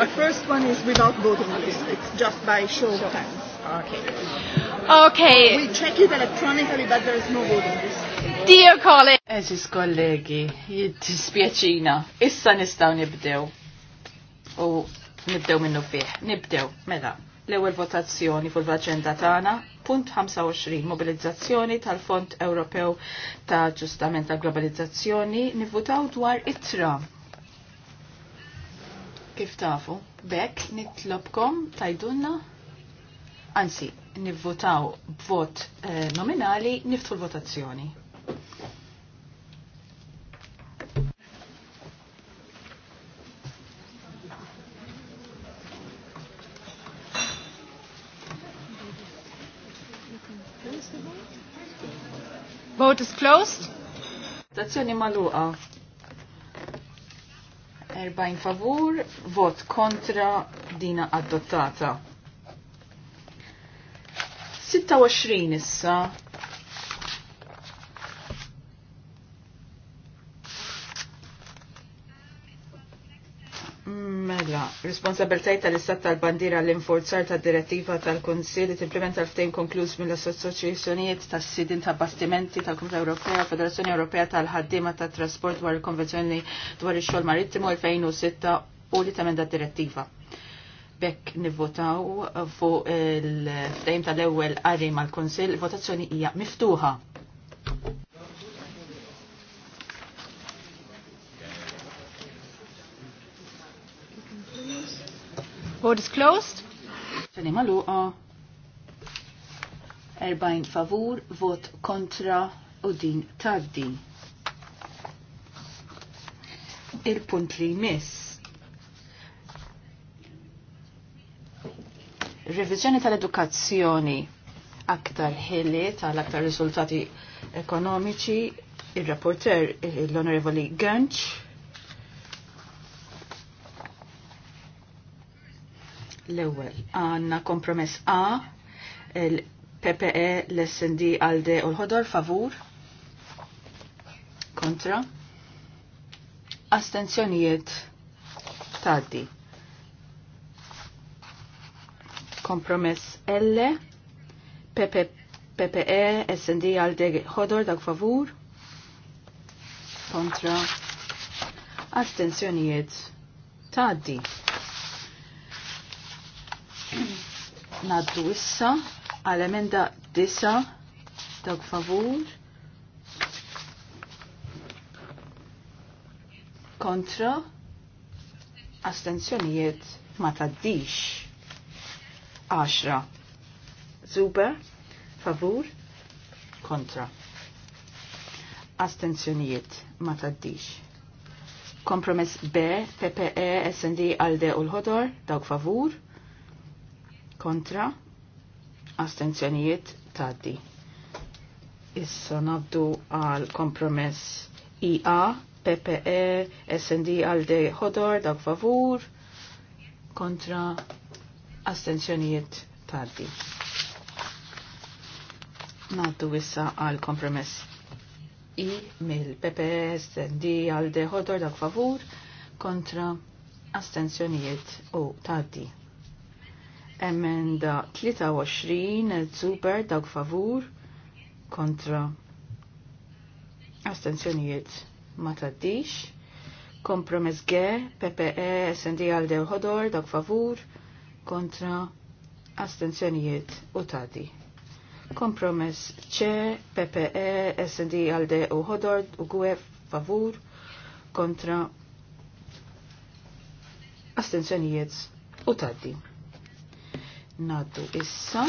The first one is without voting list. It's just by show of hands. Okay. Okay. We check it electronically, but there is no voting list. Dear colleagues. Eżis kollegi, jittispjaċina. Issa nistaw nibdew. U nibdew minnu fih. Nibdew, meda. L-ewel votazzjoni fuq l-agenda tana. punt 25 mobilizzazzjoni tal-Fond Ewropew ta' ġustament tal-globalizzazzjoni nivvutaw dwar it-Trump kif tafu. Bekk nitlobkom tajdunna, anzi, nivvotaw vot eh, nominali, niftu l-votazzjoni. Vote is closed. Votazzjoni maluqa erbajn favur, vot kontra dina adottata. 26 issa Mela, iva, responsabiltajt tal-istat tal-bandira l-infurzar ta' direttiva tal-Konsil li timplementa l-ftejn konkluż mill-Assoċjazzjonijiet tas sidin ta' bastimenti tal-Komunità Ewropea, Federazzjoni Ewropea tal ħaddima tat trasport dwar il-Konvenzjoni dwar ix-xogħol marittimu 2006 u li temenda direttiva. Bekk nivvotaw fuq il-ftejn tal-ewwel qari mal-Konsil, votazzjoni hija miftuħa. Vote is closed. Fini maluqa. Erba'jn favur, vot kontra u din taddi. Il-punt li miss. Revizjoni tal-edukazzjoni aktar ħiliet għal aktar riżultati ekonomiċi, il-rapporter l-Onorevoli Gönċ L-ewwel għandna kompromess A, il-PPE, l-SND, għalde u l-ħodor favur kontra. Astenzjonijiet taddi. Kompromess L, PPE, SND, ALDE, ħodor dak favur kontra astenzjonijiet taddi. Naddu issa għal emenda disa dawk favur kontra astenzjonijiet ma taddix 10 Zuba. favur kontra astenzjonijiet ma taddix kompromess B, PPE, SND, ALDE u l-ħodor, dawk favur, kontra astenzjonijiet taddi. Issa nabdu għal kompromess IA, PPE, SND għalde ħodor dak favur kontra astenzjonijiet taddi. Nabdu issa għal kompromess I mill PPE, SND għalde ħodor dak favur kontra astenzjonijiet u taddi. Emenda 23, super dawk favur, kontra. Astenzjonijiet ma taddix. Kompromess G, PPE, SND u ħodor, dawk favur, kontra. Astenzjonijiet u taddi. Kompromess C, PPE, SND alde u ħodor, u gwe favur, kontra. Astenzjonijiet u taddi. Naddu issa.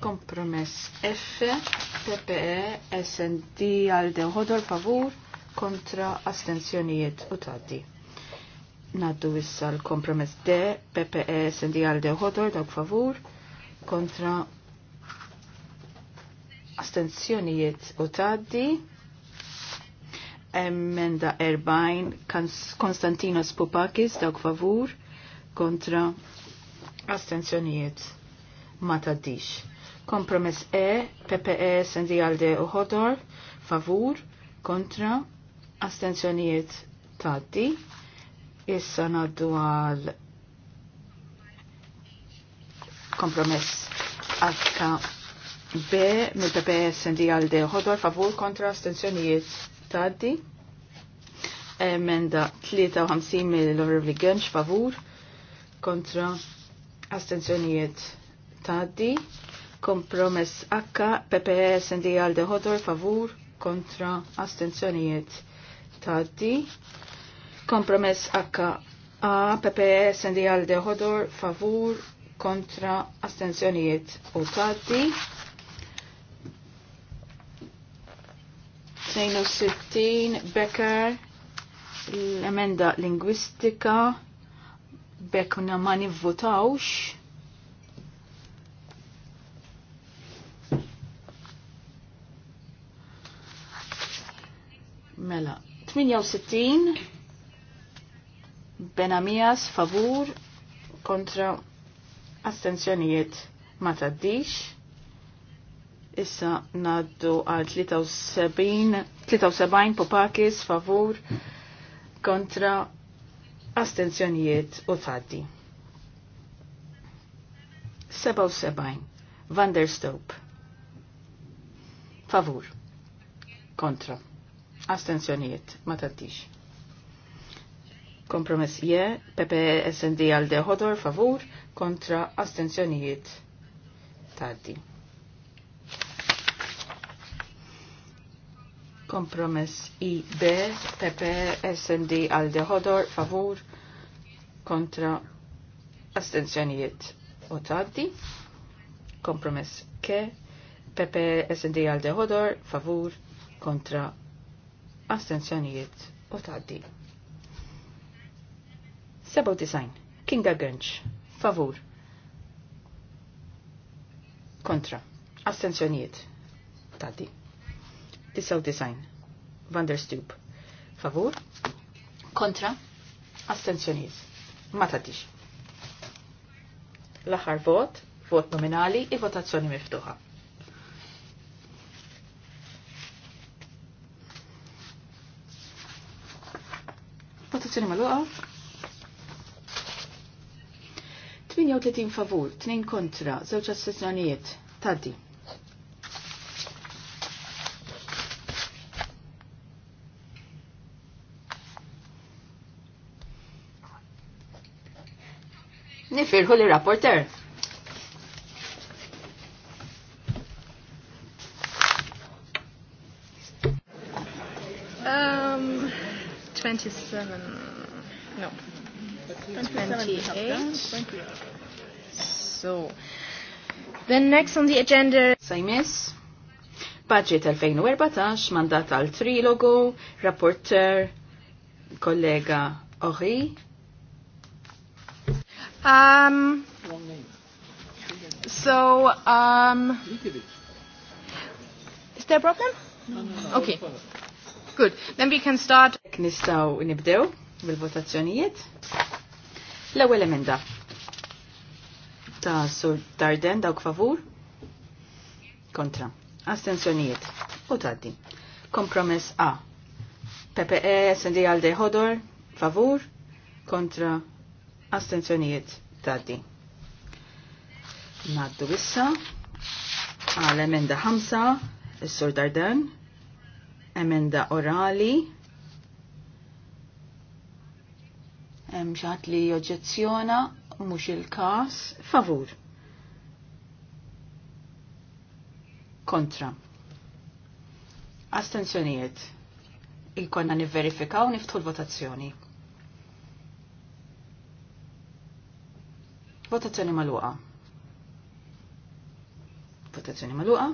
Kompromess F, PPE, SND għal hodol favur kontra astenzjonijiet u taddi. Naddu issa l-kompromess D, PPE, SND għal hodol dawk favur kontra astenzjonijiet u taddi emenda 40 Konstantinos Pupakis dawk favur kontra astenzjonijiet ma taddix. Kompromess E, PPE, Sendi Alde u Hodor, favur, kontra, astenzjonijiet taddi. Issa naddu għal kompromess akka B, mill PPE, Sendi Alde u Hodor, favur, kontra, astenzjonijiet taddi. Emenda 53 mill-Honorable Gönch, favur, kontra astenzjonijiet taddi. Kompromess H, PPS e, ND Alde Hodor, favur kontra astenzjonijiet taddi. Kompromess H, A, PPS e, ND Alde Hodor, favur kontra astenzjonijiet u taddi. 62 Becker l-emenda lingwistika bekkuna ma nivvotawx. Mela, 68 Benamias favur kontra astenzjonijiet ma taddix. Issa naddu għal 73 73 Popakis favur kontra astenzjonijiet u tħaddi. 77. Van der Stoop. Favur. Kontra. Astenzjonijiet. Ma taddix. Kompromess je. PPSND għalde ħodor. Favur. Kontra. Astenzjonijiet. Taddi. Kompromess IB, PP, SND, Alde Hodor, favur, kontra astenzjonijiet u taddi. Kompromess K, PP, SND, Alde Hodor, favur, kontra astenzjonijiet u taddi. design. Kinga Gönch, favur, kontra astenzjonijiet taddi. 99. Van der Stoop. Favur. Kontra. Astenzjoniet. Ma Laħar L-aħħar vot, vot nominali, i votazzjoni miftuħa. Votazzjoni maluqa. 38 favur, 2 kontra, zewċa assessjonijiet. Taddi. nifirħu li rapporter. Um, 27, no, 28. So, then next on the agenda... Sajmis, budget 2014, mandat għal trilogu, rapporter, kollega Ori, Um, so, um, is there a problem? No, no, no, okay. no Good. Then we can start. Nistaw nibdew bil-votazzjonijiet. L-ewwel emenda. Ta' Sur Darden dawk favur. Kontra. Astenzjonijiet. U taddi. Kompromess A. PPE, e, SND Alde, Hodor. favur, kontra astenzjonijiet taddi. Naddu issa għal emenda 5, is sur Dardan, emenda orali, hemm xaħat li joġġezzjona mhux il-każ favur. Kontra. Astenzjonijiet. Ikonna konna nivverifikaw niftħu l-votazzjoni. Votazzjoni maluqa. Votazzjoni maluqa.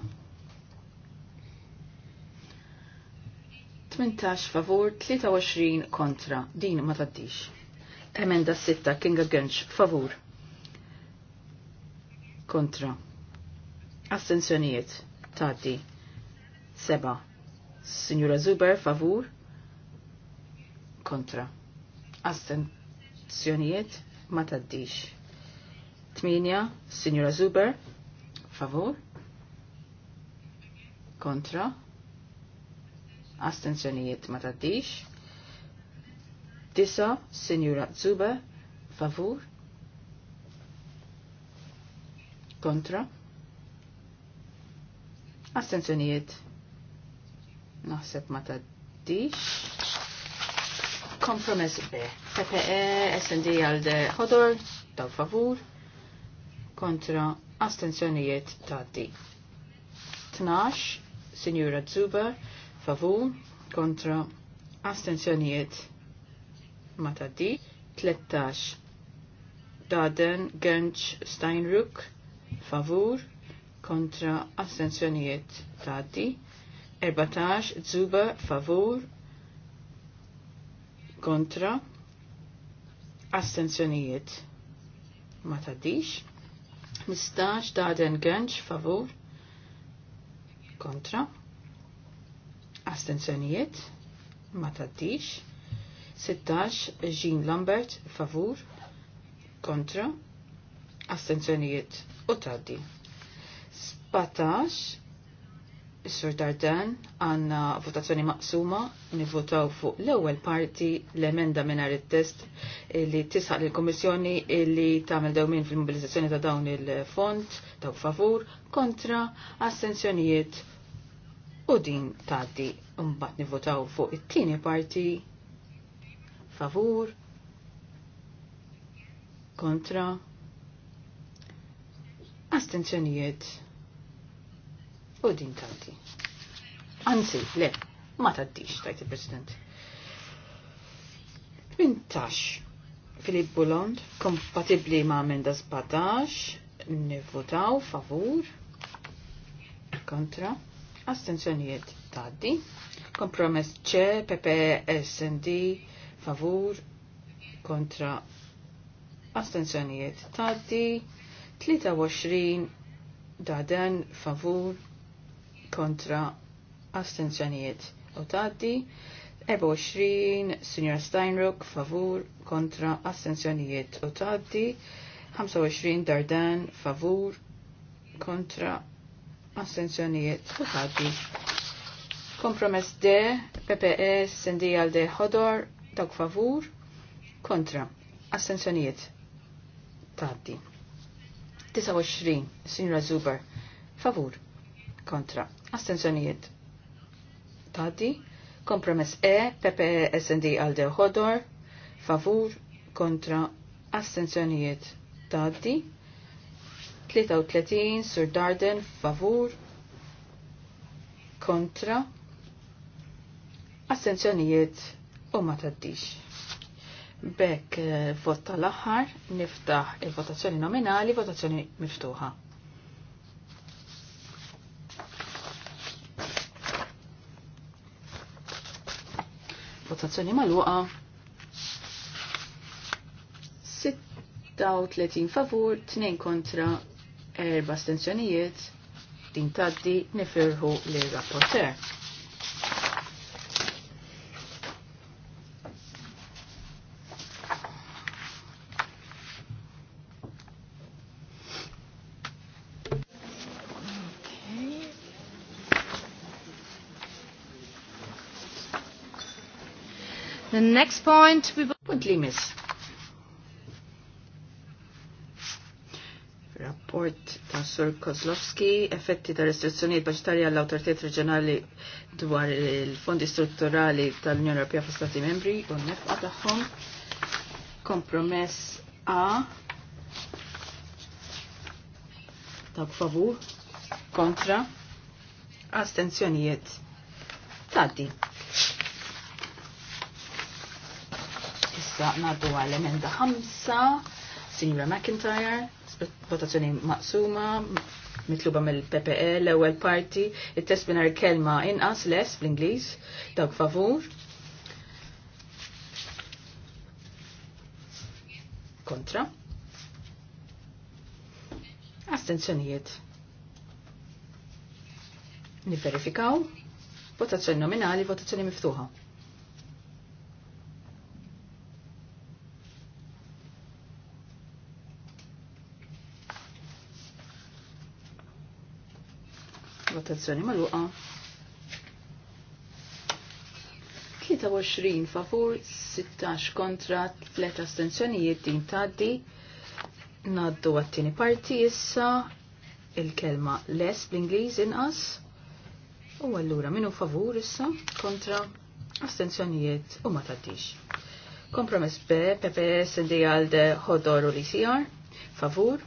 18 favur, 23 kontra. Din ma taddix. Emenda 6, Kinga Gönch, favur. Kontra. Astenzjonijiet, taddi. Seba. Signora Zuber, favur. Kontra. Astenzjonijiet, ma taddix. Tminja, Signora Zuber, favor. kontra, astenzjonijiet ma taddix, Tisa, Signora Zuber, favor. kontra, astenzjonijiet naħseb ma taddix, kompromess B, PPE, e, SND għal de Dal daw favur, kontra astenzjonijiet taddi. 12, Sinjura Zuba, favur kontra astenzjonijiet ma taddi. 13, Daden Genċ Steinruck, favur kontra astenzjonijiet taddi. 14, Zuba, favur kontra astenzjonijiet ma 15. 15 Daden Genċ favur kontra astenzjonijiet ma taddix 16 Jean Lambert favur kontra astenzjonijiet u taddi 17 Is-Sur Dardan għanna votazzjoni maqsuma nivvotaw fuq l-ewwel parti l-emenda mingħajr it-test li tisħaq lill komissjoni li tagħmel dewmin fil-mobilizzazzjoni ta' dawn il-fond ta' favur kontra assenzjonijiet u din tgħaddi mbagħad nivvotaw fuq it-tieni parti favur kontra astenzjonijiet U din taddi. Anzi, le, ma taddix, tajt il-President. 18. Filip Bulond, kompatibli ma' amenda 17, nivvotaw favur, kontra, astenzjoniet taddi, kompromess ċe, PP, SND, favur, kontra, astenzjoniet taddi, 23 daden favur kontra astenzjonijiet u taddi 24 Sr. Steinrock favur kontra astenzjonijiet u taddi 25 Dardan favur kontra astenzjonijiet u taddi Kompromess D, PPS, e, Sendi de Hodor, dawk favur, kontra, astenzjonijiet, taddi. 29, Sinra Zuber, favur, kontra astenzjonijiet tati kompromess E PPE SND Alde ħodor favur kontra astenzjonijiet tati 33 Sur Darden favur kontra Astenzjonijiet. u ma taddix. Bekk eh, vot tal-aħħar niftaħ il-votazzjoni nominali, votazzjoni miftuħa. Votazzjoni maluqa. 36 favur, 2 kontra, 4 astenzjonijiet. Din taddi nifirħu l-rapporter. The next point we will... put li Rapport ta' Sur Kozlowski, effetti ta' restrizzjonijiet budgetarja għall autoritet reġjonali dwar il-fondi strutturali tal-Unjoni Ewropea fl Stati membri u nefqa tagħhom. Kompromess A. ta' favur, kontra, astenzjonijiet. Taddi. Issa naddu għal emenda 5, Signora McIntyre, votazzjoni maqsuma, mitluba mill-PPE, l-ewwel parti, it-test mingħajr kelma inqas less bl-Ingliż, dawk favur. Kontra. Astenzjonijiet. Niverifikaw. Votazzjoni nominali, votazzjoni miftuħa. votazzjoni maluqa. 23 favur, 16 kontra, 3 astenzjonijiet din taddi. Naddu għattini parti issa il-kelma less bl-Ingliż inqas. U allura minu favur issa kontra astenzjonijiet u ma taddix. Kompromess B, PPS, ND għalde ħodor u LCR Favur,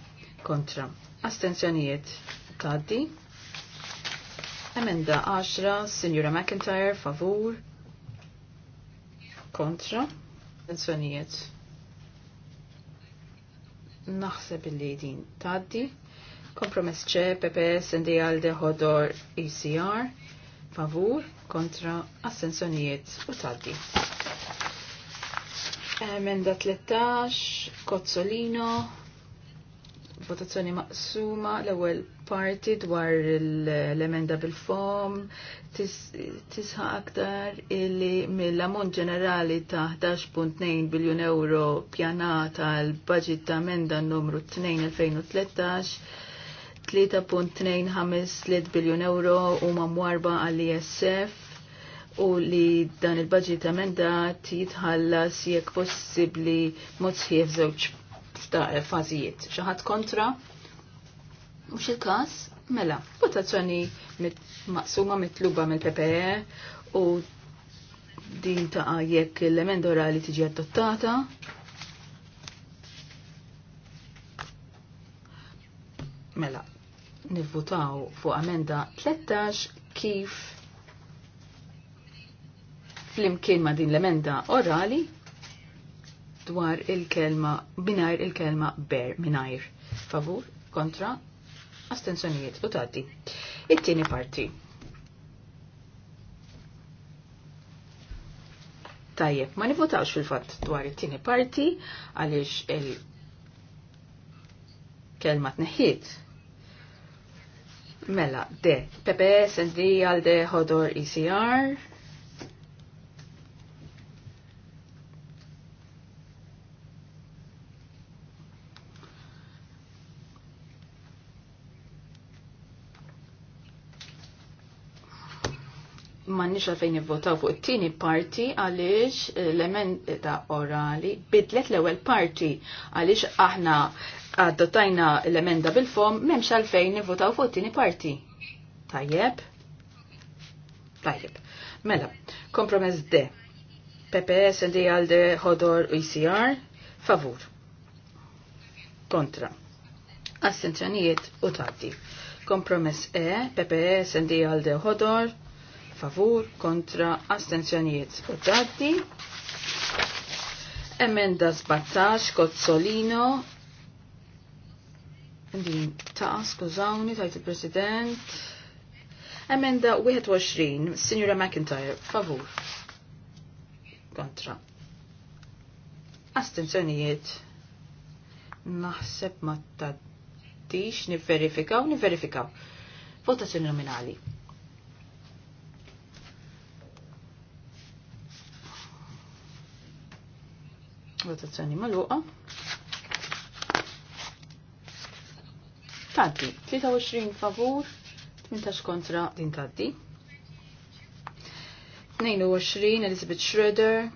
kontra. Astenzjonijiet taddi. Emenda 10, Signora McIntyre, favur. Kontra. Pensjonijiet. Naħseb illi din taddi. Kompromess ċe, PPS, ND Alde, Hodor, ECR. Favur, kontra, assenzjonijiet u taddi. Emenda 13, Kozzolino, votazzjoni maqsuma l-ewwel parti dwar l-emenda bil-fom tisħa aktar illi mill-ammont ġenerali ta' 11.2 biljun euro pjanata l budget ta' emenda numru 2013 3.25 biljun euro u mamwarba għall-ISF u li dan il-budget amenda jitħallas jekk possibbli mod sħiħ żewġ fazijiet. Xaħat kontra? Mux il-kas? Mela, votazzjoni maqsuma mitluba mill-PPE u din ta' jekk l-emenda orali tiġi adottata. Mela, nivvutaw fuq amenda 13 kif flimkien ma' din l-emenda orali dwar il-kelma, binajr il-kelma ber minajr. Favur, kontra, astensjonijiet u tati. It-tieni parti. Tajjeb, ma nivotawx fil-fatt dwar it-tieni parti għaliex il-kelma tneħħiet. Mela, de, PPS, ND, għal de, ECR, mannix għalfejn nivvotaw fuq it-tieni parti għaliex eh, l-emenda orali bidlet l-ewwel parti għaliex aħna adottajna l-emenda bil-fom m'hemmx għalfejn nivvotaw fuq it-tieni parti. Tajjeb? Tajjeb. Mela, kompromess D. PPS, ND, ALDE, HODOR, ICR, e favur. Kontra. Assenzjonijiet u taddi. Kompromess E, PPS, ND, ALDE, HODOR, favur kontra astenzjonijiet u Emenda 17 Kozzolino Din ta' skużawni tajt il-President. Emenda 21 Signora McIntyre favur kontra astenzjonijiet naħseb ma taddix niverifikaw niverifikaw votazzjoni nominali. Votazzjoni maluqa. Taddi, 23 favur, 18 kontra din taddi. 22 Elizabeth Schroeder,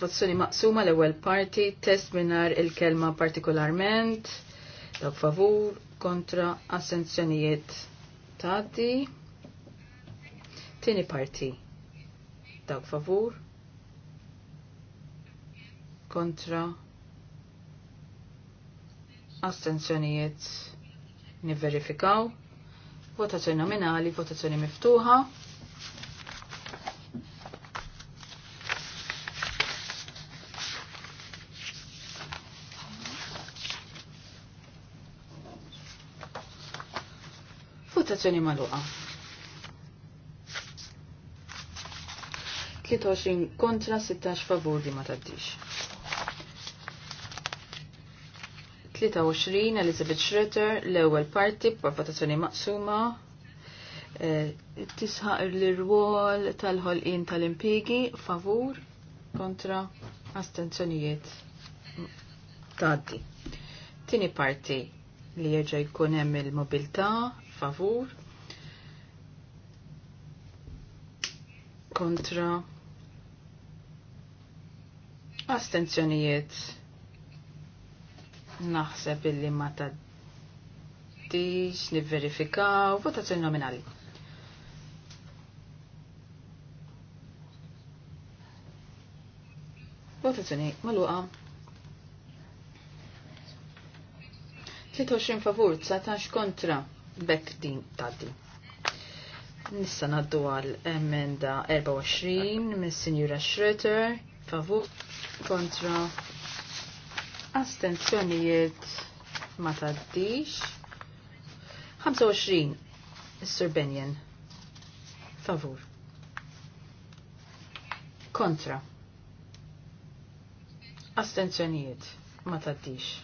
votazzjoni maqsuma l-ewwel parti, test minar il-kelma partikolarment, Dawk favur, kontra assenzjonijiet taddi. Tieni parti, Dawk favur, kontra astenzjonijiet niverifikaw votazzjoni nominali, votazzjoni miftuħa votazzjoni maluqa 23 kontra 16 favur li ma taddix 23 Elizabeth Schroeder l-ewwel parti b'votazzjoni maqsuma eh, tisħaq l-irwol tal-ħolqien tal-impigi favur kontra astenzjonijiet tgħaddi. Tini parti li jerġa' jkun hemm il-mobilità favur kontra astenzjonijiet Naħseb illi ma taddix, nivverifikaw, votazzjoni nominali. Votazzjoni maluqa. 23 favur, 19 kontra, bekk din taddi. Nissa naddu għal emenda 24 mis Sinjura Schröter, favur kontra astenzjonijiet ma taddix 25 is-Sur Benjen favur kontra astenzjonijiet ma taddix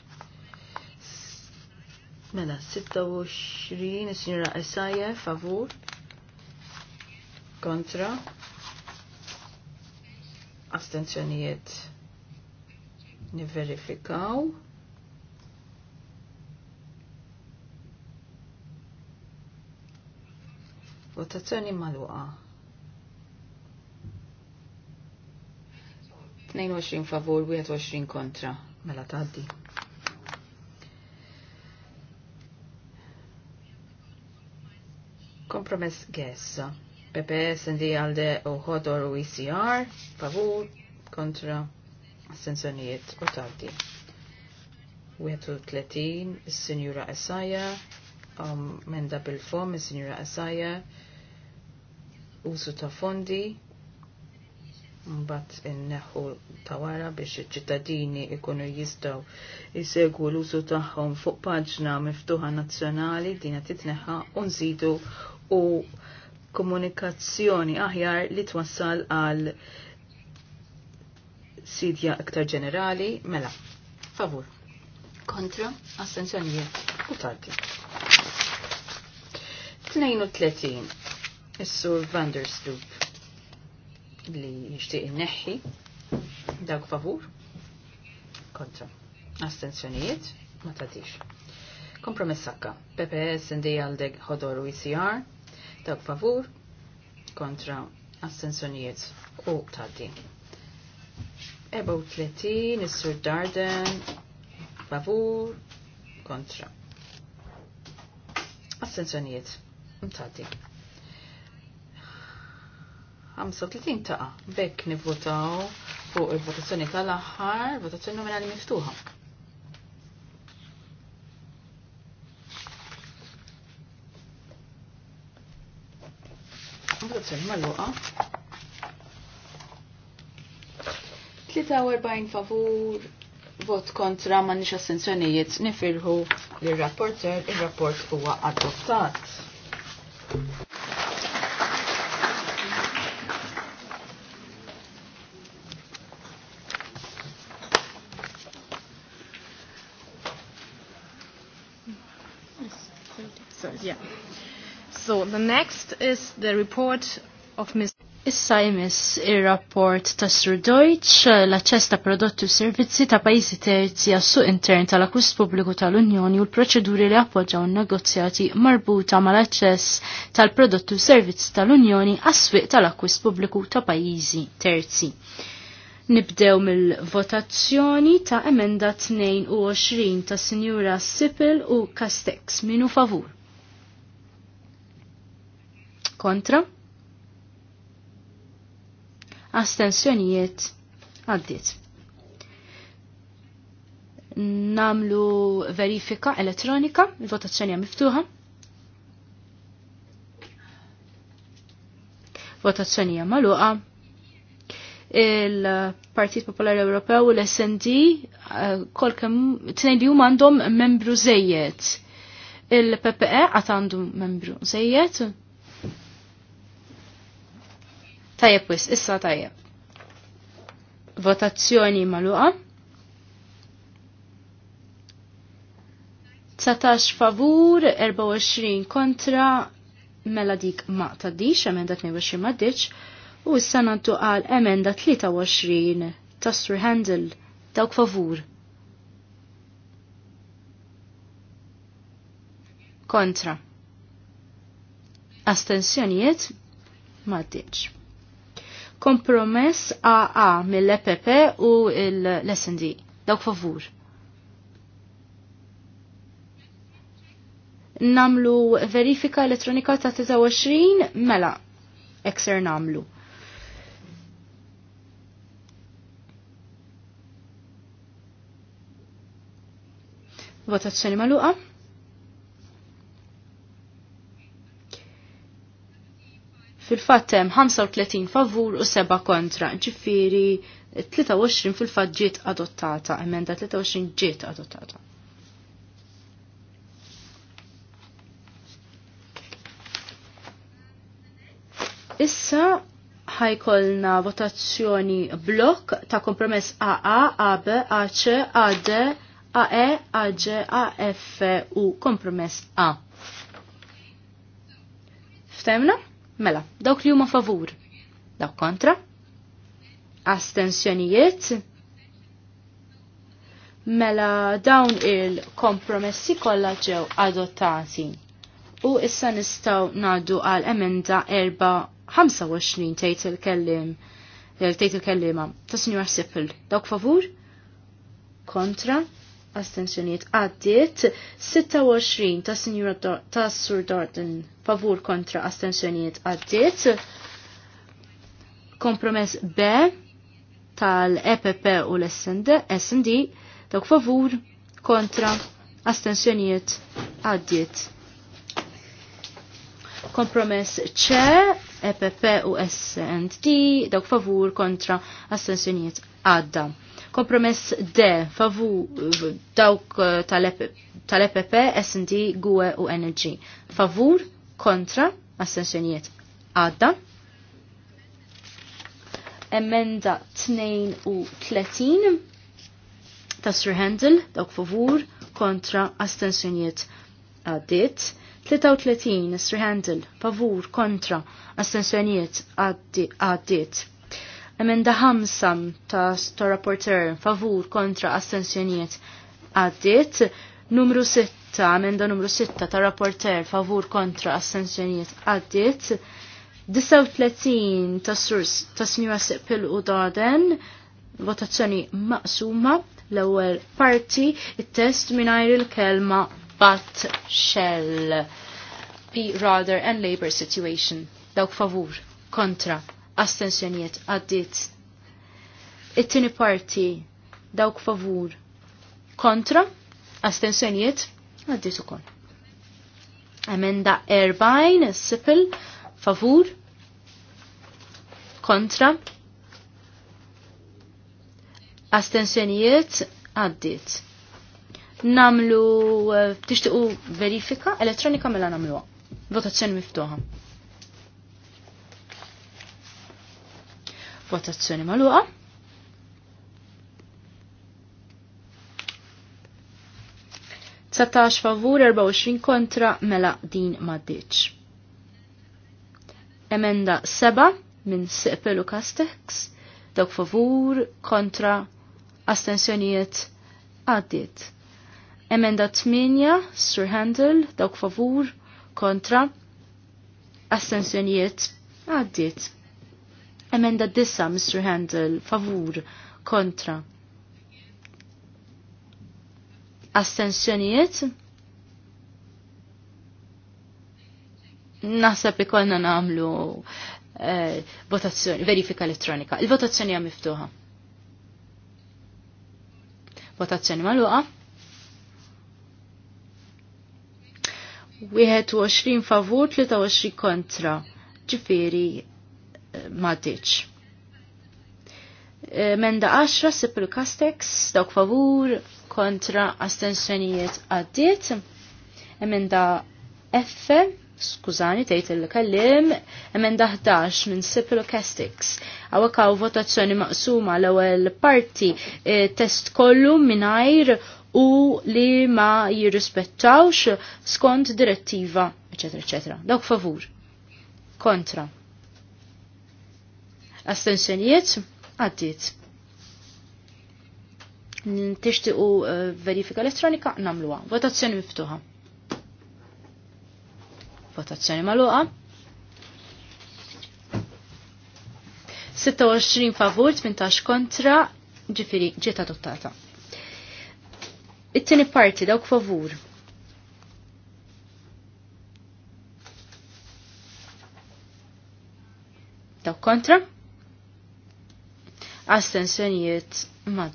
Mela, 26, is sinjura Esaje, favur, kontra, astenzjonijiet Niverifikaw. Votazzjoni maluqa. 22 favur, 21 kontra. Mela taddi. Kompromess gessa. PPS, ND, ALDE, u HODOR e u ECR. Favor kontra assenzjonijiet u tardi 31 is-Sinjura Esaja, um, menda bil-fom is-Sinjura Esaja, użu ta' fondi, mbagħad inneħħu ta' wara biex iċ-ċittadini ikunu jistgħu jsegwu l-użu tagħhom fuq paġna miftuħa nazzjonali dina titneħa titneħħa u nżidu u komunikazzjoni aħjar li twassal għal sidja iktar ġenerali, mela, favur. Kontra, astenzjonijiet u tardi. 32. Is-sur Stoop li jixtieq inneħħi dawk favur kontra. Astenzjonijiet ma tadix. Kompromess sakka. PPS indi għaldeg ħodor u ICR e dawk favur kontra astenzjonijiet u taddi. 34, Sir Darden, favur, kontra. Assenzjonijiet, mtati. 35 taqa, bekk nivvotaw fuq il-votazzjoni tal-aħħar, votazzjoni nominali miftuħa. Votazzjoni mal-luqa. 43 favur, vot kontra ma nix assenzjonijiet nifirħu li rapporter il-rapport huwa adottat. So, yeah. So, the next is the report of Ms. Issa jmiss ir-rapport ta' Sur Deutsch l-aċċess ta' prodotti u servizzi ta' pajjiżi terzi għas-suq intern tal-akwist pubbliku tal-Unjoni u l-proċeduri li appoġġaw negozjati marbuta mal-aċċess tal-prodotti u servizzi tal-Unjoni għas-swieq tal-akwist pubbliku ta' pajjiżi terzi. Nibdew mill-votazzjoni ta' emenda 22 ta' Sinjura Sipil u Castex minu favur. Kontra? astensjonijiet għaddit. Namlu verifika elettronika, il-votazzjoni miftuħa. Votazzjoni maluqa. Il-Partit Popolari Ewropew u l-SND eh, kolkem t tnejn li għandhom membru żejjed. Il-PPE għat għandhom membru żejjed Tajjeb wis, issa tajjeb. Votazzjoni maluqa. 19 favur, 24 kontra, mela dik ma taddix, emenda 22 maddix, u issa nantu għal emenda 23 tasru handel dawk favur. Kontra. Astensjonijiet maddix. Kompromess AA mill-EPP u l-SND. Dawk favur. Namlu verifika elettronika ta' 29 mela. Ekser namlu. Votazzjoni maluqa. Fil-fatt hemm 35 favur u 7 kontra, ġifiri 23 fil-fatt ġiet adottata, emenda 23 ġiet adottata. Issa ħajkolna votazzjoni blok ta' kompromess AA, AB, AC, AD, AE, AG, AF u kompromess A. Ftemna? Mela, dawk li huma favur. Dawk kontra? Astensjonijiet? Mela, dawn il-kompromessi kollha ġew adottati. U issa nistgħu ngħaddu għal emenda 25 tgħid il-kellim eh, tgħid il-kellima ta' Sinjor Sippel. Dawk favur? Kontra? Astensjonijiet għaddiet 26 ta' Sinjura ta' Sur Darden favur kontra astensjonijiet għaddit. Kompromess B tal-EPP u l-SND dawk favur kontra astensjonijiet għaddiet. Kompromess C, EPP u SND dawk favur kontra astensjonijiet għadda. Kompromess D, favur dawk eh, tal-EPP, SND, GUE u e NLG. Favur kontra astensjonijiet għadda. Emenda 32 ta' Sir Handel, dawk favur, kontra astensjonijiet għaddit. 33 Sir Handel, favur, kontra astensjonijiet għaddit. Emenda 5 ta' Stor Rapporteur, favur, kontra astensjonijiet għaddit. Numru 6 ta' amenda numru 6 ta' rapporter favur kontra assenzjoniet għaddit. 39 ta' surs ta' snima seppil u daden votazzjoni maqsuma l-ewwel parti il test mingħajr il-kelma bat shell P rather and labor situation dawk favur kontra astensjonijiet għaddit it-tieni parti dawk favur kontra astensjonijiet Għaddit ukoll. Emenda 40, sipil, favur, kontra, astensjonijiet, għaddit. Namlu, eh, tixtiqu verifika elettronika mela namluha. Votazzjoni miftuħa. Votazzjoni maluqa. 19 favur 24 kontra mela din maddiċ. Emenda 7 minn Sepelu Castex, dawk favur kontra astensjonijiet għaddit. Emenda 8 Sir Handel, dawk favur kontra astensjonijiet għaddit. Emenda 10 Mr. Handel favur kontra Astensjonijiet? Naħseb ikollna nagħmlu eh, votazzjoni, verifika elettronika. Il-votazzjoni hija miftuħa. Votazzjoni magħluqa. 21 favur, 23 kontra. Ġifieri eh, ma eh, Menda 10 Sipil Kastex, dawk favur, kontra astensjonijiet għaddiet. Emenda F, skużani tgħid il-kellim, emenda 11 minn Sipilo Castics. Hawnhekk hawn votazzjoni maqsuma l-ewwel parti e, test kollu mingħajr u li ma jirrispettawx skont direttiva, ecc. ecc. Dawk favur. Kontra. Astensjonijiet għaddiet tixtiqu eh, verifika elettronika namluha. Votazzjoni miftuħa. Votazzjoni magħluqa. 26 favur, 18 kontra, ġifiri ġiet adottata. It-tieni parti dawk favur. Dawk kontra? Astensjonijiet ma'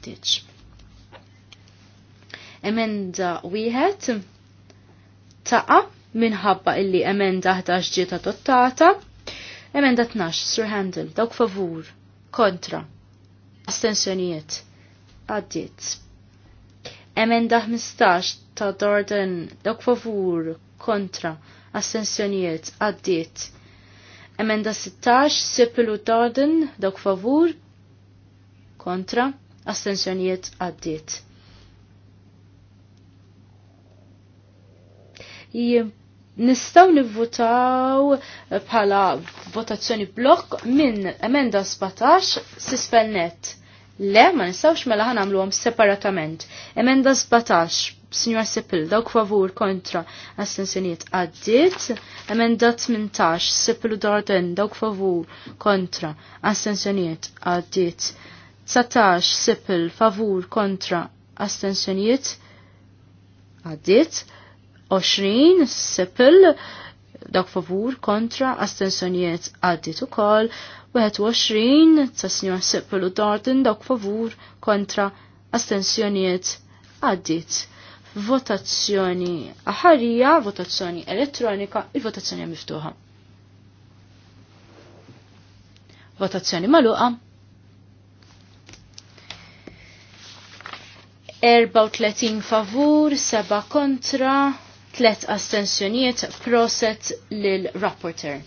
emenda wieħed taqa minħabba illi emenda 11 ġiet adottata, emenda 12 Sir Handel, dawk favur kontra astensjonijiet għaddiet. Emenda 15 ta' Darden dawk favur kontra astensjonijiet għaddiet. Emenda 16 Sipilu Darden dawk favur kontra astensjonijiet għaddiet nistaw nivvutaw bħala votazzjoni blok minn emenda 17 sisfelnet. Le, ma nistawx mela ħan għamlu għom separatament. Emenda 17, Signor Sipil, dawk favur kontra astensjoniet għaddit. Emenda 18, Sipil u Darden, dawk favur kontra astensjoniet għaddit. 19, Sipil, favur kontra astensjoniet għaddit. 20 sepil dak favur kontra astensjonijiet għaddit ukoll 21 ta' Sinjor Sepil u dardin dak favur kontra astensjonijiet għaddit. Votazzjoni aħarija, votazzjoni elettronika, il-votazzjoni miftuħa. Votazzjoni maluqa. 34 favur, 7 kontra, tlet astensjonijiet proset lil rapporter.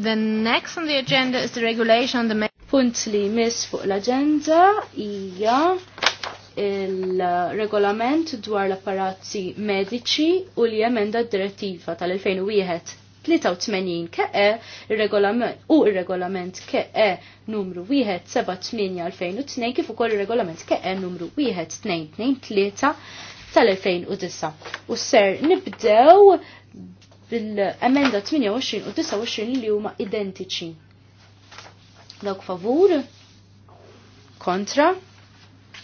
The next on the agenda is the regulation on the Punt li mis fuq l-agenda ija il-regolament dwar l-apparazzi medici u li emenda d-direttiva tal-2001 83 KE e, il-regolament u il-regolament KE e numru 178-2002 kif ukoll il-regolament KE e numru 1223 tal-2009. U ser nibdew bil-emenda 28 u 29 li huma identiċi. Dawk favur, kontra,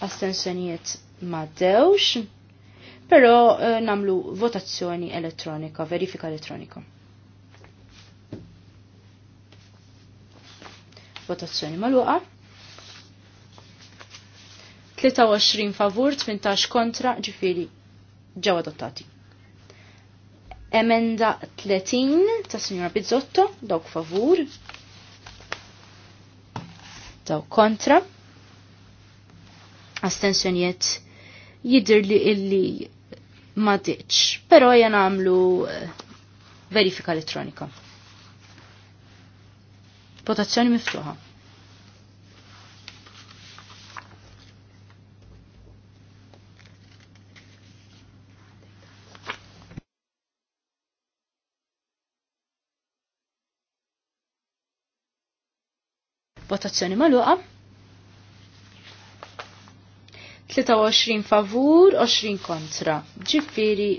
astensjonijiet ma dewx, pero eh, namlu votazzjoni elettronika, verifika elettronika. Votazzjoni maluqa. 23 favur, 18 kontra, ġifiri ġew adottati. Emenda 30 ta' signora Bizzotto, dawk favur, dawk kontra, astensjonijiet jidir li illi ma diċ. Pero jen għamlu eh, verifika elettronika. Votazzjoni miftuħa. Votazzjoni maluqa. 23 favur, 20 kontra. Ġifiri,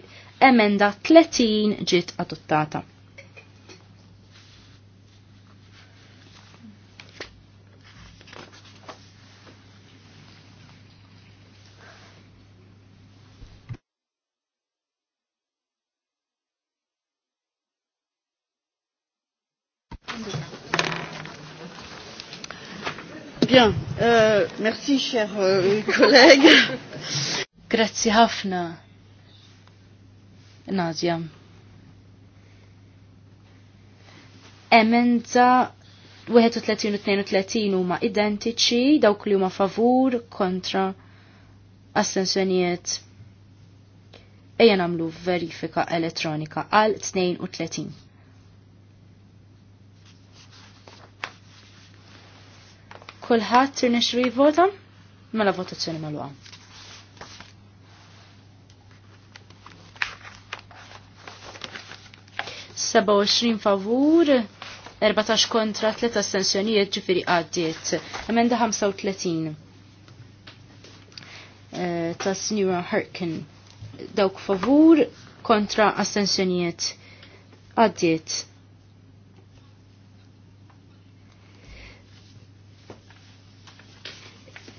emenda 30 ġit adottata. cher euh, Grazzi ħafna. Nazja. Emenza 31 u 32 huma identiċi dawk li huma favur kontra astensjonijiet. Ejja nagħmlu verifika elettronika għal 32. Kulħadd irnexxu jivvota? Mela votazzjoni mal-għam. Seba favur, 14 kontra, 3 astensjonijiet ġifiri għaddiet. Emenda 35. E, eh, ta' Signora Harkin. Dawk favur kontra astensjonijiet għaddiet.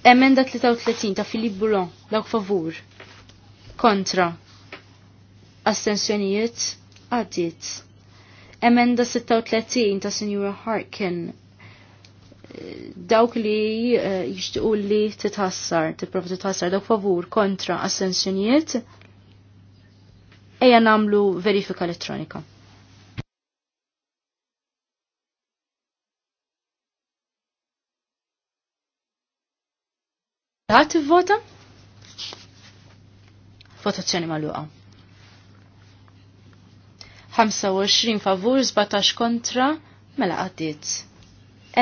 Emenda 33 ta' Filip Boulon, dawk favur. Kontra. Astensjonijiet, għaddit. Emenda 36 ta' Senjura Harkin, dawk li uh, li titħassar, titprofa titħassar, dawk favur kontra assenzjonijiet, eja namlu verifika elettronika. Ħadd ivvota? Votazzjoni magħluqa. 25 favur, 17 kontra, mela għaddiet.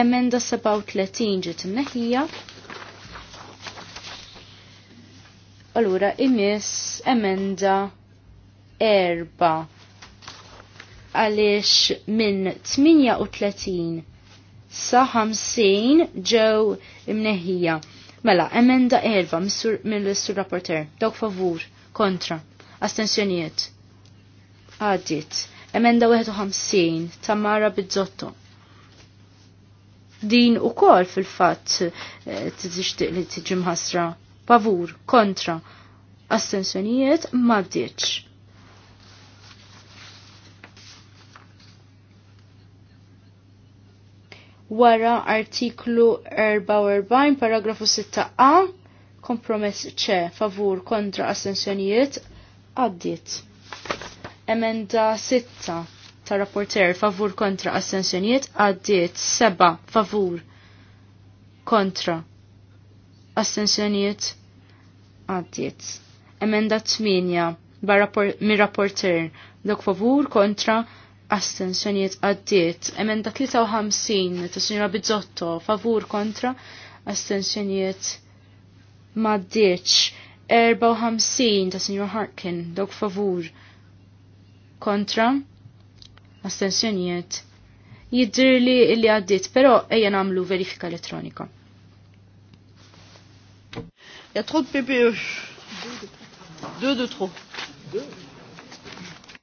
Emenda 37 ġiet neħija. Allura imis emenda 4. għaliex minn 38 sa 50 ġew imneħija. Mela, emenda erba mill-sur rapporter. Dawk favur, kontra, astensjonijiet. Għaddit. Emenda 51, Tamara Bizzotto. Din u kol fil-fat eh, t-tixtiq li t-ġimħasra. Favur, kontra, astensjonijiet, maddiċ. wara artiklu 44 paragrafu 6a kompromess ċe favur kontra assenzjonijiet għaddiet. Emenda 6 ta' rapporter favur kontra assenzjonijiet għaddiet 7 favur kontra assenzjonijiet għaddit. Emenda 8 mir rapporter dok favur kontra assenzjonijiet astensjoniet għaddiet. emmen Emenda 53 ta' Sinjora Bizzotto favur kontra astensjoniet maddiċ. 54 ta' Sinjora Harkin dok favur kontra astensjoniet jiddirli illi għaddiet, pero ejja namlu verifika elettronika. a trop de de Deux trop. Deux de trop. Deux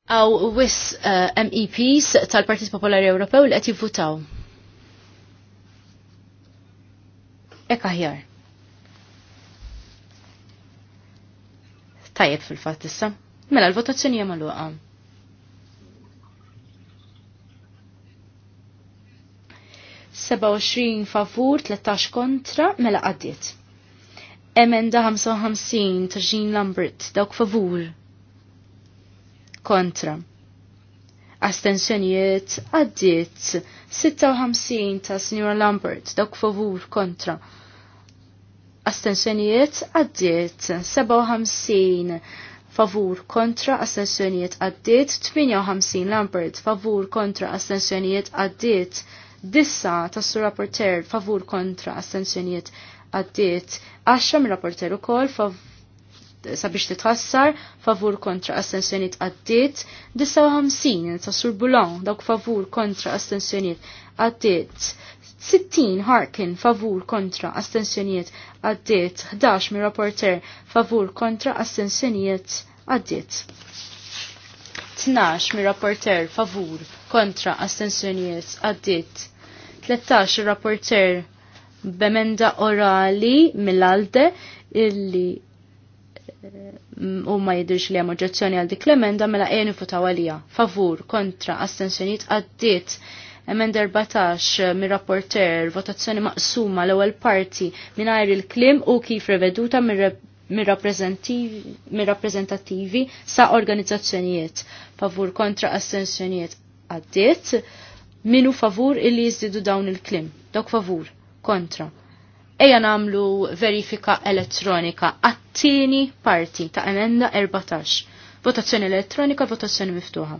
għaw wis uh, eh, MEPs tal-Partit Popolari Ewropew li qed jivvutaw. Ek aħjar. Tajjeb fil-fatt issa. Mela l-votazzjoni hija uqa. Seba' favur, 13 kontra, mela għaddiet. Emenda 55 ta' Lambert, dawk favur kontra. Astensjonijiet għaddiet 56 ta' Sr. Lambert dok favur kontra. Astensjonijiet għaddiet 57 favur kontra astensjonijiet għaddiet 58 Lambert favur kontra astensjonijiet għaddiet dissa ta' su rapporter favur kontra astensjonijiet għaddiet 10 rapporter u kol favur sabiex titħassar, favur kontra astensjoniet għaddit, 59 ta' Sur Boulon, dawk favur kontra astensjoniet għaddit, 60 Harkin favur kontra astensjoniet għaddit, 11 mi rapporter favur kontra astensjoniet għaddit. 12 mi rapporter favur kontra astensjoniet għaddit, 13 rapporter b'emenda orali mill-alde illi Mm, u ma jidirx li hemm oġġezzjoni għal dik l-emenda mela għenu nifutaw għalija. Favur, kontra, astensjonijiet għaddit. Emenda 14 eh, mir rapporter votazzjoni maqsuma l-ewwel parti mingħajr il-klim u kif reveduta mir-rappreżentattivi sa' organizzazzjonijiet. Favur kontra astensjonijiet għaddiet. Minu favur illi jizdidu dawn il-klim. Dok favur. Kontra. Eja namlu verifika elettronika għattini parti ta' emenda 14. Votazzjoni elettronika, votazzjoni miftuħa.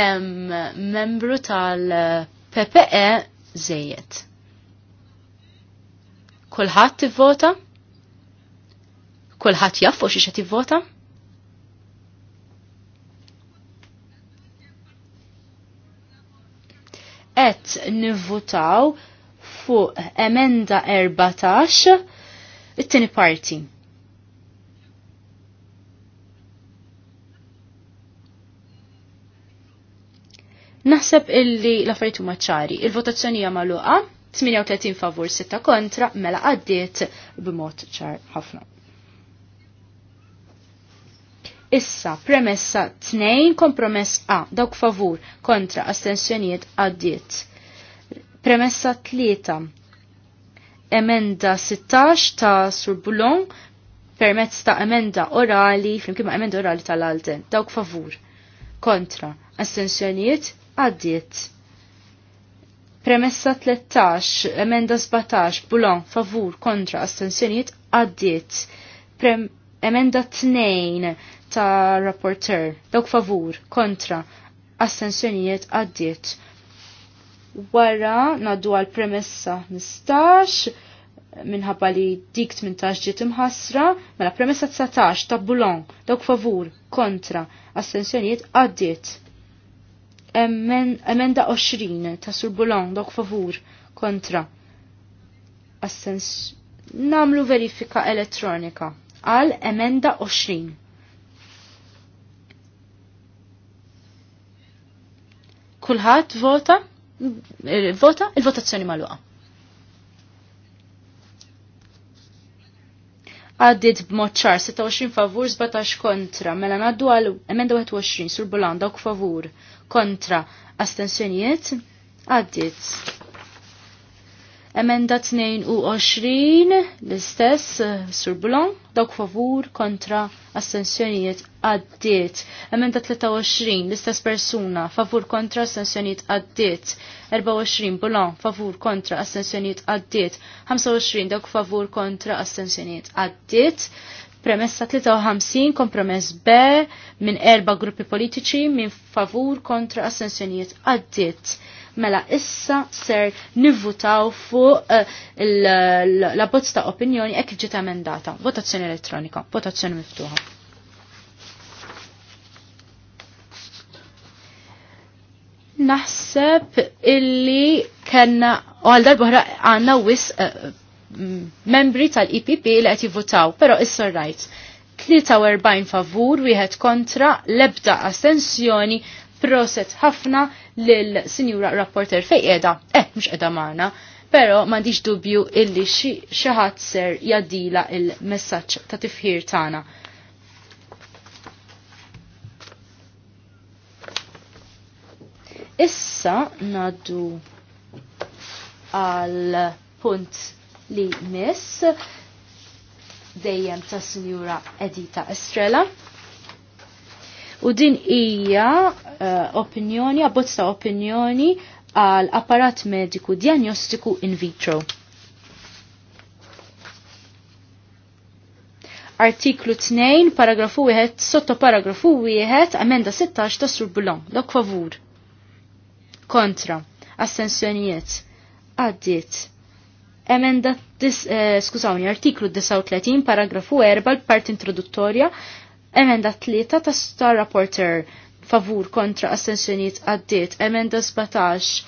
Em, membru tal-PPE zejet. Kulħadd tivvota? Kulħadd jaffu xi t tivvota? vota qed nivvutaw fuq emenda 14 it-tieni parti. Naħseb illi l-affarijiet huma ċari. Il-votazzjoni hija magħluqa 38 favur 6 kontra mela għaddiet b'mod ċar ħafna. Issa, premessa 2, kompromess A, dawk favur, kontra, astensjonijiet għaddiet. Premessa 3, emenda 16 ta' Sur Boulon, permezz ta' emenda orali, flimkien ma' emenda orali tal-Alden, dawk favur, kontra, astensjonijiet għaddiet. Premessa 13, emenda 17, Boulon, favur, kontra, astensjonijiet għaddiet. Prem emenda 2, ta' rapporter. Dawk favur, kontra, assenzjonijiet għaddiet. Wara naddu għal premessa 15 minħabba li dik 18 ġiet imħasra, mela premessa 19 ta' bulon, dawk favur, kontra, assenzjonijiet għaddiet. Emenda 20 ta' sur bulon, dawk favur, kontra, assenzjonijiet. Namlu verifika elettronika għal emenda 20. Kulħadd vota, vota il-votazzjoni magħluqa. Għaddit b'mod ċar 26 favur 17 kontra, mela ngħaddu għal emenda 21 sur Bolanda u favur kontra astensjonijiet għaddit. Emenda 22 l-istess eh, Sur Bulon, dawk favur kontra astensjonijiet għaddiet. Emenda 23 l-istess persuna favur kontra astensjonijiet għaddiet. 24 Bulon favur kontra astensjonijiet għaddiet. 25 dawk favur kontra astensjonijiet għaddiet. Premessa 53 kompromess B minn erba gruppi politiċi minn favur kontra astensjonijiet għaddiet Mela issa ser nivvutaw fuq eh, la bozz ta' opinjoni ek ġiet emendata. Votazzjoni elettronika, votazzjoni miftuħa. Naħseb illi kena u għal darba għanna wis eh, eh, membri tal-IPP li qed jivvutaw, però issa rajt. Right. 43 favur, wieħed kontra, lebda astensjoni Proset ħafna lil sinjura rapporter fej qiegħda, eh mhux qiegħda magħna, però m'għandix dubju illi xi ħadd ser jaddila il-messaġġ ta' tifħir tagħna. Issa naddu għal punt li miss dejjem ta' sinjura Edita Estrella. U din hija eh, opinjoni, abbozza opinjoni għal apparat mediku diagnostiku in vitro. Artiklu 2, paragrafu 1, sotto paragrafu 1, amenda 16 ta' surbulon. Dok favur. Kontra. Assenzjonijiet. Għaddit. Emenda, dis, eh, skużawni, artiklu 39, paragrafu 4, l-part introduttorja, Emenda tlieta ta' star rapporter favur kontra assenzjoniet għaddiet. Emenda 17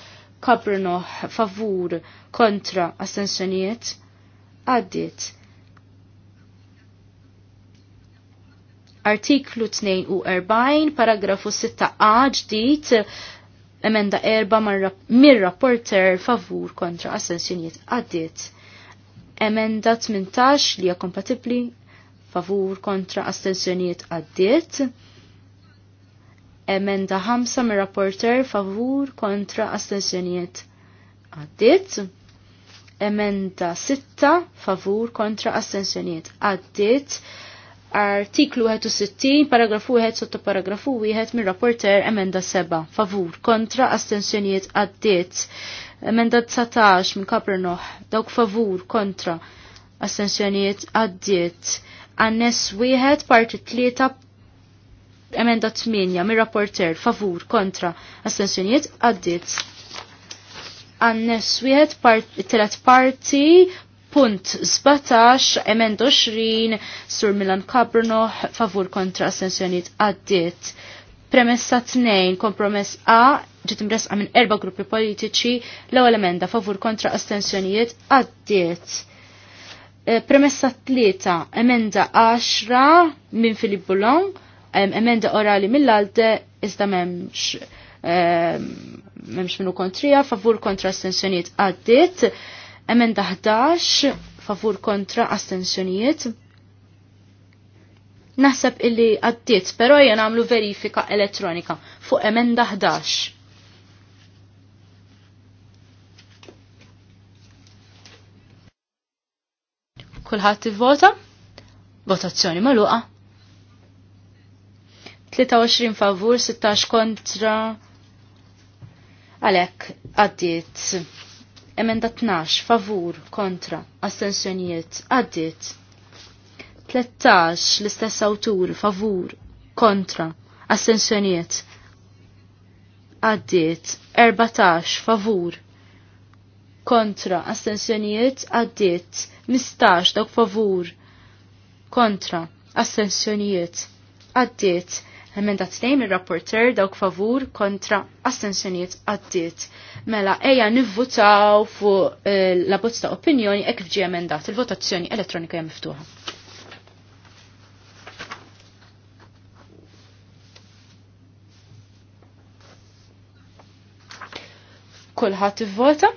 Kabrnoħ favur kontra assenzjoniet għaddiet. Artiklu 40, paragrafu 6a ġdid emenda erba mir-rapporter favur kontra assenzjoniet għaddiet. Emenda 18 li hija kompatibbli favur kontra astensjoniet għaddiet. Emenda 5 mir rapporter favur kontra astensjoniet għaddiet. Emenda 6 favur kontra astensjoniet għaddiet. Artiklu 61, paragrafu 1 sotto paragrafu 1 mir rapporter emenda 7 favur kontra astensjoniet għaddiet. Emenda 19 minn Kapernoħ dawk favur kontra astensjoniet għaddiet għannes wieħed parti tlieta emenda 8 mir rapporter favur kontra astensjonijiet għaddit. Għannes wieħed part, tlet parti punt 17 emenda 20 sur Milan Cabrno favur kontra astensjonijiet għaddit. Premessa 2 kompromess A ġiet imresqa minn erba' gruppi politiċi l-ewwel emenda favur kontra astensjonijiet għaddiet Eh, premessa tlieta, emenda 10 minn Filippo Long, emenda orali mill-alte, iżda memx memx minnu kontrija, favur kontra astensjoniet għaddit, emenda 11, favur kontra astensjoniet. Naħseb illi għaddit, pero jen għamlu verifika elettronika fuq emenda 11. Kulħadd vota Votazzjoni magħluqa. 23 favur, 16 kontra. Għalek, għaddit. Emenda 12, favur, kontra, astensjonijiet, għaddit. 13, l-istess awtur, favur, kontra, astensjonijiet, għaddit. 14, favur, kontra, astensjonijiet, għaddiet. Mistax dawk favur kontra assenzjonijiet. għaddiet emenda 2 il rapporter dawk favur kontra assenzjonijiet għaddiet. Mela eja nivvutaw fuq eh, la bozza ta' opinjoni ek fġi emendat. Il-votazzjoni elettronika hija miftuħa. Kulħadd ivvota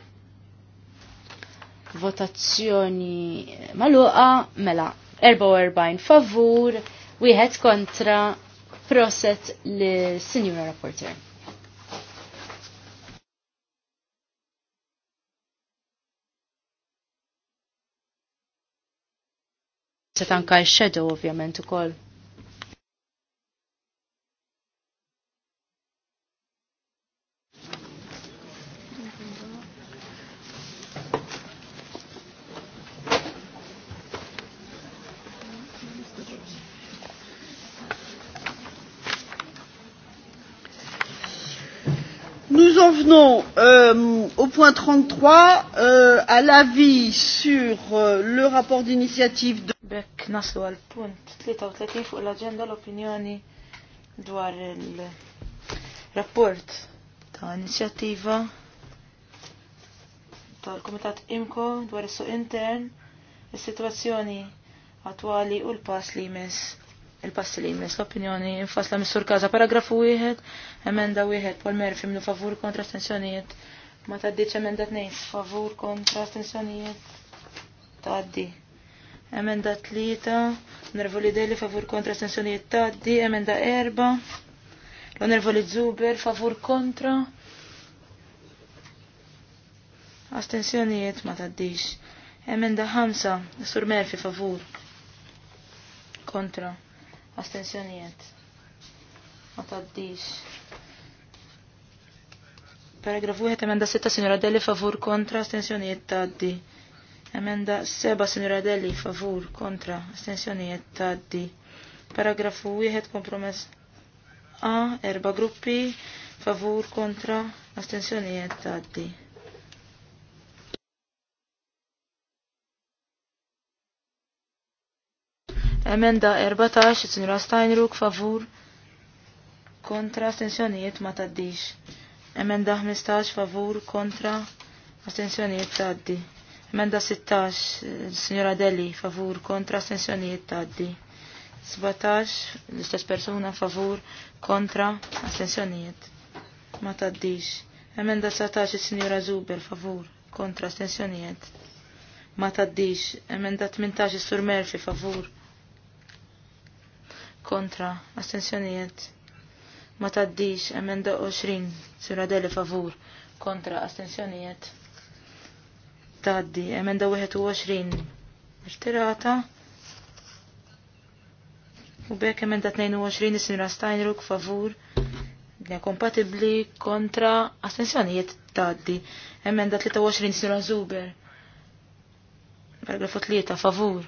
votazzjoni maluqa mela 44 favur, wieħed kontra proset li senior Rapporter. Se tanka shadow ovvjament ukoll. en venons euh, au point 33, euh, à l'avis sur euh, le rapport d'initiative de... Bek naslu għal punt 33 fuq l-agenda l-opinjoni dwar il-rapport ta' inizjattiva tal-Komitat IMCO dwar is-suq intern, is-sitwazzjoni attwali u l-pass li jmiss il-passi li jmess l-opinjoni infasla missur kaza paragrafu wieħed, emenda wieħed Paul Murphy minnu favur kontra stensjonijiet. Ma taddiċ emenda tnejn favur kontra astensjonijiet taddi. Emenda tlita, nervu li deli favur kontra stensjonijiet taddi, emenda erba, l-nervu li zuber favur kontra. Astensjonijiet ma taddix. Emenda ħamsa, sur Murphy favur kontra astensjonijiet ma taddix. Paragrafu 1 emenda 6 sinjora Delli favur kontra astensjonijiet taddi. Emenda 7 sinjora Delli favur kontra astensjonijiet taddi. Paragrafu 1 kompromess A erba gruppi favur kontra astensjonijiet taddi. Emenda 14, sinjura Steinruk, favur, kontra, astensjonijiet ma taddix. Emenda 15, favur, kontra, astensjonijiet taddi. Emenda 16, sinjura Deli, favur, kontra, astensjonijiet taddi. 17, l-istess persuna, favur, kontra, astensjonijiet ma taddix. Emenda 17, sinjura Zuber, favur, kontra, astensjonijiet ma taddix. Emenda 18, sur Murphy, favur, kontra astensjonijiet ma taddix emenda 20 sura deli favur kontra astensjonijiet taddi emenda 21 irtirata u bekk emenda 22 sura Steinruk favur Ne kompatibli kontra astensjonijiet taddi emenda 23 sinra Zuber paragrafu 3 favur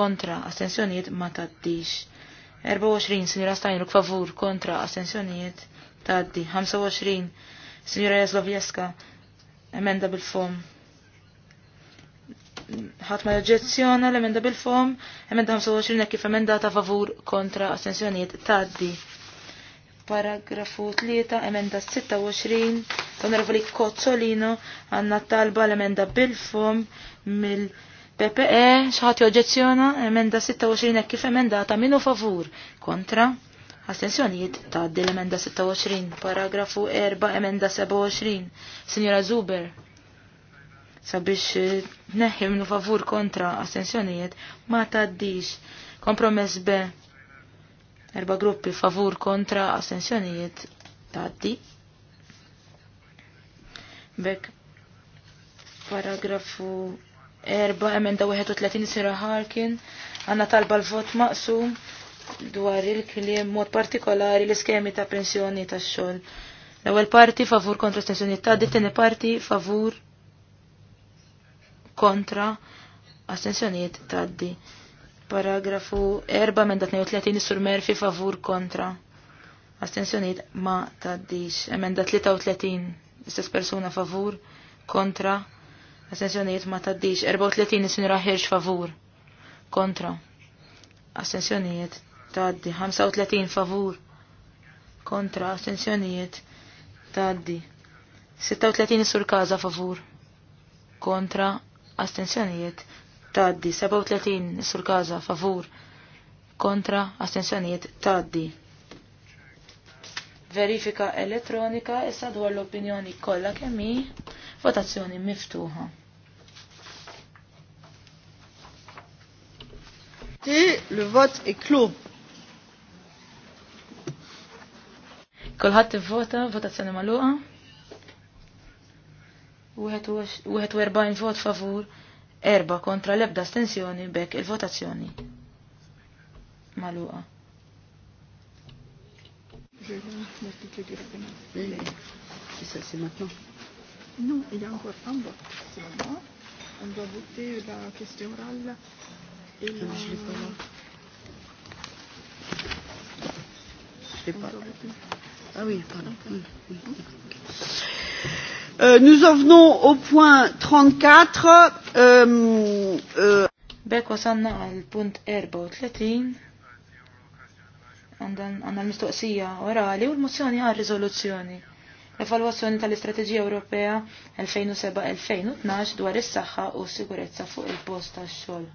kontra astensjonijiet ma taddix 24 sinjura Steinruk favur kontra astensjonijiet taddi 25 sinjura Jaslovjeska emenda bil-fom ħat ma l emenda bil-fom emenda 25 kif emenda ta' favur kontra assenzjonijiet taddi paragrafu 3 emenda 26 Onorevoli Kozzolino għanna talba l-emenda bil-fom mill- Pepe PPE xaħat joġezzjona emenda 26 kif emendata minu favur kontra astensjonijiet ta' l-emenda 26 paragrafu 4 emenda 27 Signora Zuber sabiex eh, neħi minu favur kontra astensjonijiet ma diġ. kompromess B erba gruppi favur kontra astensjonijiet di. B'ek. paragrafu erba emenda 31 sira Harkin għanna talba l-vot maqsum dwar il-kliem mod partikolari l-iskemi ta' pensjoni ta' xol. L-ewwel parti favur kontra astensjonijiet ta' dit-tieni parti favur kontra astensjonijiet taddi. Paragrafu 4 emenda 32 sur Merfi favur kontra. Astensjonijiet ma taddix. Emenda 33 istess persuna favur kontra Assenzjonijiet ma taddix. 34 sinra ħirx favur. Kontra. Assenzjonijiet taddi. 35 favur. Kontra. Assenzjonijiet taddi. 36 sur kaza favur. Kontra. Astenzjonijiet taddi. 37 sur kaza favur. Kontra. Astenzjonijiet taddi verifika elettronika issa dwar l-opinjoni kollha kemm hi votazzjoni miftuħa. Ti l-vot iklub. Kolħat ivvota votazzjoni u 41 vot favur, erba' kontra l-ebda stensjoni bekk il-votazzjoni maluqa. Non, il y a encore un vote On doit voter la question orale. Et Non, je ne l'ai pas là. Je l'ai pas. Ah oui, pardon. Euh, nous en venons au point 34. Euh, euh... Bek wasanna għal punt 34 għandna l-mistoqsija orali u l-mozzjoni għal riżoluzzjoni. Evalwazzjoni tal-Istrateġija Ewropea 2007-2012 dwar is-saħħa u s-sigurezza fuq il-post tax-xogħol.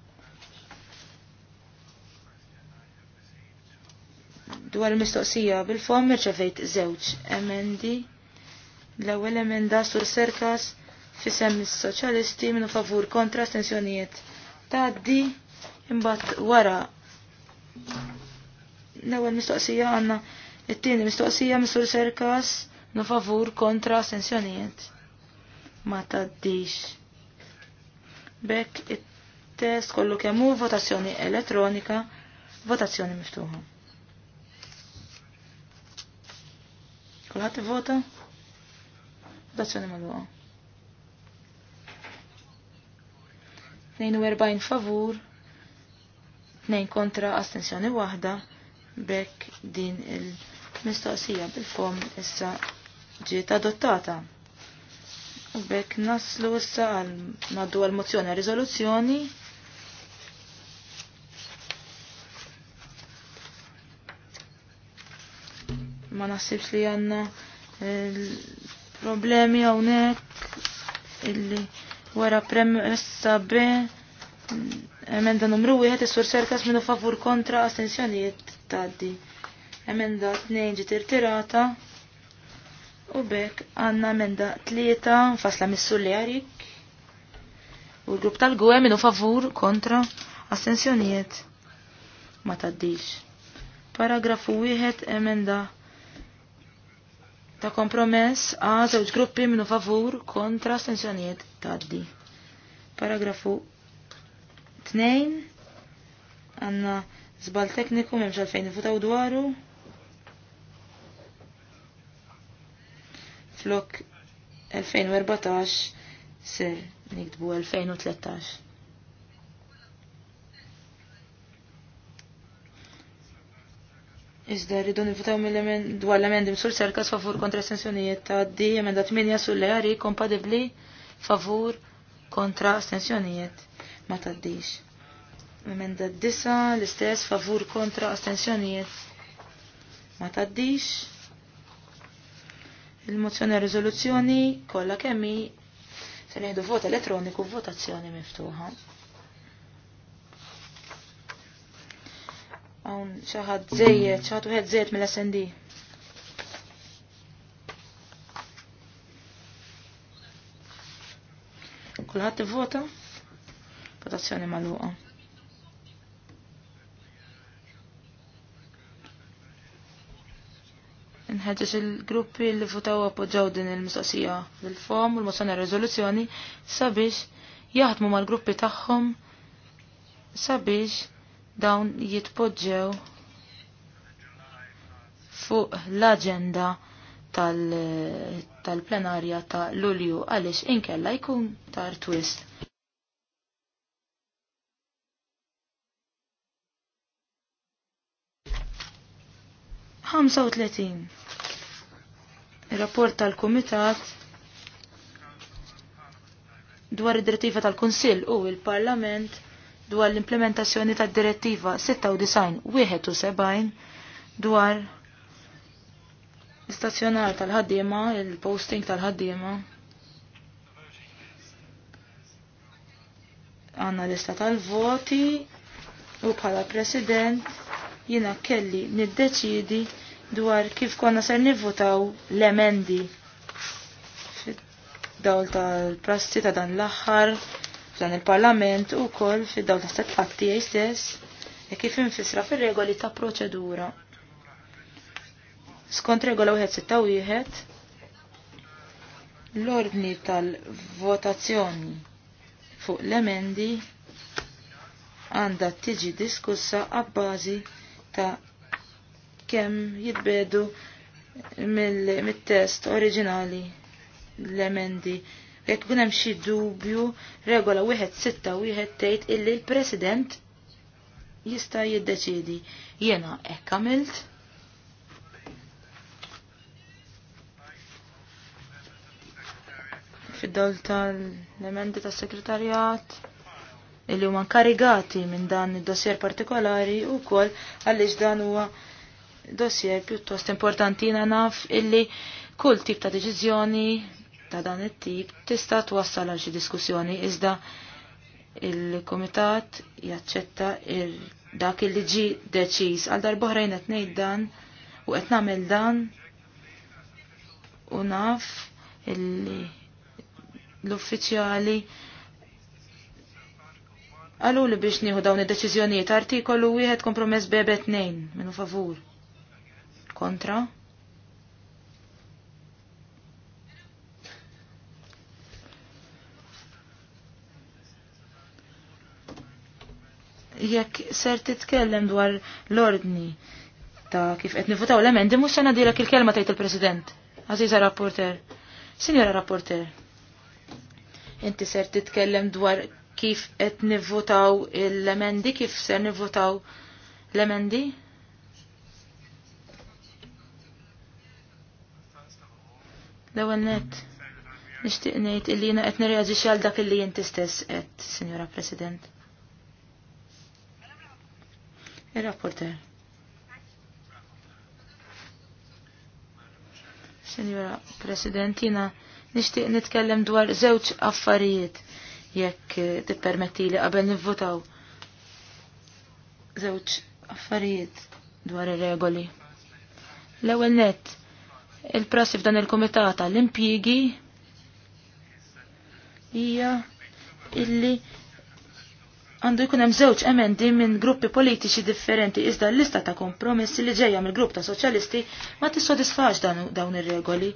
Dwar il-mistoqsija bil-fom irċevejt żewġ emendi. L-ewwel emenda sur serkas fisem is-soċjalisti minnu favur kontra stensjonijiet tgħaddi imbagħad wara L-ewwel mistoqsija għandna it-tieni mistoqsija misur serkas na favur kontra sensjonijiet. Ma taddix. Bekk it-test kollu kemm hu votazzjoni elettronika, votazzjoni miftuħa. Kulħadd ivota? Votazzjoni magħluqa. 42 favur, 2 kontra astensjoni waħda bekk din il-mistoqsija bil-fom issa ġiet adottata. U bekk naslu issa għal maddu għal mozzjoni riżoluzzjoni ma naħsibx li għanna eh, problemi għonek illi wara premessa B mm, emenda numru wieħed is-sur serkas minu favur kontra astensjonijiet taddi. Emenda 2 ġiet irtirata. U bekk għanna emenda 3 fasla missu li għarik. U l-grupp tal-gwe minu favur kontra astensjonijiet ma taddix. Paragrafu 1 emenda ta' kompromess għal żewġ gruppi minu favur kontra assenzjonijiet taddi. Paragrafu 2 għanna Zbal tekniku memx għalfejn nifutaw dwaru. Flok 2014 ser nikdbu 2013. Iżda rridu nifutaw mill dwar l-emendi msur serkas favur kontra estensjonijiet ta' di emenda 8 sul leari kompatibli favur kontra estensjonijiet ma taddix d disa, l-istess, favur kontra astensjonijiet. Ma taddix. Il-mozzjoni rizoluzzjoni kollha kemmi se nieħdu vot elettroniku votazzjoni miftuħa. Hawn xi ħadd żejjed, xi ħadd wieħed żejjed mill-SND. Kulħadd ivvota? Votazzjoni magħluqa. Nħedġeġ il-gruppi li votaw appoġġaw din il-mistoqsija bil-fom u l-mozzjoni rezoluzzjoni sabiex jaħdmu mal-gruppi tagħhom sabiex dawn jitpoġġew fuq l-agenda tal-plenarja tal ta' Lulju għaliex inkella jkun tar twist. Hamsa u tletin il-rapport tal-Kumitat dwar id-direttiva tal-Kunsill u il-Parlament dwar l-implementazzjoni tad-direttiva 96-71 dwar l istazzjonar tal-ħaddiema, il-posting tal-ħaddiema. Għanna lista tal-voti u bħala president jina kelli nid-deċidi dwar kif konna ser nivvotaw l-emendi fid-dawl tal-prassi ta' dan l-aħħar f'dan il-Parlament u koll fid-dawl ta' stat fatti stess e kif infisra fir-regoli ta' proċedura. Skont regola wieħed sitta wieħed l-ordni tal-votazzjoni fuq l-emendi għandha tiġi diskussa għabbażi ta' kemm jitbedu mill-test oriġinali l-emendi. Jekk kun hemm xi dubju, regola wieħed sitta wieħed tgħid illi l-President jista' jiddeċiedi. Jiena hekk għamilt. fid tal-emendi tas-Sekretarjat illi huma nkarigati minn dan id-dossier partikolari wkoll għaliex dan huwa dossier pjuttost importanti na naf illi kull tip ta' deċiżjoni ta' dan it-tip tista' twassal għal xi diskussjoni iżda il-Kumitat jaċċetta il dak il ġi deċiż għal darboħrajn qed ngħid dan u qed nagħmel dan u naf illi l-uffiċjali għalu li biex nieħu dawn id-deċiżjonijiet artikolu wieħed kompromess bebet nejn minn favur kontra. Jekk ser titkellem dwar l-ordni ta' kif qed nifutaw l-emendi mhux se ngħadilek il-kelma tgħid il-President. Aziza rapporter, Sinjora rapporter, inti ser titkellem dwar kif qed nivvutaw l-emendi, kif ser nivvutaw l-emendi? L-ewwel nett nixtieq ngħid illi jina qed nirreaġixxi għal dak illi jinti stess għet, Sinjora President. Ir-rapporter. Sinjora President, jina nixtieq nitkellem dwar żewġ affarijiet jekk tippermetti li qabel nivvotaw. Żewġ affarijiet dwar ir-regoli. L-ewwel nett Il-prassi f'dan il-Kumitat l impjigi hija illi għandu jkun hemm żewġ emendi minn gruppi politiċi differenti iżda l-lista ta' kompromessi li ġejja mill-grupp ta' soċjalisti ma tissodisfax dawn ir-regoli.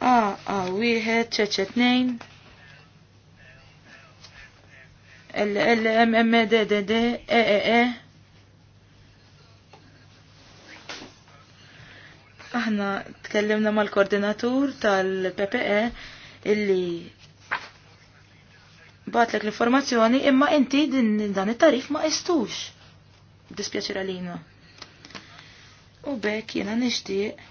A, A, wieħed, ċeċe tnejn. L, L, M, M, D, D, D, E, E, E, Aħna tkellimna mal-koordinatur tal-PPE illi batlek l-informazzjoni imma inti din dan it-tarif ma istux. Dispjaċir għalina. U bekk jena nishtiq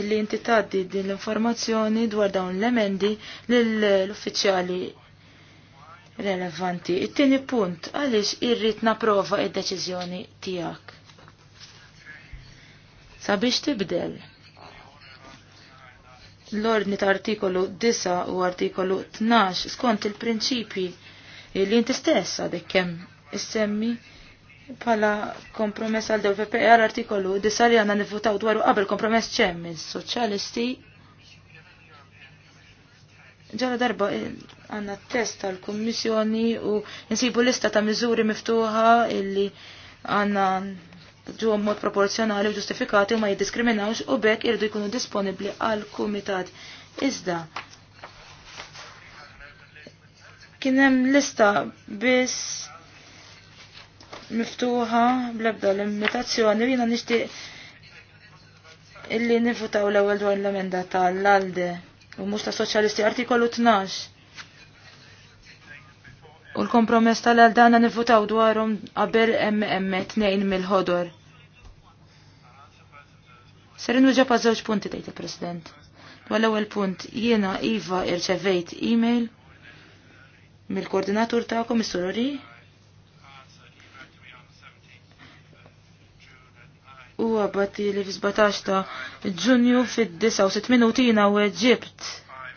illi inti taddi din l-informazzjoni dwar dawn l-emendi l-uffiċjali relevanti. It-tieni punt għaliex irrid naprova id-deċiżjoni tiegħek sabiex tibdel l-ordni ta' artikolu 9 u artikolu 12 skont il-prinċipi li inti stess dekkem kemm issemmi pala kompromess għal dew PPR e artikolu 9 li għanna nifutaw dwaru qabel kompromess ċem il-soċjalisti ġara darba eh, għanna test tal-Kommissjoni u nsibu lista ta' miżuri miftuħa illi għanna ġu mod proporzjonali u ġustifikati u ma jiddiskriminawx u bekk irdu jkunu disponibli għal kumitat. Iżda, kienem lista biss miftuħa bl-ebda l-imitazzjoni jiena nixtieq illi nifutaw l-ewwel dwar l-emenda tal-alde u mhux ta' soċjalisti artikolu 12. U l-kompromess tal-għaldana nifutaw dwarum qabel MM2 mill-ħodor. Serin uġa pa' zewġ punti tajt il-President. Dwar il ewwel punt jiena iva irċevejt email mill-koordinatur ta' komissurri. U Huwa li f-17 ta' Ġunju fid-69 minutina u ġibt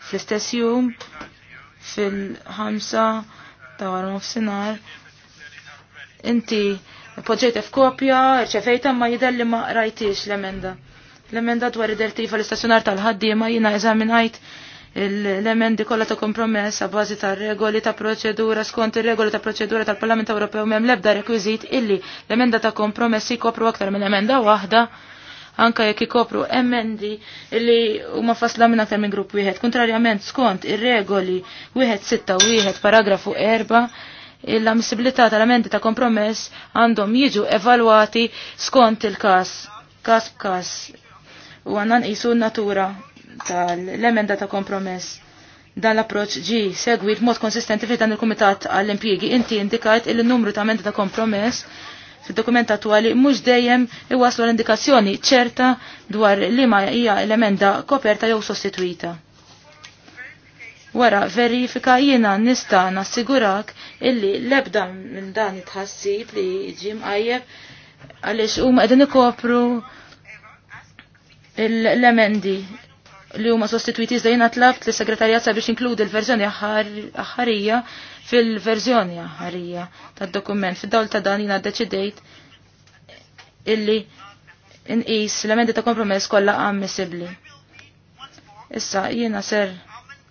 fl-istess jum fil ħamsa ta' f-sinar. Inti poġġejt f'kopja, ċefejta ma li ma rajtix l-emenda. L-emenda dwar id l-istazzjonar tal-ħaddiema jina eżaminajt l-emendi kollha ta' kompromess a bażi ta' regoli ta' proċedura skont ir-regoli ta' proċedura tal-Parlament Ewropew m'hemm l-ebda rekwiżit illi l-emenda ta' kompromess jkopru aktar minn emenda waħda anka jekk ikopru emendi li huma fasla minn aktar minn grupp wieħed. Kontrarjament skont ir-regoli wieħed sitta wieħed paragrafu erba' l ammissibilità tal-emendi ta' kompromess għandhom jiġu evalwati skont il-każ, każ b'każ. U għandna nqisu n-natura tal-emenda ta' kompromess dan l-approċ ġi segwit mod konsistenti fi dan il-Kumitat għall-impjiegi inti indikajt il numru ta' amendi ta' kompromess fid-dokument attwali mhux dejjem iwaslu l-indikazzjoni ċerta dwar li ma hija l-emenda koperta jew sostituita. Wara verifika jiena nista' nassigurak illi l-ebda minn dan it-ħassib li jiġi mqajjeb għaliex huma qegħdin ikopru l-emendi li huma sostituiti iżda jiena li segretarjat sabiex inkludi l-verżjoni aħħarija fil-verżjoni aħħarija tad-dokument. Fid-dawl ta' dan jiena deċidejt illi inqis l-emendi ta' kompromess kollha ammissibbli. Issa jiena ser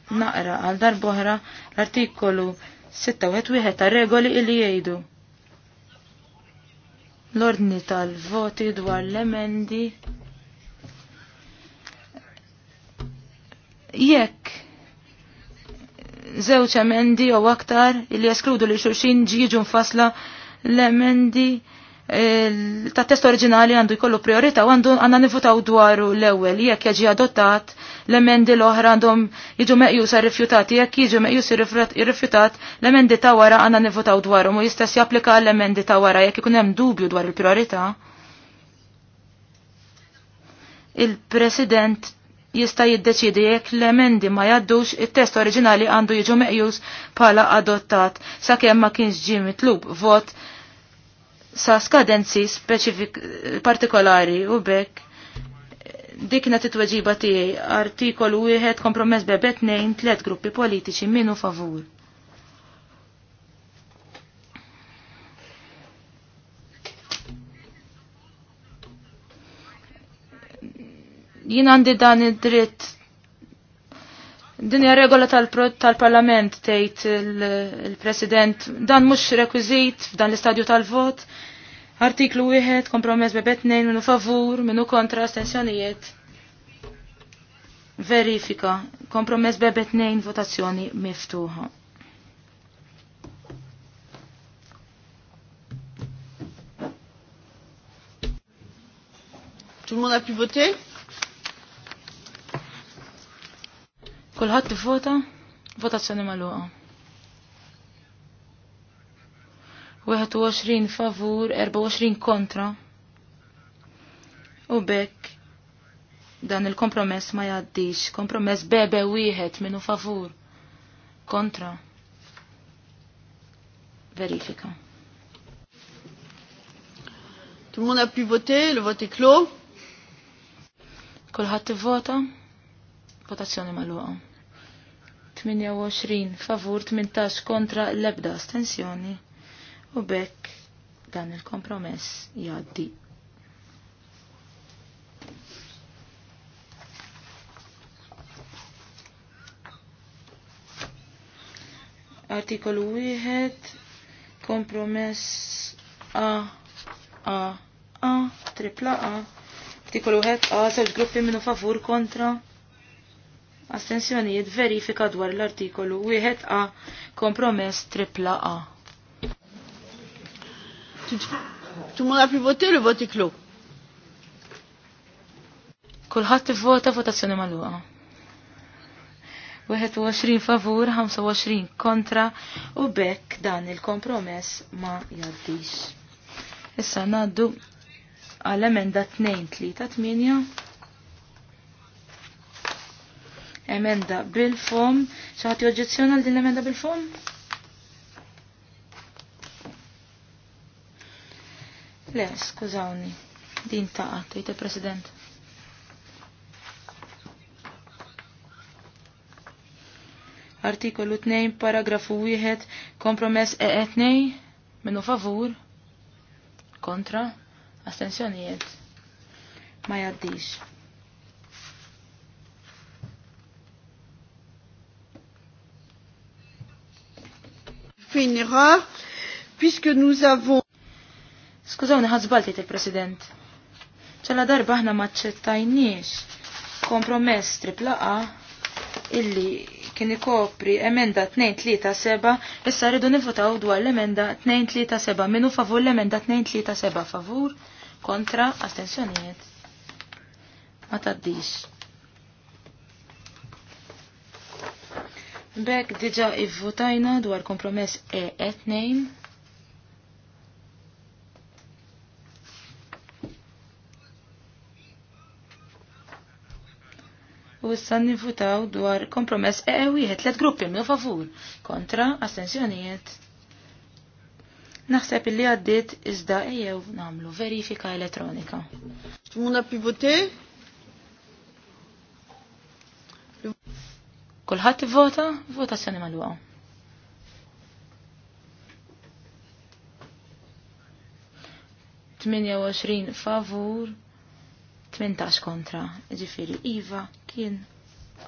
naqra għal darbohra l-artikolu 6 ta' regoli illi jgħidu l-ordni tal-voti dwar l-emendi jekk żewġ emendi jew aktar li jeskludu li xulxin ġiġu nfasla l-emendi eh, ta' test oriġinali għandu jkollu priorita u għandu għanna nifutaw dwaru l-ewel jekk jaġi adottat l-emendi l-oħra għandhom jiġu meqjusa rifjutati jekk jiġu meqjus rifjutat l-emendi ta' wara għanna nifutaw dwaru mu jistess japplika l-emendi ta' wara jekk ikun hemm dubju dwar il-priorita. Il-President jista' jiddeċidi jekk l-emendi ma jaddux it-test oriġinali għandu jiġu meqjus bħala adottat sakemm ma kienx ġie mitlub vot sa skadenzi specifik partikolari u bekk dik kienet it-tweġiba tiegħi artikolu wieħed kompromess bebet nejn tliet gruppi politiċi minu favur. jien għandi dan id-dritt. Din hija regola tal-Parlament tal tgħid il-President dan mhux rekwiżit f'dan l-istadju tal-vot. Artiklu wieħed kompromess bebet nejn minnu favur, minnu kontra astensjonijiet. Verifika. Kompromess bebet nejn votazzjoni miftuħa. Tout le monde a pu voter Kulħadd vota Votazzjoni magħluqa. 21 favur, 24 kontra. U bekk dan il-kompromess ma jaddix. Kompromess bebe wieħed minnu favur. Kontra. Verifika. Tout le monde a pu voter, le vote est clos. Kulħadd ivvota. Votazzjoni magħluqa. 28 favur 18 kontra l-ebda astensjoni u bekk dan il-kompromess jaddi. Artikolu 1 kompromess A A A tripla A artikolu 1 A zewġ gruppi minnu favur kontra Astensjonijiet verifika dwar l-artikolu 1A kompromess tripla A. Tu ma nafi voti li voti klu? Kulħadd ivvota votazzjoni magħluqa. 21 favur, 25 kontra u bekk dan il-kompromess ma jaddix. Issa naddu għal-emenda 2-3-8 emenda bil-fom. ċaħti oġġezzjoni għal din l-emenda bil-fom? Le, skużawni. Din taqa, tejt il-President. Artikolu 2, paragrafu 1, kompromess e etnej, menu favur, kontra, astensjonijiet, ma jaddix. fait une erreur puisque nous avons Skużawni ħazbalti il-President. ċala darba ħna maċċettajniex kompromess tripla A illi kien ikopri emenda 237 issa rridu nivvotaw dwar l-emenda 237 minu favur l-emenda 237 favur kontra astensjonijiet. Ma taddix. Bek diġa ivvotajna dwar kompromess e etnejn. U issa nivvutaw dwar kompromess e wieħed let gruppi minn favur kontra astensjonijiet. Naħseb illi għaddit iżda ejjew namlu verifika elettronika. Tmuna pivote? Kulħadd ivvota, votazzjoni magħluqa. Tminja għoxrin favur, tmintax kontra, ġifiri Iva kien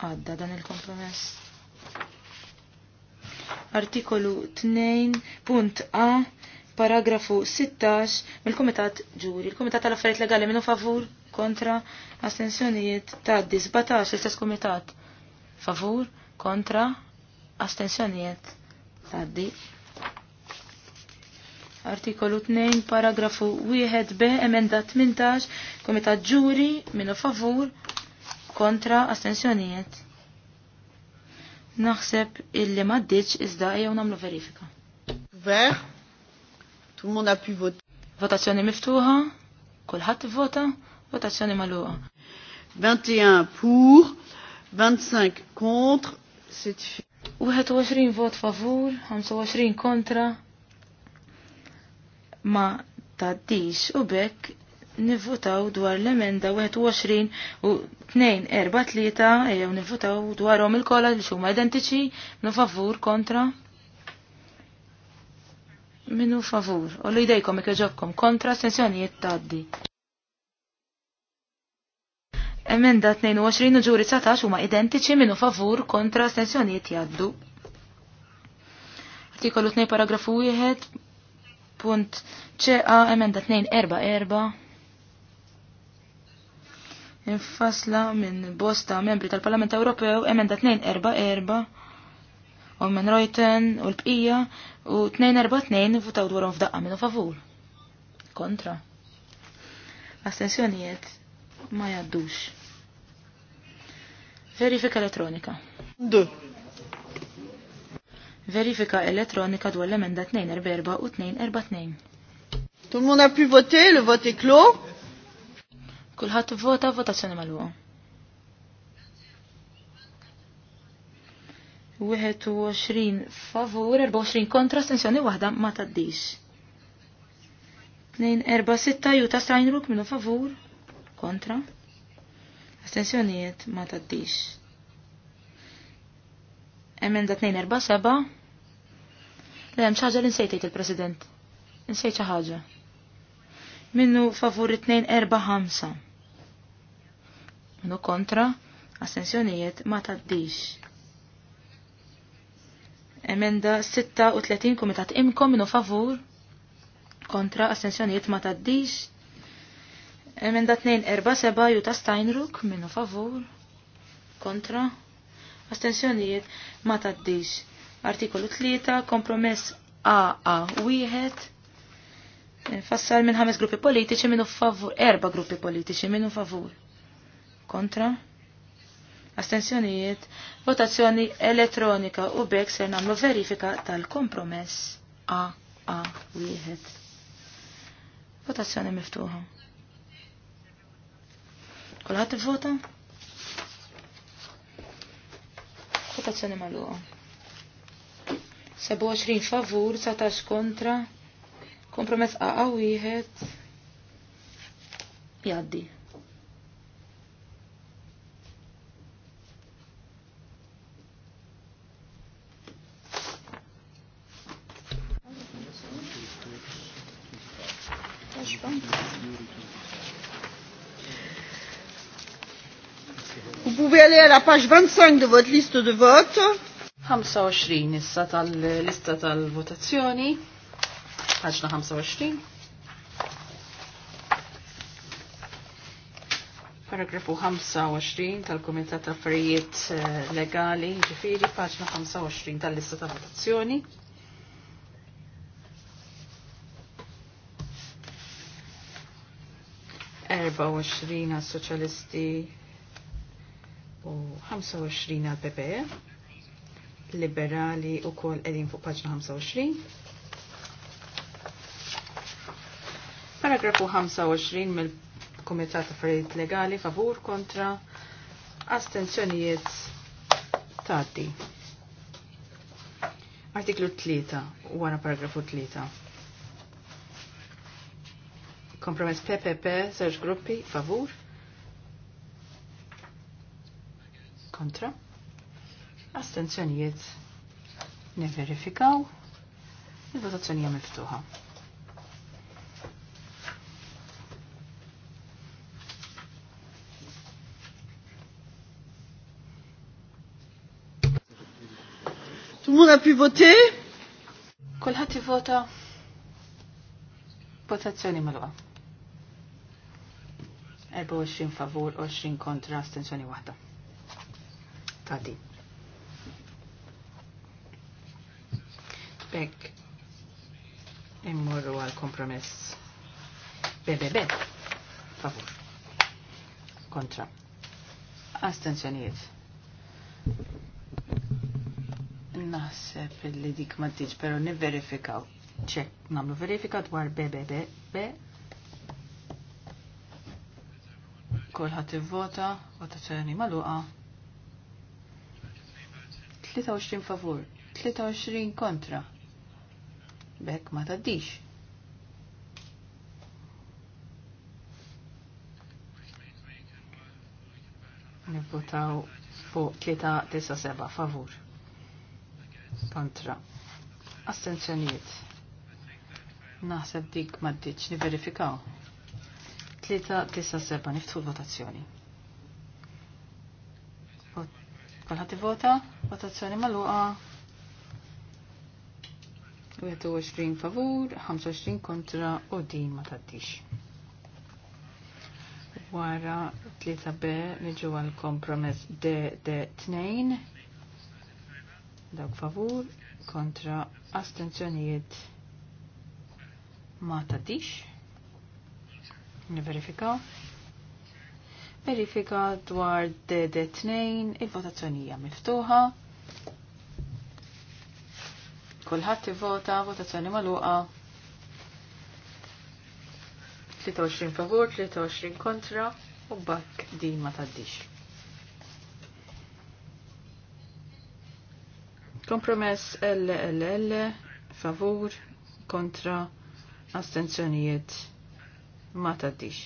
għadda dan il-kompromess. Artikolu 2.a paragrafu 16 mill-Kumitat Ġuri. Il-Kumitat tal-Affarijiet Legali minu favur kontra astensjonijiet ta' 17 l-istess Kumitat favur, kontra, astensjonijiet taddi. Artikolu 2, paragrafu 1b, emenda 18, komita ġuri, minu favur, kontra, astensjonijiet. Naħseb illi maddiċ iżda jew namlu verifika. Ver, tu le monde vot. Votazzjoni miftuħa, kulħadd vota, votazzjoni magħluqa. 21 pour, 25 contre, 7 21 vot favur, 25 kontra. Ma taddix u bekk nivvotaw dwar l-emenda 21 u 243 jew nivvotaw dwarhom il-kola li huma identiċi minu favur kontra. Minu favur, u li jdejkom ikkeġobkom kontra sensjoni jittaddi. Emenda 22 u ġuri 19 huma identiċi minnu favur kontra astensjonijiet jaddu. Artikolu 2 paragrafu 1 punt ċeqa emenda 244 infasla minn bosta membri tal-Parlament Ewropew emenda 244 u minn Reuten u l-bqija u 242 votaw dwarhom f'daqqa minnu favur. Kontra. Astensjonijiet ma jaddux. Verifika elettronika. Du. Verifika elettronika dwar l-emenda 244 u 242. Tout le monde a pu voter, le vote est clos. Kulħat vota votazzjoni Wieħed u għoxrin favur, 24 kontra, stenzjoni waħda ma taddix. 2, 4, sitta juta Steinruk minu favur, kontra, astensjonijiet ma taddix. Emenda 247, le hemm li nsejtejt il-President. Nsejt xi ħaġa. Minnu favur 245. Minnu kontra, astensjonijiet ma taddix. Emenda 36 kumitat imkom minnu favur kontra astensjonijiet ma taddix. Emenda seba' Juta Steinruk minnu favur kontra astensjonijiet ma taddix. Artikolu 3 kompromess AA wieħed e, fassar minn ħames gruppi politiċi minnu favur, erba gruppi politiċi minnu favur. Kontra? Astensjonijiet, votazzjoni elettronika u bek ser namlu verifika tal-kompromess AA wieħed. Votazzjoni miftuħa. Kulħadd ivvota? Votazzjoni Sabu 27 favur, 19 kontra, kompromess AA wieħed jaddi. aller à la page 25 de votre liste de vote. 25 issa tal-lista tal-votazzjoni. Paġna 25. Paragrafu 25 tal-Komitat Affarijiet eh, Legali, ġifiri, paġna 25 tal-lista tal-votazzjoni. Erba' 24 għas-soċjalisti u 25 għal PPE, liberali u kol edin fuq paġna 25. Paragrafu 25 mill kumitat Affarijiet Legali favur kontra astenzjonijiet tati. Artiklu 3, wara paragrafu 3. Kompromess PPP, Serge gruppi, favur, kontra astenzjonijiet neverifikaw. il-votazzjonija miftuħa. Tumuna le monde a vota votazzjoni malwa. 24 favur, 20 kontra, astenzjoni wahda tadi. Bek, immorru għal kompromess BBB favur kontra Astenzjoniet. Naħseb li dik ma tiġ, pero niverifikaw. ċek, namlu verifika dwar BBB. Kolħat vota votazzjoni maluqa. 23 favur, 23 kontra. Bek ma taddix. Nivvotaw fuq 397 favur. Kontra. Astenzjonijiet. Naħseb dik maddiċ niverifikaw. 397 niftħu l-votazzjoni. Kolħati vota? Votazzjoni maluqa. 21 favur, 25 kontra u din ma taddix. Wara 3B niġu għal kompromess D 2 Dawk favur kontra astenzjonijiet ma taddix. Niverifikaw. Verifika dwar DD2, il-votazzjonija miftuħa. Kulħadd ivvota, votazzjoni magħluqa. 23 favur, 23 kontra u bakk din ma taddix. Kompromess LLL favur kontra astenzjonijiet ma taddix.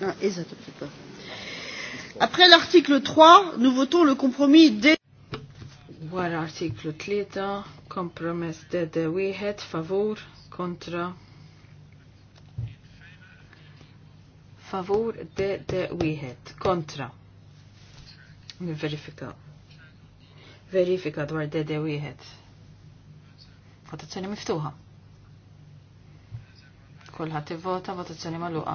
Ah, Après l'article 3, nous votons le compromis D. Voilà, artiklu 3, compromis D kompromess dede wieħed favur kontra favur dede wieħed kontra. Verifika. Verifika dwar dede wieħed. Votazzjoni miftuħa. Kulħadd ivvota votazzjoni magħluqa.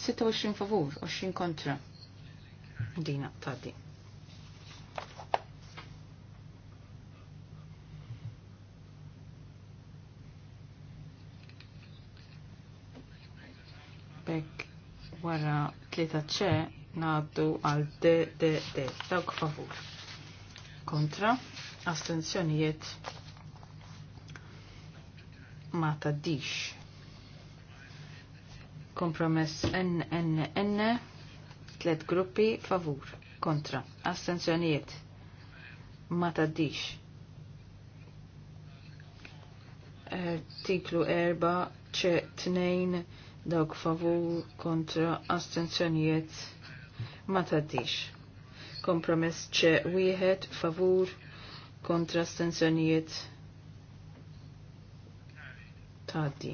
26 favur, 20 kontra. Dina tadi. Bek wara tlieta ċe ngħaddu għal D D D dawk favur. Kontra, astenzjonijiet ma taddix. Kompromess NNN, tlet gruppi favur, kontra, astenzjonijiet, ma taddix. Eh, Tiklu erba' ċe tnejn dawk favur kontra astenzjonijiet ma taddix. Kompromess ċe wieħed favur kontra astenzjonijiet tgħaddi.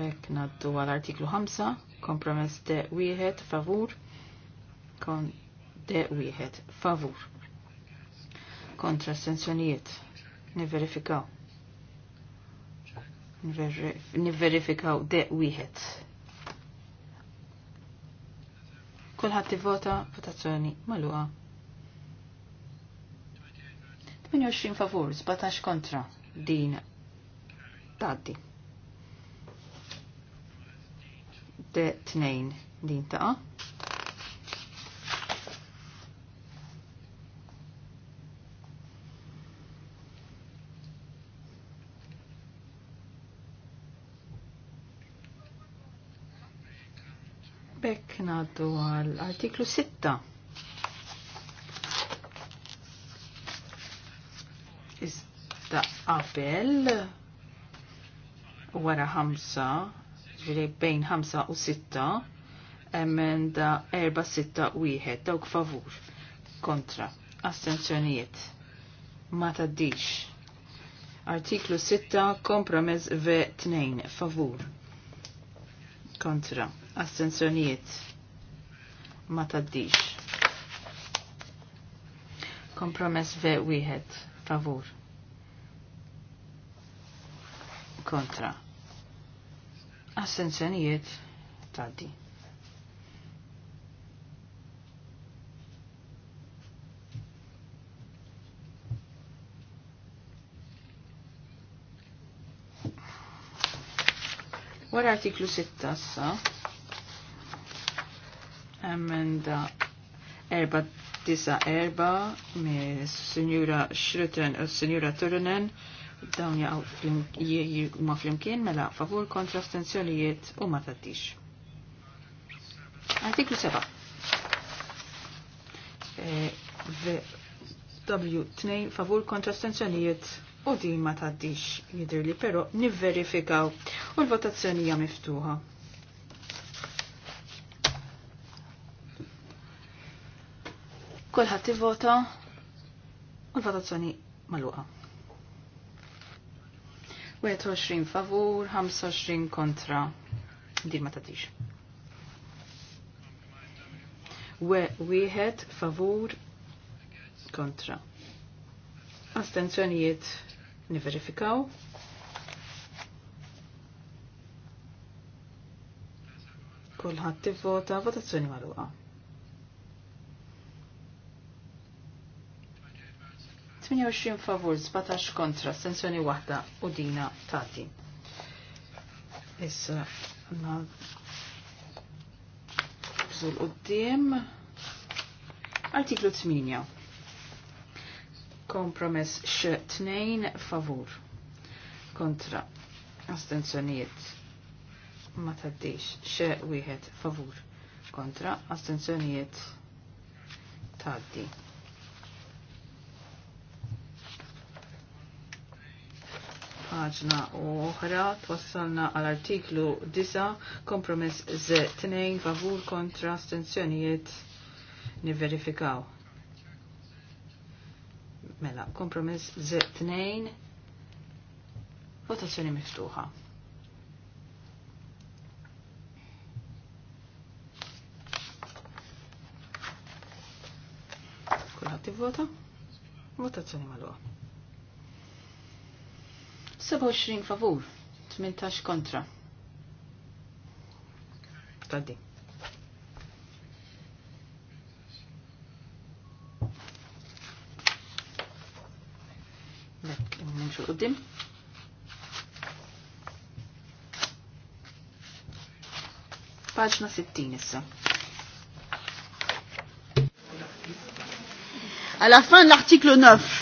Bekk naddu għal artiklu 5, kompromess de wieħed favur kon de wieħed favur. Kontra sensjonijiet niverifikaw. Niverifikaw de wieħed. Kulħadd tivvota votazzjoni magħluqa. 28 favur, 17 kontra din taddi. De 2 din ta' Bekna naddu artiklu 6 ta' qabel wara ħamsa, ġiri bejn ħamsa u sitta, emenda erba sitta u wieħed, dawk favur, kontra, astenzjonijiet, ma taddix. Artiklu 6, kompromess V2, favur, kontra, astenzjonijiet, ma taddix. Kompromess V1, favur kontra assenzjonijiet tadi. Wara artiklu 6 assa, emenda 494 mir Signora Schröten u eh, s-senjura Turunen, dawn jaqgħu ma flimkien mela favur kontra stenzjonijiet u ma tattix. Artiklu 7. E, W2 favur kontra stenzjonijiet u din ma taddix jidher li però nivverifikaw u l-votazzjoni hija miftuħa. Kulħadd vota u l-votazzjoni maluqa. 21 favur, 25 kontra. Din ma tatix. Wieħed favur kontra. Astenzjonijiet niverifikaw. Kulħadd tivvota votazzjoni magħluqa. 28 favur, 17 kontra, stenzjoni wahda u dina tati. Issa, na bżul u dim. Artiklu 8. Kompromess x-2 favur. Kontra, astenzjoniet, ma taddix, x 1 favur kontra, astenzjoniet, taddi. ħaġna oħra twassalna għal artiklu 9 kompromess Z2 favur kontra stenzjonijiet niverifikaw. Mela, kompromess Z2 votazzjoni miftuħa. Kulħat vota? Votazzjoni mal 27 favur, 18 kontra. Tadi. Nek, nimxu qoddim. Paġna 60 issa. À la fin de l'article 9,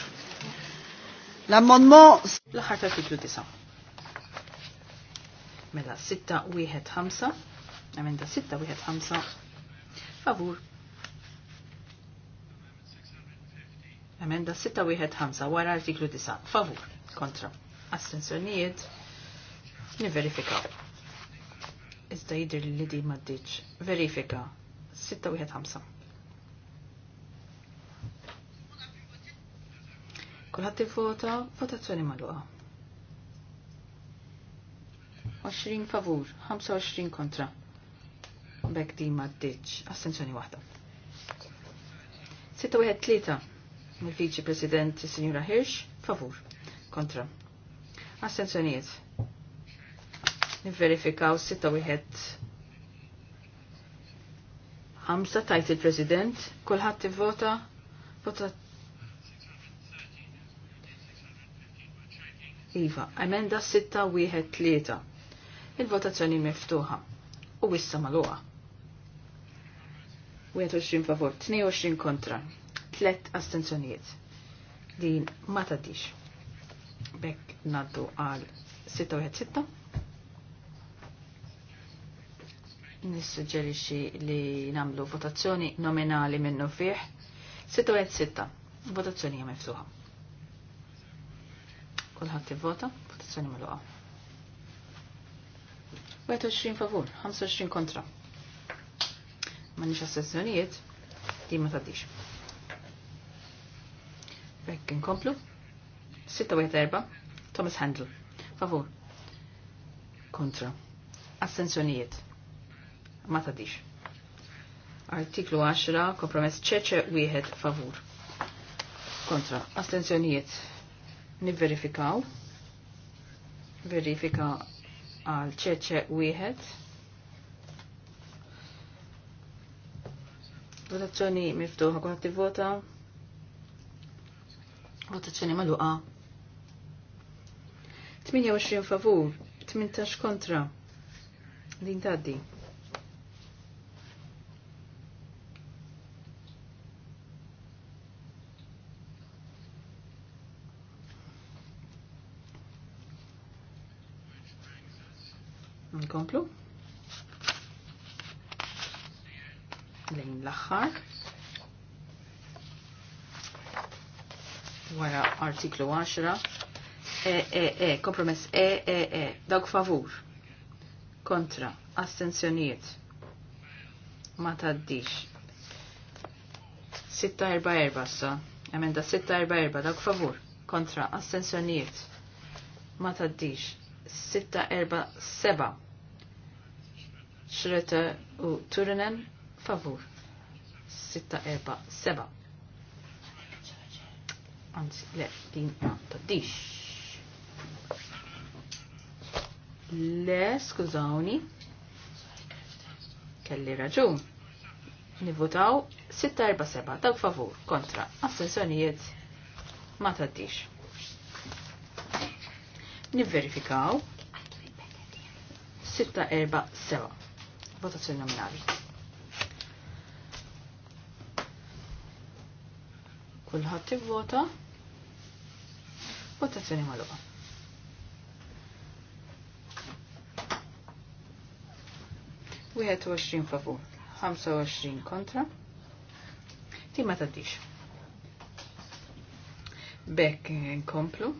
l ammonmont L-ħar tal fitlu tisa. Mela 6-1-5. Emenda 6-1-5. Favur. Emenda 6-1-5. Wara artiklu 9. Favur. Kontra. Astenzjonijiet. Niverifikaw. Iżda jidir li di maddiċ. Verifika. 6-1-5. Kulħadd ivvota, votazzjoni magħluqa. 20 favur, 25 kontra. Bek di ma ddiċ, assenzjoni waħda. 6-1-3 mill-Viċi President Sinjura Hirsch, favur, kontra. Astenzjonijiet. Nivverifikaw 6-1 Hamza tajt il-President, kullħat vota, votat Iva, emenda 6-1-3. Il-votazzjoni miftuħa. U issa maluqa. 21 favor, 22 kontra, 3 astenzjonijiet. Din ma tadix. Bek naddu għal 6-1-6. Nissuġġerixi li namlu votazzjoni nominali minnu fih. 6-1-6. Votazzjoni miftuħa. Kulħadd tivvota votazzjoni magħluqa. 21 favur, 25 kontra. Ma nix assenzjonijiet, din ma taddix. Bekk inkomplu. 6-4, Thomas Handel. Favur. Kontra. Assenzjonijiet. Ma tadix. Artiklu 10, kompromess ċeċe wieħed favur. Kontra. Astenzjonijiet. Nivverifikaw. Verifika għal ċeċe wieħed. Votazzjoni miftuħa kun tivvota. Votazzjoni maluqa. 28 favur, 18 kontra. Din taddi. Nkomplu. Lejn l-axħar. Wara artiklu 10. E, e, e, kompromess E, E, E. Dawk favur. Kontra. astenzjoniet. Ma taddix. 6-4-4 sa. Emenda 6-4-4, Dawk favur. Kontra. astenzjoniet. Ma taddix. 6-4-7. Xreta u Turinen favur. Sitta 4 seba'. Anzi, le, din ma taddix. Le, skużawni. Kelli raġun. Nivutaw sitta 4 seba' dawk favur, kontra, astensjonijiet ma taddix. Nivverifikaw Sitta erba' seba votazzjoni nominali. Kulħadd ivvota. Votazzjoni magħluqa. Wieħed u għoxrin favur, ħamsa u kontra. Tima ma taddix. Bekk eh, nkomplu.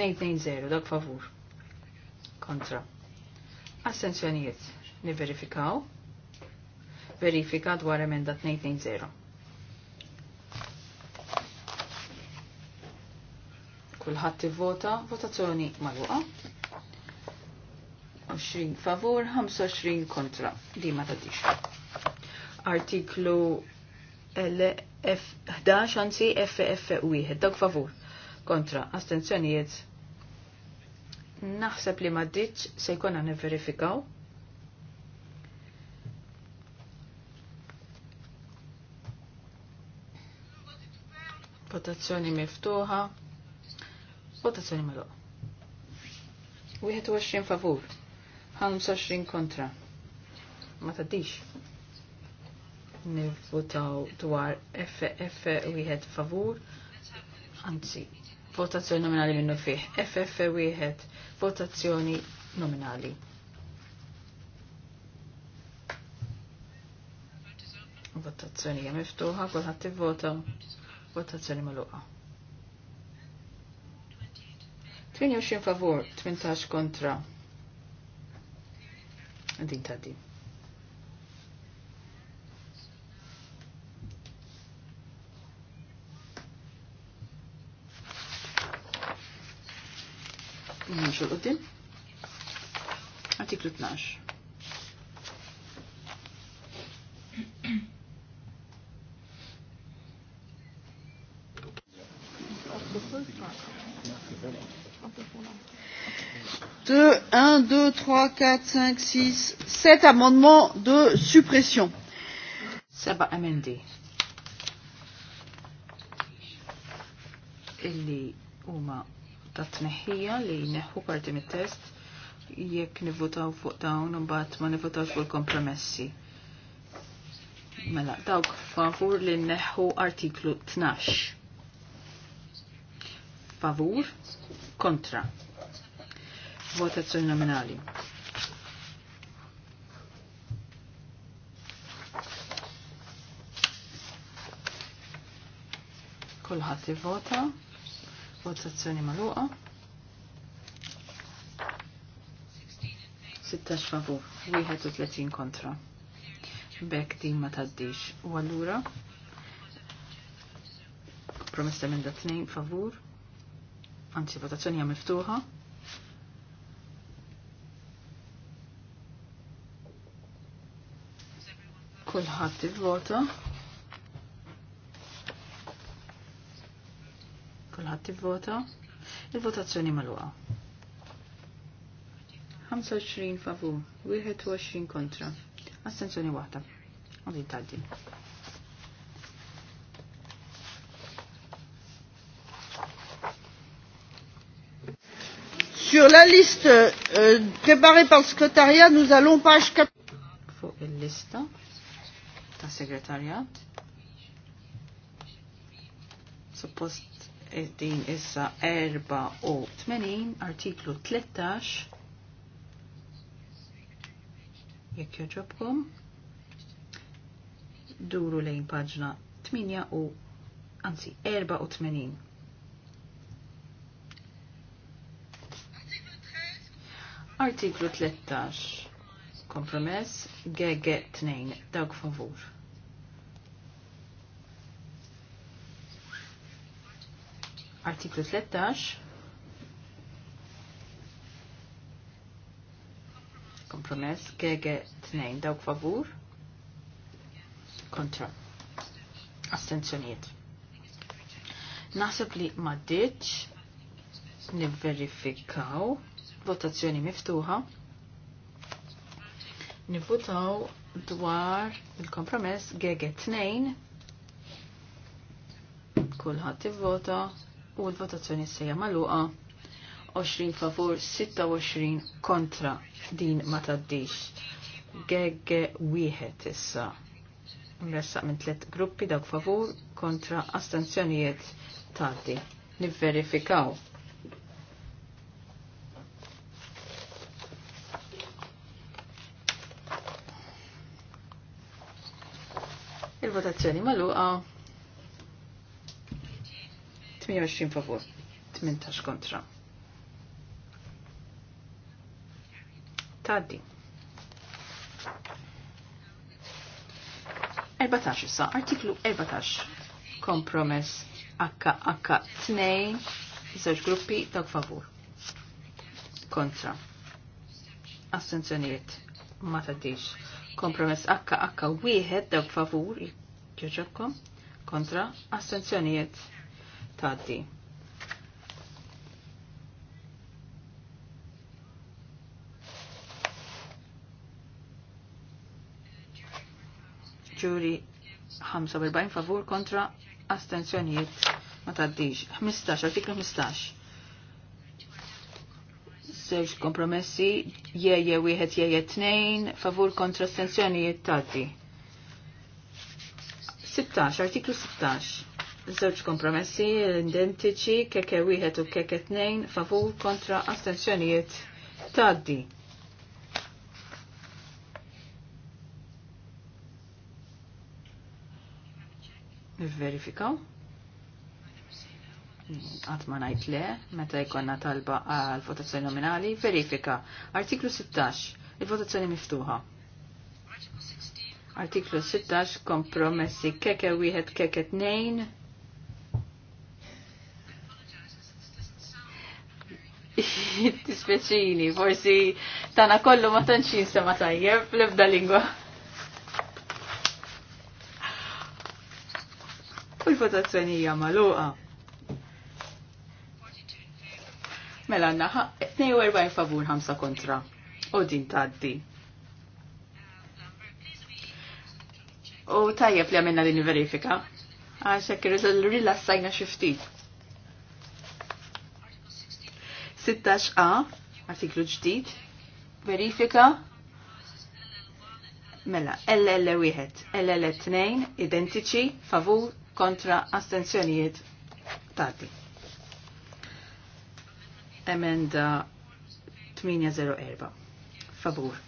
2-0, dak favur. Kontra. Assenzjonijiet. Niverifikaw. Verifika dwar emenda 220. Kulħadd ivvota, votazzjoni magħluqa. 20 favur, 25 kontra. Di ma tadix. Artiklu lf 11 anzi FF1 dak favur kontra astenzjonijiet Naħseb li ma ditx se jkun għan verifikaw. Votazzjoni miftuħa. Votazzjoni maluqa. 21 favur, 25 kontra. Ma taddix. Nivvotaw dwar FF wieħed favur, anzi votazzjoni nominali minnu fih. FF1, votazzjoni nominali. Votazzjoni hija miftuħa, kolħat vota Votazzjoni magħluqa. 28 favur, 18 kontra. Din ta' din. Nħiġu l-qoddim. Artiklu 12. De 1, 2, 3, 4, 5, 6, 7 amendements de suppression. Seba amendi. Illi huma ta' tneħħija li neħħu parti mit-test jekk nivvotaw fuq dawn u mbagħad ma nivvotawx fuq il-kompromessi. Mela, dawk favur li neħħu artiklu 12. Favur, kontra. Votazzjoni nominali. Kulħadd i vota Votazzjoni maluqa. 16 favur, 31 kontra. Bek din ma taddix. U allura promessa minn da 2 favur. Anzi, votazzjoni hija miftuħa. Kulħadd ivvota. vota tivvota. Il-votazzjoni mal magħluqa. 25 favur, 21 kontra. Astenzjoni waħda. Għadin taddi. Sur la liste euh, préparée par le secrétariat, nous allons page 4. Fuq il-lista ta' segretarjat. Suppost din issa 84 artiklu 13 jekk joġobkom duru lejn paġna 8 u anzi 84 Artiklu 13 Kompromess GG 2 Dawk favur Artiklu 13. Kompromess kege 2 dawk favur kontra astenzjoniet. Naħseb li maddiċ nivverifikaw votazzjoni miftuħa nivvotaw dwar il-kompromess GG2 kulħadd ivvota u l-votazzjoni sejja maluqa 20 favor 26 kontra din ma taddix. Gegge wieħed issa. Mressaq minn tliet gruppi dawk favur kontra astenzjonijiet tardi. Nivverifikaw. Il-votazzjoni maluqa 28 favur, 18 kontra. Taddi. 14 sa, artiklu 14, kompromess HH2, żewġ gruppi dawk favur. Kontra. Astenzjonijiet ma tadix. Kompromess akka 1 dawk favur, jġobkom. Kontra. Kontra taddi. Ġuri 45 favur kontra astenzjonijiet ma taddiġ. 15, artiklu 15. Zewġ kompromessi, jeje wieħed jeje tnejn, favur kontra astenzjonijiet taddi. 16, artiklu 16. Żewġ kompromessi identiċi keke wieħed u keke tnejn favur kontra astenzjonijiet taddi. Verifikaw. Għatma najt le, meta jkonna talba għal votazzjoni nominali, verifika. Artiklu 16, il-votazzjoni miftuħa. Artiklu 16, kompromessi keke wieħed keke tnejn Tispeċini, forsi tana kollu ma tanċin sema tajjeb lebda lingwa. U l-votazzjoni hija magħluqa. Mela għandna 42 favur 5 kontra. U din tgħaddi. U tajjeb li għamilna din verifika. Għax hekk irridu rilassajna xi ftit. 16a, artiklu ġdid, verifika mela LL1, LL2, identiċi, favur, kontra, astenzjonijiet, tati. Emenda 804, favur,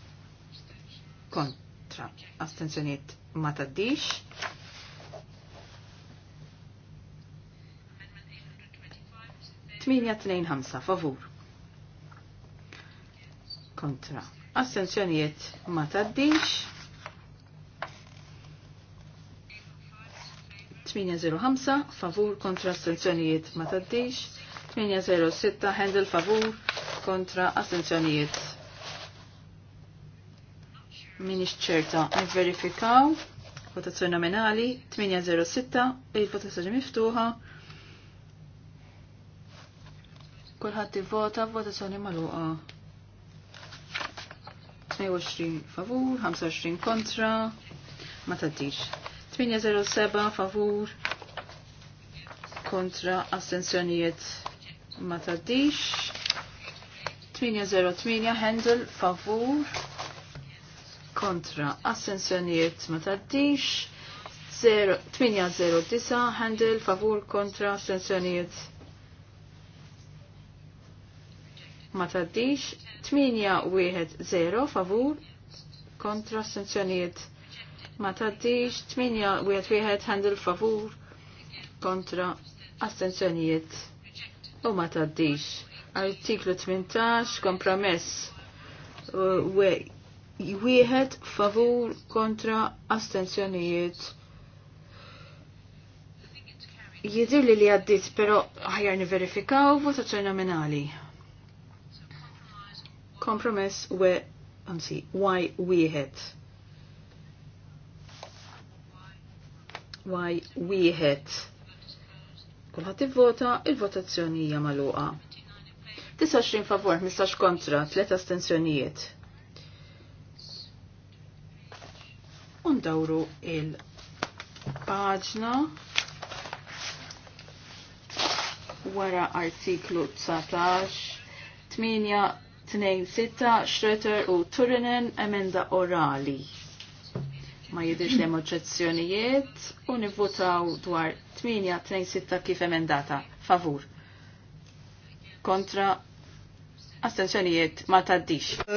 kontra, astenzjonijiet, ma taddix. Tminja tnejn ħamsa, favur kontra. Assenzjonijiet ma taddix. 805 favur kontra astenzjonijiet ma taddix. 806 handel favur kontra astenzjonijiet. Minix ċerta, nifverifikaw. votazzjoni nominali 806 il-votazzjoni miftuħa. Kulħadd ivvota votazzjoni magħluqa. 22 favur, 25 kontra, ma taddix. 807 favur, kontra astensjonijiet ma taddix. 808 Handel favur, kontra astensjonijiet ma taddix. 809 Handel favur kontra astensjonijiet ma taddix. 8-1-0 favur kontra sanzjoniet ma taddix 8-1-1 handel favur kontra astenzjoniet u ma taddix artiklu 18 kompromess wieħed favur kontra astenzjoniet jidir li li għaddit pero ħajar verifikaw votazzjoni nominali. Kompromess we, anzi, why wieħed. Why wieħed. Kulħadd ivvota, il-votazzjoni hija magħluqa. 29 favor, 15 kontra, 3 astensjonijiet. Undawru il-paġna wara artiklu 19 8 2-6 Schröter u Turinen emenda orali. Ma jidirx li oġġezzjonijiet u nivvotaw dwar 8-2-6 kif emendata. Favur. Kontra astenzjonijiet ma taddix. 8-2-7,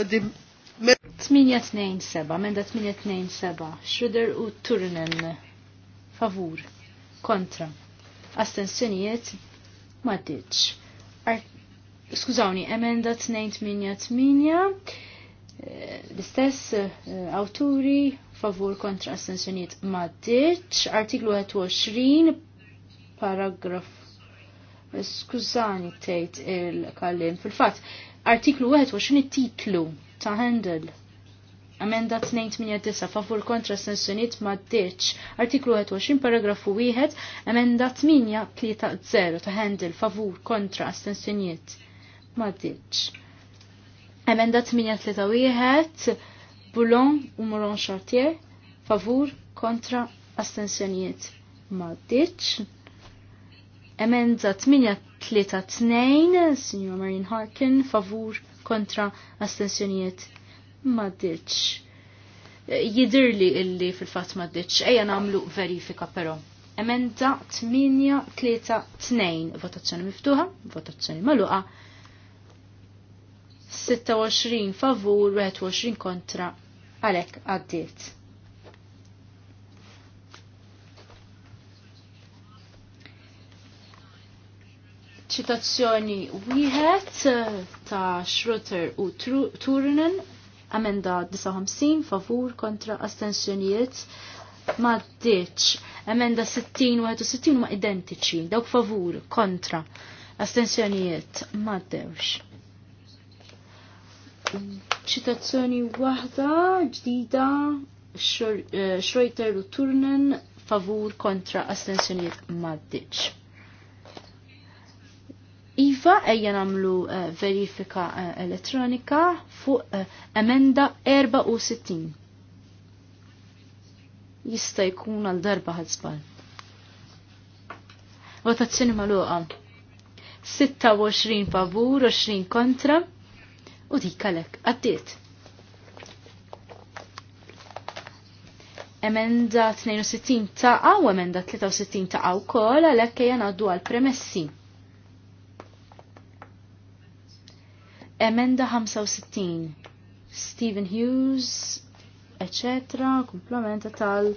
emenda 8-2-7, Schröter u Turinen. Favur. Kontra. Astenzjonijiet ma taddix skużawni, emenda 288, eh, l-istess eh, awturi favur kontra assenzjoniet maddiċ, artiklu 21, paragraf, eh, skużani tejt il-kallim, fil-fat, artiklu 21 titlu ta' Handel. Amenda 289 favur kontra astensjoniet maddiċ, artiklu 21, paragrafu 1, amenda 830 ta' Handel favur kontra astensjoniet ma ditx. Emenda 831 Boulon u Moron Chartier favur kontra astensjoniet ma ditx. Emenda 832 Signor Marine Harkin favur kontra astensjonijiet ma ditx. Jidirli illi fil-fat ma ditx, eja namlu verifika pero. Emenda 832 votazzjoni miftuħa, votazzjoni maluqa 26 favur, 21 kontra. Għalek għaddiet. ċitazzjoni wieħed eh, ta' Schroeter u Turnen amenda 59 favur kontra astensjonijiet ma' ditx. Amenda 60 u 61 ma' identiċi, dawk favur kontra astensjonijiet ma' dewx ċitazzjoni waħda ġdida eh, Schroeter u Turnen favur kontra astensjoniet maddiċ. Iva ejja namlu uh, verifika uh, elettronika fuq uh, emenda 64. Jista jkun għal darba ħadżbal. Votazzjoni maluqa. 26 favur, 20 kontra u dik għalek għaddiet. Emenda 62 taqa u emenda 63 taqa u kol għalek kajan għaddu għal premessi. Emenda 65 Stephen Hughes eccetera, komplementa tal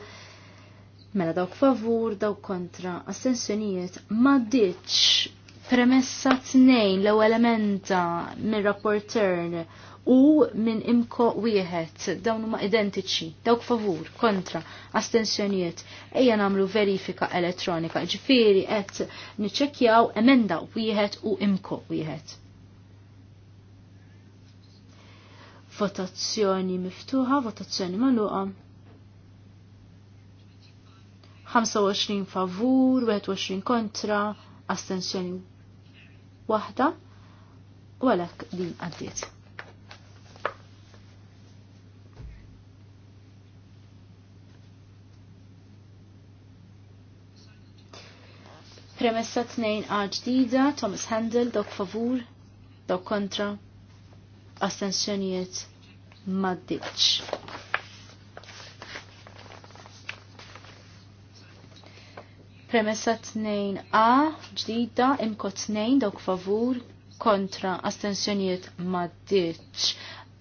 mela dawk favur, dawk kontra, astensjonijiet, ma ditx Premessa tnejn l ewwel emenda minn rapporter u minn imko wieħed dawn huma identiċi, dawk favur, kontra, astensjonijiet, ejja nagħmlu verifika elettronika, ġifieri qed niċċekkjaw emenda wieħed u imko wieħed. Votazzjoni miftuħa, votazzjoni magħluqa. 25 favur, 21 kontra, astensjoni waħda u għalhekk din għaddiet. Premessa t-nejn ġdida, Thomas Handel, dok favur, dok kontra, astensjonijiet maddiċ. Premessa 2A ġdida imkot 2 dawk favur kontra astensjoniet maddiċ.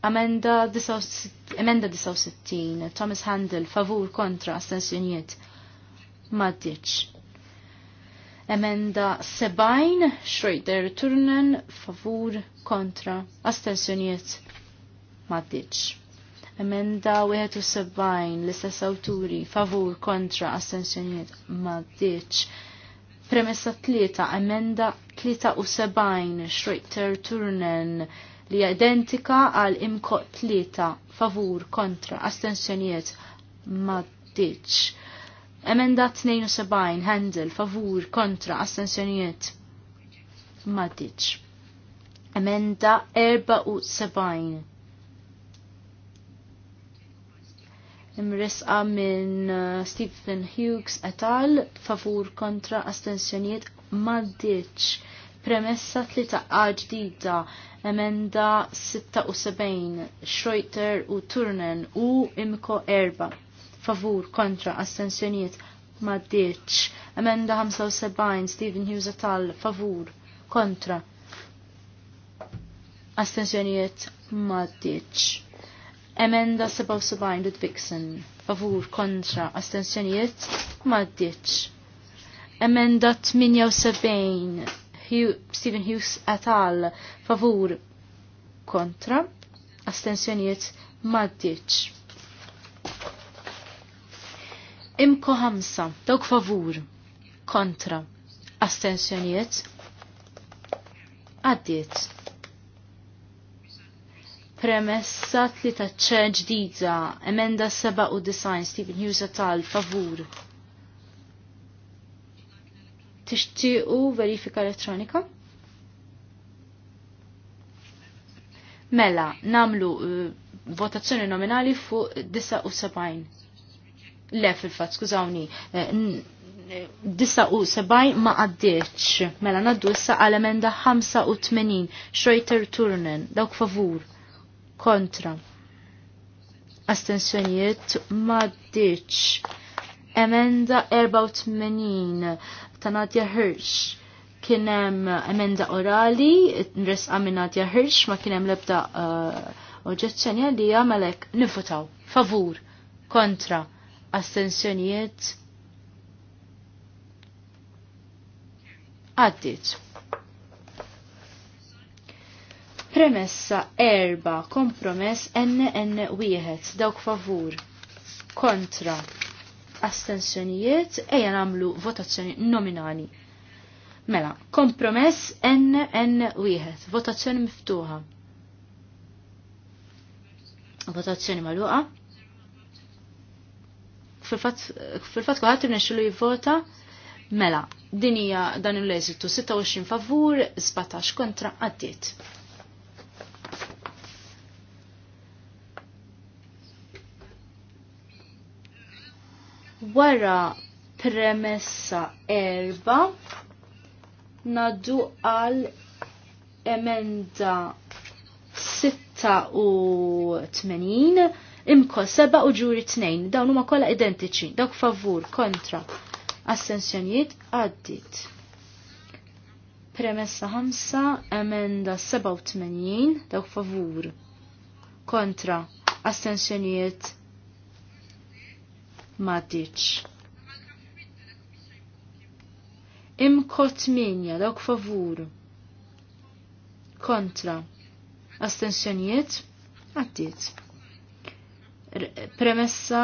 Amenda 69, Thomas Handel, favur kontra astensjonijiet maddiċ. Emenda 70, Schroeder Turnen, favur kontra astensjonijiet maddiċ. Emenda 71 l-istess awturi favur kontra assenzjoniet ma ditx. Premessa tlieta emenda 73 Schreiter Turnen li identika għal imko tlieta favur kontra astensjonijiet ma ditx. Emenda 72 Handel favur kontra astensjonijiet ma ditx. Emenda 74 imresqa minn uh, Stephen Hughes et al favur kontra astensjonijiet maddiċ. Premessa li taqqa ġdida, emenda 76, Schroeter u Turnen u Imko Erba. Favur kontra astensjoniet maddiċ. Emenda 75, Stephen Hughes et al favur kontra astensjonijiet maddiċ Emenda 77 Ludvigsen. Favur kontra astensjonijiet maddiċ. Emenda 78 Stephen Hughes et al. Favur kontra astensjonijiet maddiċ. Imko ħamsa, dawk favur, kontra, astensjonijiet, għaddiet. Premessa li ta' ċeġ diza, emenda 97, Stephen Hughes tal favur. Tixtiqu verifika elettronika? Mela, namlu uh, votazzjoni nominali fuq 79. Le fil-fat, skużawni, eh, eh, u ma għaddiċ. Mela naddu issa għal emenda 85, Schreiter Turnen, dawk favur kontra. Astensjonijiet maddiċ. Emenda 84 ta' Nadja Hirsch. Kienem emenda orali, nres minn Nadja Hirsch, ma kienem lebda uh, li għamalek nifutaw. Favur, kontra, astensjonijiet. Għaddit. Premessa erba kompromess NN wieħed dawk favur kontra astensjonijiet ejja namlu votazzjoni nominali. Mela, kompromess NN wieħed votazzjoni miftuħa. Votazzjoni maluqa. Fil-fat kuħat irnexxilu jivvota mela, dinija dan il-leżitu 26 favur, 17 kontra għaddiet. Wara premessa erba naddu għal emenda 86 imko 7 u ġuri 2 dawn huma kollha identiċi dawk favur kontra assenzjonijiet għaddit. Premessa 5 emenda 87 dawk favur kontra assenzjonijiet Matiċ. Imkot minja dawk favur. Kontra. Astensjoniet? Għaddit. Premessa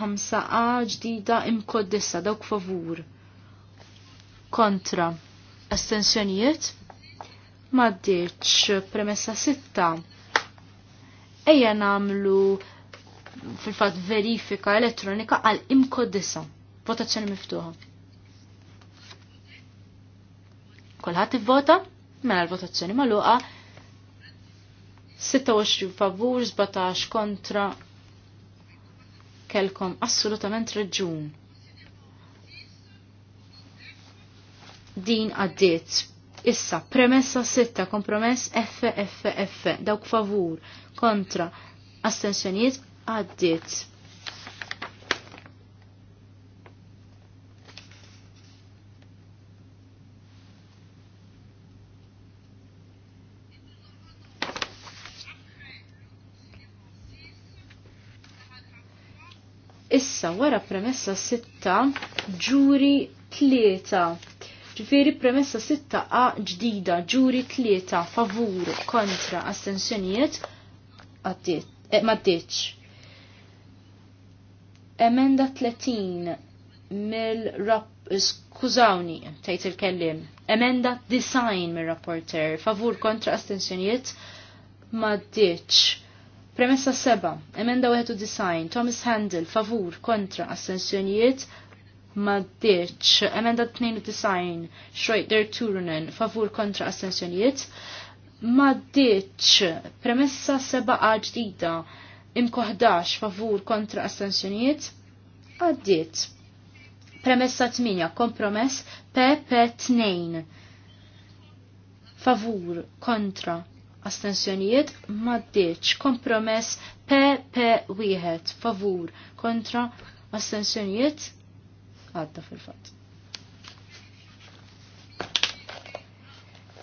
5a ġdida imkoddissa dawk favur. Kontra. Astensjoniet? Maddiċ. Premessa 6. Ejja namlu fil-fat verifika elettronika għal imkodissa. Votazzjoni miftuħa. Kolħat vota mela l-votazzjoni maluqa 26 favur, 17 kontra kelkom assolutament reġun. Din għaddiet. Issa, premessa 6, kompromess FFF, dawk favur, kontra, astensjoniet għaddit. Issa wara premessa sitta ġuri tlieta. Ġifiri premessa sitta a ġdida ġuri tlieta favur kontra astensjonijiet għaddiet. Eh, Emenda 30 mill-rapp, skużawni, tajt il-kellim, emenda design mill-rapporter, favur kontra astensjonijiet ma ditx. Premessa seba, emenda 1 design, Thomas Handel, favur kontra astensjoniet, ma ditx. Emenda design, Schroeder Turunen, favur kontra astensjoniet, ma ditx. Premessa seba ġdida imkoħdax favur kontra assenzjoniet? għaddiet. Premessa 8 kompromess PP2 favur kontra astensjonijiet maddiċ kompromess PP1 favur kontra astensjonijiet għadda fil-fatt.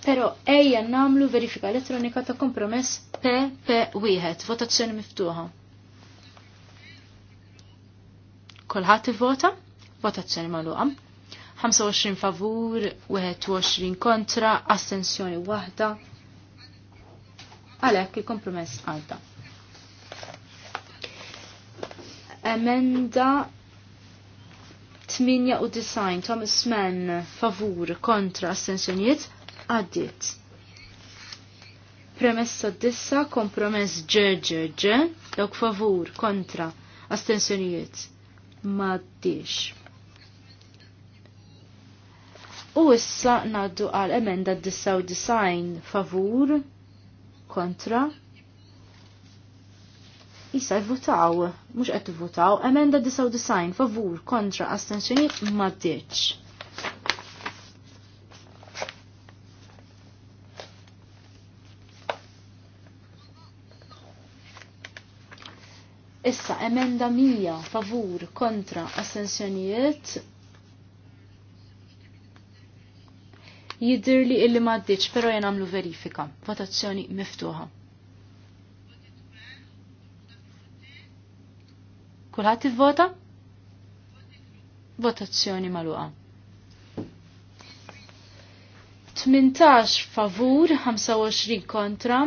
Pero ejja namlu verifika elettronika ta' kompromess PP1, votazzjoni miftuħa. Kolħat vota votazzjoni maluqa. 25 favur, 21 kontra, astensjoni wahda. Għalek il-kompromess għalda. Emenda 98 Thomas Mann favur kontra astensjonijiet għaddit. Premessa dissa kompromess ġeġeġe dawk favur kontra astensjonijiet maddix. U issa naddu għal emenda dissa u design favur kontra Issa jvutaw. mux għet jvutaw, emenda 99 favur kontra astensjoniet maddiċ. Issa emenda mija favur kontra assenzjonijiet jidir li illi maddiċ, pero jen għamlu verifika. Votazzjoni miftuħa. Kulħat vota Votazzjoni maluqa. 18 favur, 25 kontra,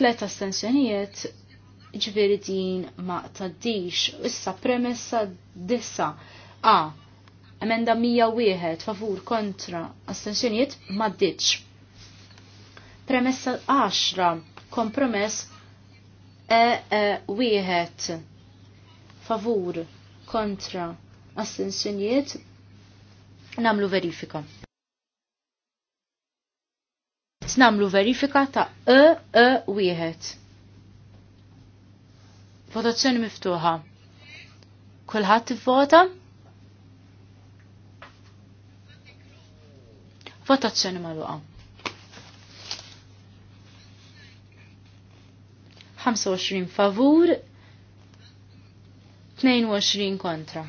3 astensjonijiet, ġveri din ma taddix. Issa premessa dissa A. Emenda 101 favur kontra astensjoniet ma ddiċ. Premessa 10 kompromess E, e wieħed favur kontra astensjoniet namlu verifika. Namlu verifika ta' E, E, wieħed. Votazzjoni miftuħa. Kulħadd ivvota? Votazzjoni magħluqa. 25 favur, 22 kontra.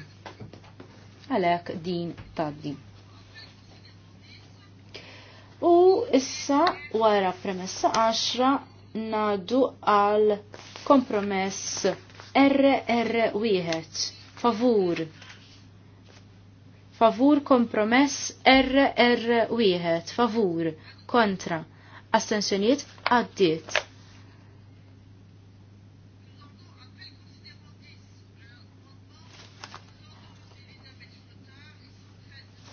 Għalek din taddi. U issa wara premessa 10 nadu għal Kompromess RR1. Favur. Favur kompromess RR1. Favur. Kontra. Astensjoniet għaddiet.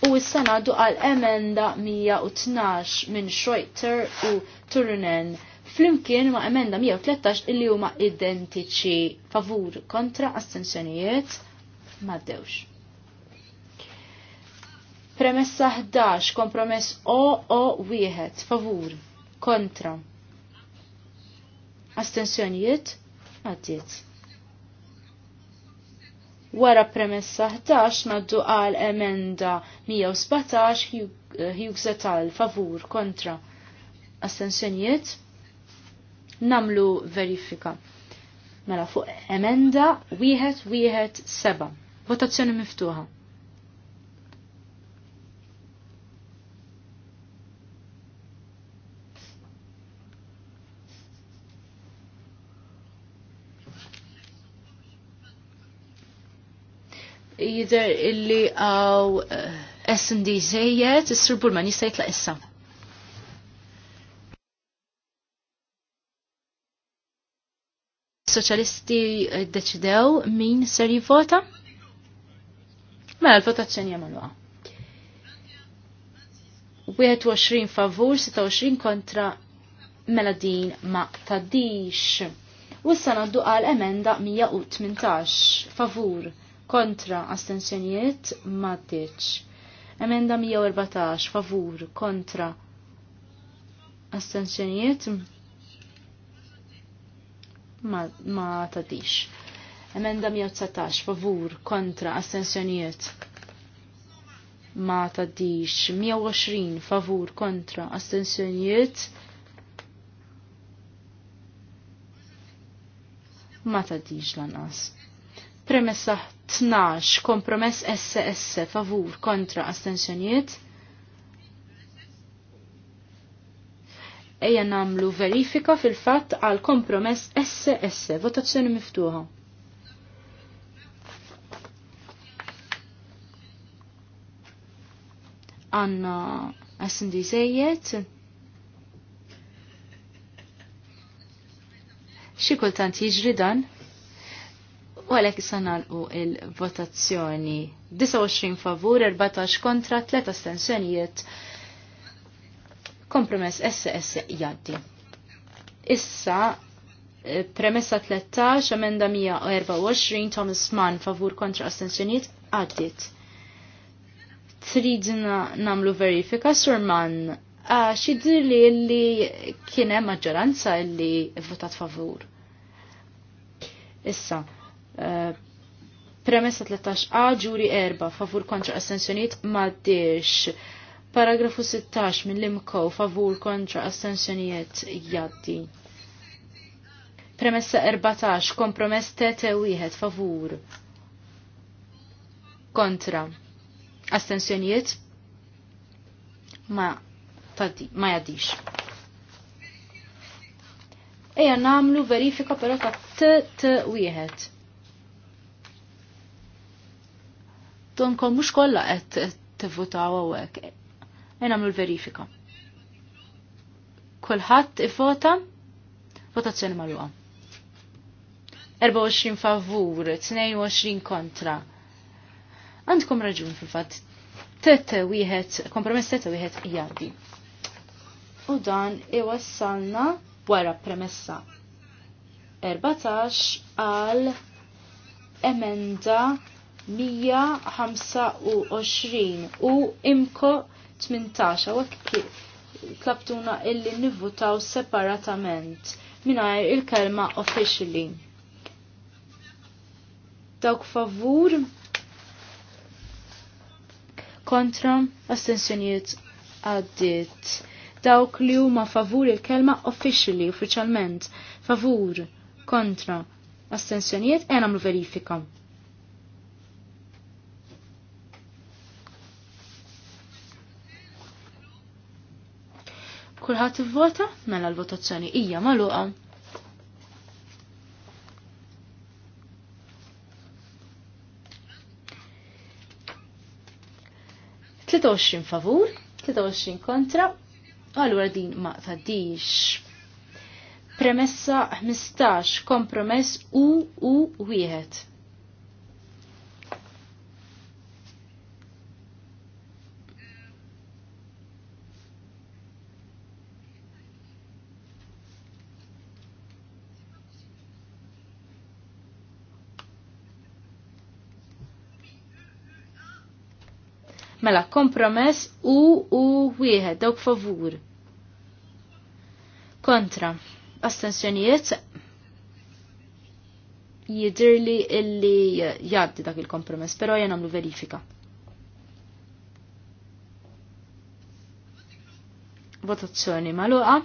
U s sanadu għal emenda 112 minn Schreuter u Turunen flimkien ma' emenda 113 illi huma identiċi favur kontra astensjonijiet dewx. Premessa 11, kompromess o wieħed, favur kontra astensjonijiet għaddiet. Wara premessa 11 naddu għal emenda 117 Hughes et favur kontra astensjonijiet namlu verifika. Mela fuq emenda wieħed wieħed seba. Votazzjoni miftuħa. Jider illi għaw uh, eh, S&D zejjed, s-Sur Burman jista' jitlaq issa. Soċjalisti eh, deċidew min ser jivvota? Mela l-votazzjoni jagħmluha. 21 favur, 26 kontra mela din ma tadix. U issa għaddu għal emenda 118 favur kontra astensjonijiet ma tiċ. Emenda 114 favur kontra astensjonijiet ma, ma tadix. Emenda 119 favur kontra astensjonijiet ma tadix. 120 favur kontra astensjonijiet ma tadix lanqas. Premessa 12 kompromess SS, favur kontra astensjonijiet Ejja namlu verifika fil-fatt għal kompromess SS, votazzjoni miftuħa. Anna SD sejjet. Xi kultant jiġri dan? u għalek u il-votazzjoni. 29 favur, 14 kontra, 3 astensjonijiet kompromess SS jaddi. Issa, eh, premessa 13, amenda 124, Thomas Mann, favur kontra astensjoniet, għaddit. Tridna namlu verifika, Sur Mann, għax li li kienem maġġoranza li votat favur. Issa, eh, premessa 13a, ġuri erba' favur kontra astensjoniet, maddix. Paragrafu 16 min limko favur kontra astensjonijiet jaddi. Premessa 14 kompromess tete wieħed favur kontra astensjonijiet ma, taddi, ma jaddix. Eja namlu verifika pero ta' t-t wieħed. Tonkom mux kolla għed t-votaw għawek. E nagħmlu l-verifika. Kulħadd fota votazzjoni magħluqa. 24 favur, 22 kontra. Għandkom raġun fil-fatt. Tette wieħed, kompromess tette wieħed jgħaddi. U dan iwassalna wara premessa 14 għal emenda 125 u imko 18 għawek tlabtuna illi nivvutaw separatament minnajr il-kelma officially. Dawk favur kontra astensjoniet għaddit. Dawk li huma favur il-kelma officially, uffiċjalment, favur, kontra, astensjoniet, għen għamlu verifika. Kulħadd ivvota mela l-votazzjoni hija magħluqa. Tlieta favur, 23 kontra, allura din ma tadix. Premessa 15 kompromess u u wieħed. Mela kompromess u u wieħed dawk favur. Kontra. Astensjonijiet jidirli illi jaddi dak il-kompromess, pero jenom lu verifika. Votazzjoni maluqa.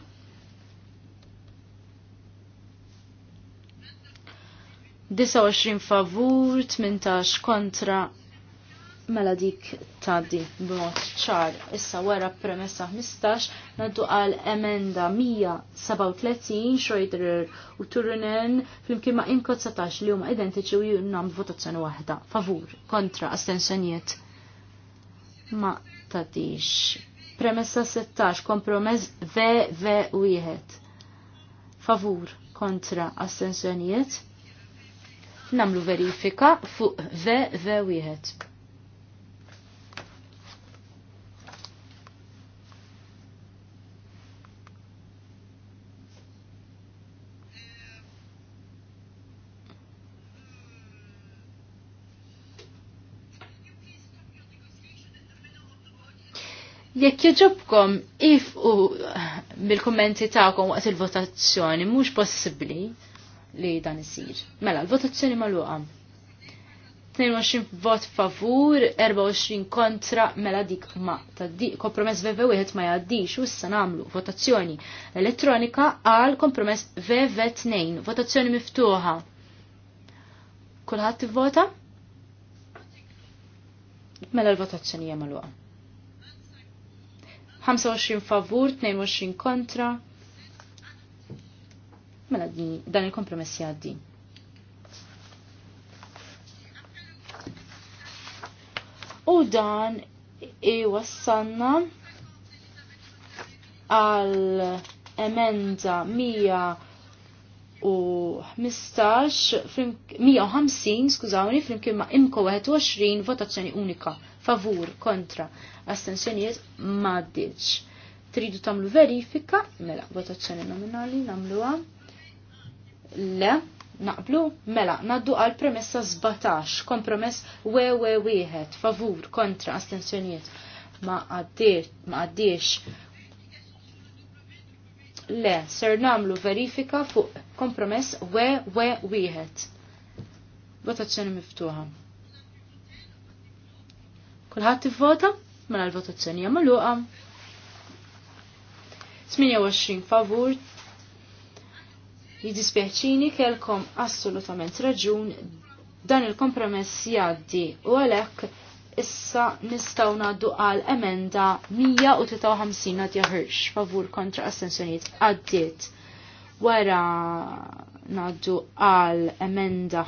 Disa 29 favur, 18 kontra mela dik tadi b'mod ċar. Issa wara premessa 15 naddu għal emenda 137 Schroeder u Turunen flimkien ma' imko 17 li huma identiċi u jinnam votazzjoni waħda. Favur, kontra, astensjonijiet. Ma tadix. Premessa 16 kompromess V u jihet. Favur, kontra, astensjonijiet. Namlu verifika fuq ve u Jekk jġobkom if u bil-kommenti ta'kom waqt il-votazzjoni mhux possibbli li dan isir. Mela, l-votazzjoni magħluqa. 22 vot favur, 24 kontra, mela dik ma ta' dik kompromess VV1 ma jaddix u issa nagħmlu votazzjoni elettronika għal kompromess VV2, votazzjoni miftuħa. Kulħadd vota? Mela l-votazzjoni hija magħluqa. 25 favur, 22 kontra. Mela dan il-kompromess jgħaddi. U dan wassanna għal emenda 115, 150, skużawni, flimkien ma' imko 21 votazzjoni unika favur kontra astensjonijiet maddiċ. Tridu tamlu verifika, mela, votazzjoni nominali, namluha. Le, naqblu, mela, naddu għal premessa zbatax, kompromess we wieħed, favur kontra astensjonijiet ma għaddiex. Le, ser namlu verifika fuq kompromess we we wieħed. Votazzjoni miftuħa. Kulħadd ivvota mela l-votazzjoni hija magħluqa. 28 favur. jiddispjaċini, kelkom assolutament raġun dan il-kompromess jaddi u għalhekk issa nistgħu ngħaddu għal emenda 153 Nadja Hirsch favur kontra astensjonijiet għaddiet wara ngħaddu għal emenda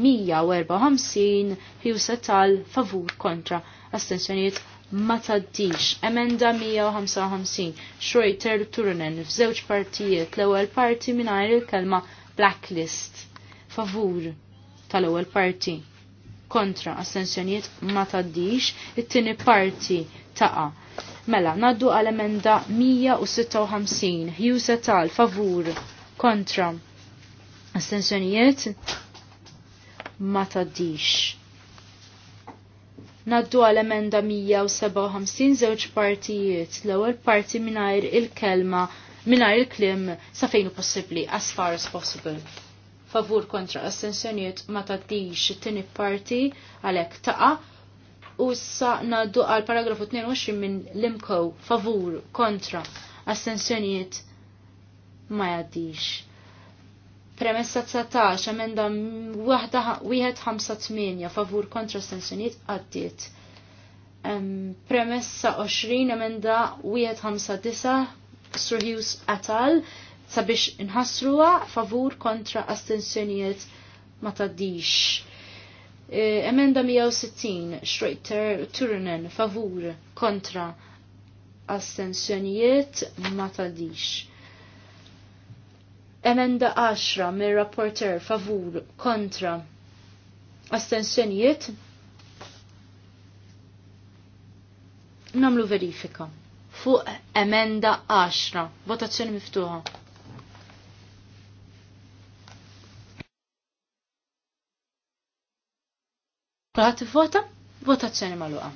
154 ħjusa tal-favur kontra astensjoniet ma taddix. Emenda 155 Schroeter Turunen f'żewġ partijiet l-ewwel parti mingħajr il-kelma blacklist. Favur tal-ewwel parti kontra astensjoniet ma taddix, it-tieni parti taqa. Mela, naddu għal emenda 156 ħjusa tal-favur kontra astensjonijiet ma taddix. Naddu għal emenda 157 żewġ partijiet, l-ewwel parti mingħajr il-kelma mingħajr il-klim sa fejn possibbli as far as possible. Favur kontra assenzjonijiet ma taddix it-tieni parti għalhekk taqa' u sa naddu għal paragrafu 22 minn limkow favur kontra assenzjonijiet ma jaddix. Premessa 19, emenda 158 favur kontra stensjoniet għaddiet. Premessa 20, emenda 159 Sur Hughes Atal sabiex inħassruha favur kontra astensjonijiet ma taddix. E, emenda 160, Schreiter Turnen, favur kontra astensjonijiet ma taddix. Emenda 10 mir rapporter favur kontra astensjonijiet namlu verifika fuq emenda 10 votazzjoni miftuħa. Kulħat vota? Votazzjoni maluqa.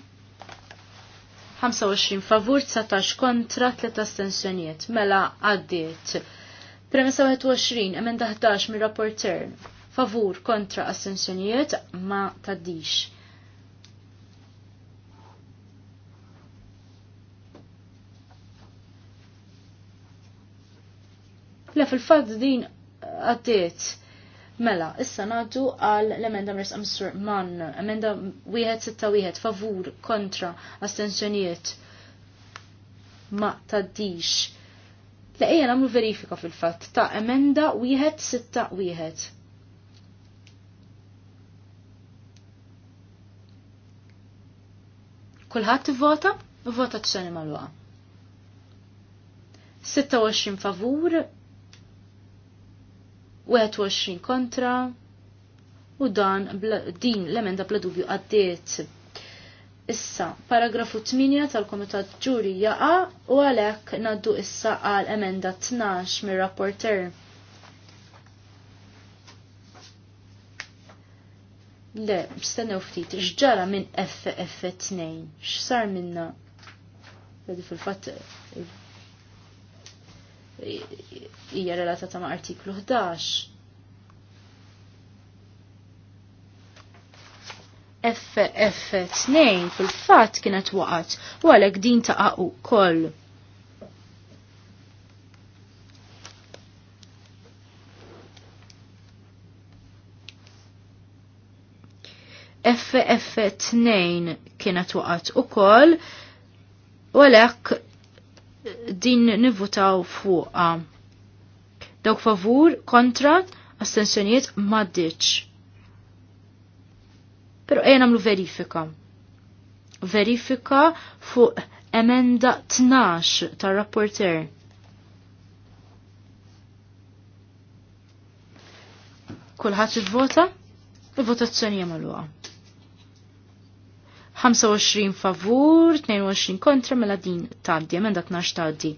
25 favur, 19 kontra, 3 astensjonijiet. Mela għaddiet Premessa 21, emenda 11 mir rapporter favur kontra assenzjonijiet ma taddix. Le fil-fatt din għaddiet. Mela, issa naddu għal l-emenda mres amsur man, emenda wieħed favur kontra astensjonijiet ma taddix. Laqija namlu verifika fil-fatt ta' emenda wieħed sitta wieħed. Kulħadd ivvota? Vota t-xani malwa. 26 favur, 21 kontra, u dan din l-emenda bla dubju għaddiet Issa, paragrafu 8 tal-Komitat Ġuri jaqa u għalhekk naddu issa għal emenda 12 mir-rapporter. Le, stennew ftit, xġara minn FF2, x'sar minna? Vedi fil-fatt hija relatata ma' artiklu 11 FF2 fil-fat kienet waqat u għalek din u koll. FF2 kienet waqat u koll u għalek din nivutaw fuqa. Dawk favur kontra astensjoniet maddiċ. Pero għen nagħmlu verifika. Verifika fuq emenda 12 tar-rapporter. Kulħadd ivvota? Il-votazzjoni hija magħluqa. 25 favur, 22 kontra mela din tgħaddi, emenda 12 tgħaddi.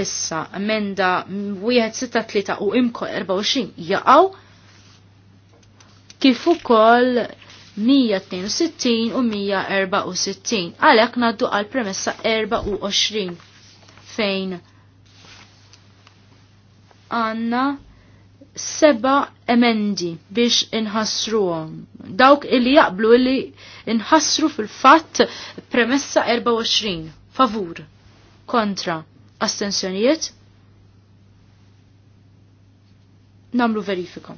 Issa, emenda 163 u imko 24 jaqgħu kif ukoll 162 u 164. Għalhekk ngħaddu għal premessa 24 fejn għandna seba emendi biex inħassruhom. Dawk illi jaqblu illi inħassru fil-fatt premessa 24. Favur. Kontra. Astensjonijiet? Namlu verifika.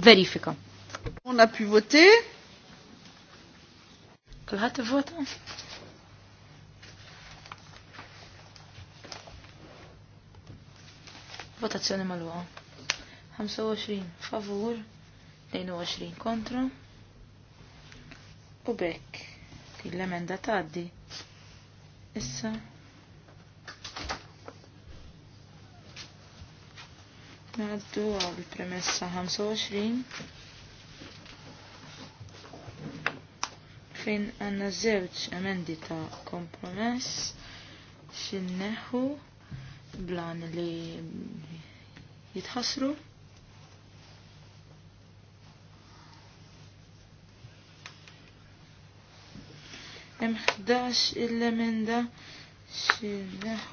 verifika. On a pu voter. Kulħadd vota. Votazzjoni malwa. 25 favur, 22 kontra. U bekk, l-emenda tgħaddi. Issa Naddu għal premessa 25. Fejn għanna zewċ emendi ta' kompromess xinneħu blan li jitħasru. Hemm 11 il-emenda il emenda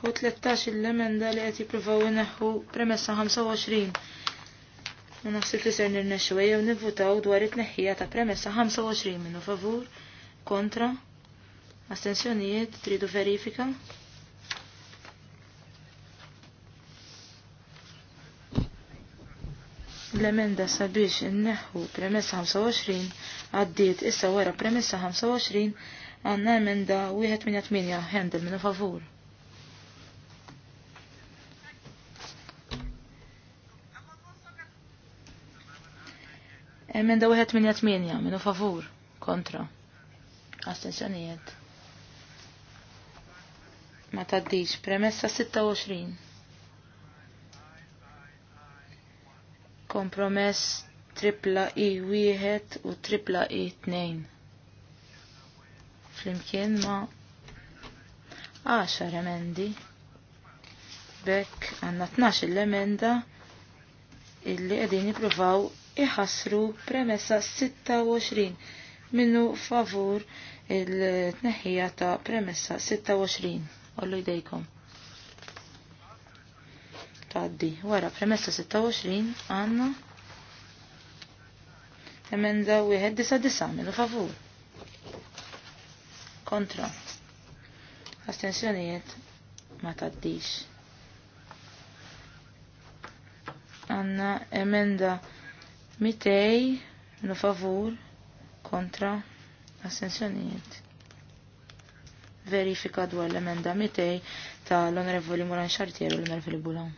u 13 il-lemen emenda li għati provaw neħu premessa 25. U naħseb li ser nirnexxu jew nivvutaw dwar it-tneħħija ta' premessa 25 minnu favur, kontra, astensjonijiet, tridu verifika. L-emenda sabiex inneħħu premessa 25 għaddiet issa wara premessa 25 għanna emenda 188 handel minn favur. Emenda 188 minn favur kontra. Astenzjonijiet. Ma taddix premessa 26. Kompromess tripla i wieħed u tripla i tnejn flimkien ma' għaxar emendi. Bekk għanna 12 l-emenda illi qegħdin jiprufaw iħassru premessa 26 minnu favur il-tneħħija ta' premessa 26. Ollu jdejkom. Taddi. Wara premessa 26 għanna emenda 1 disa disa minnu favur kontra astensjonijiet ma taddix. Għanna emenda mitej no favur kontra astensjonijiet. Verifika dwar l-emenda mitej ta' l-onorevoli Moran Xartier u l-onorevoli Bulan.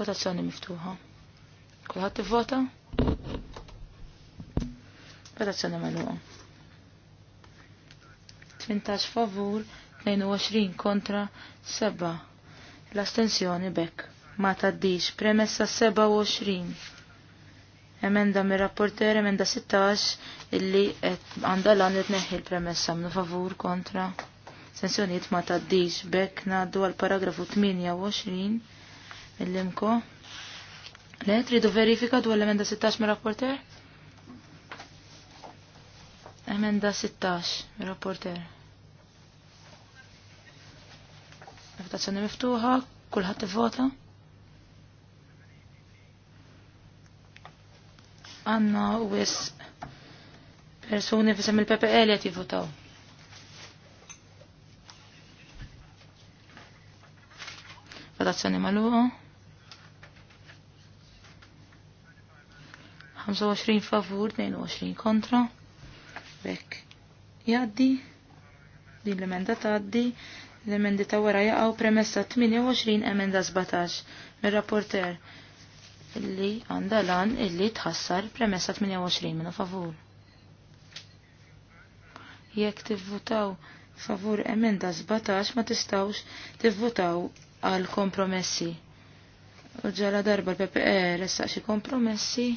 Votazzjoni miftuħa. Kulħadd vota Votazzjoni magħluqa. 18 favur, 22 kontra, 7. L-astensjoni bekk. Ma taddix. Premessa 27. Emenda mir rapporter emenda 16 illi għanda l-għan neħi l-premessa minu favur kontra. Sensjoniet ma taddix. Bekk naddu għal paragrafu 28 illimko. Le, tridu verifika dwar l-emenda 16 mir rapporter? Emenda 16 mir rapporter. Votazzjoni miftuħa, kulħadd ivvota. Għanna wis persuni fisem il-PPE li qed jivvotaw. Votazzjoni magħluqa. 25 favur, 22 kontra. Bekk jaddi, din l-emenda taddi, L-emendi ta' wara jaqgħu premessa 28 emenda 17 mir-rapporter illi għandha lan illi tħassar premessa 28 minu favur. Jekk tivvutaw favur emenda 17 ma tistawx tivvutaw għal kompromessi. U ġala darba l ppr e ressaq xi kompromessi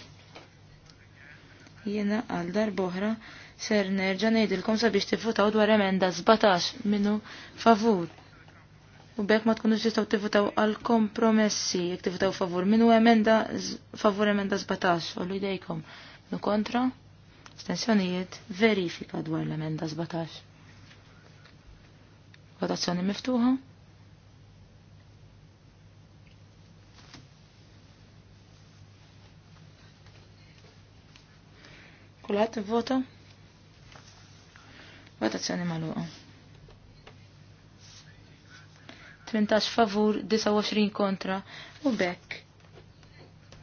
jiena għal darboħra oħra ser nerġa' ngħidilkom sabiex tivvutaw dwar emenda 17 minnu favur. U bekk ma tkunux tistgħu tivvutaw għal kompromessi jekk tivvutaw favur minnu emenda favur emenda 17 u jdejkom. Minnu kontra? Stensjonijiet verifika dwar l-emenda 17. Votazzjoni miftuħa? Kulħadd vota? Votazzjoni maluqa. 13 favur, 29 kontra u bekk.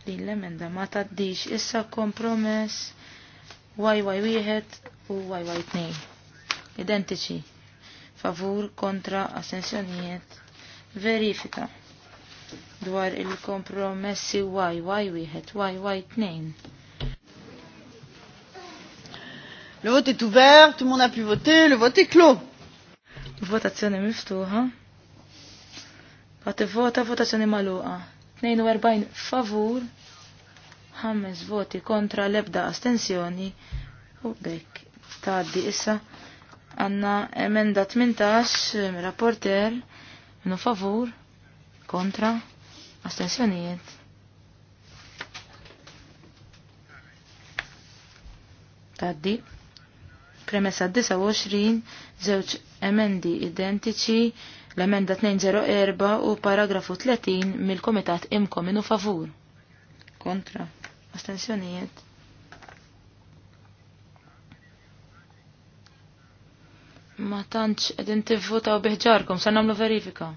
Din l-emenda ma taddix issa kompromess YY1 u YY2. Identiċi. Favur, kontra, assenzjonijiet. Verifika dwar il-kompromessi YY1, YY2. Le vote est ouvert, tout le monde a pu voter, le vote est clos. Votazzjoni miftuħa. Għati vota, votazzjoni maluqa. 42 favur, 5 voti kontra lebda astensjoni u bekk taddi issa. Għanna emenda 18, eh, rapporter, minu favur, kontra, astensjonijiet. Taddi. Premessa 29, żewġ emendi identiċi, l-emenda 204 u paragrafu 30 mill-Komitat imkom minu favur. Kontra. Astensjonijiet. Ma tantx edin u biħġarkom, sa namlu verifika.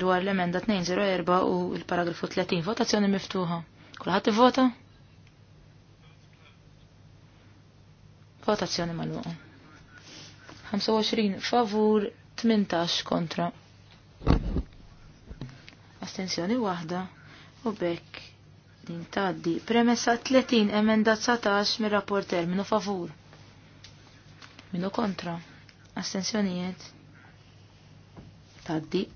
Dwar l-emenda 204 u l-paragrafu 30, votazzjoni miftuħa. Kulħadd ivvota? vota Votazzjoni mal-luqa. 25 favur, 18 kontra. Astenzjoni waħda u bekk din taddi. Premessa 30 emenda 19 mir rapporter minu favur. Minu kontra. Astenzjonijiet. Taddi.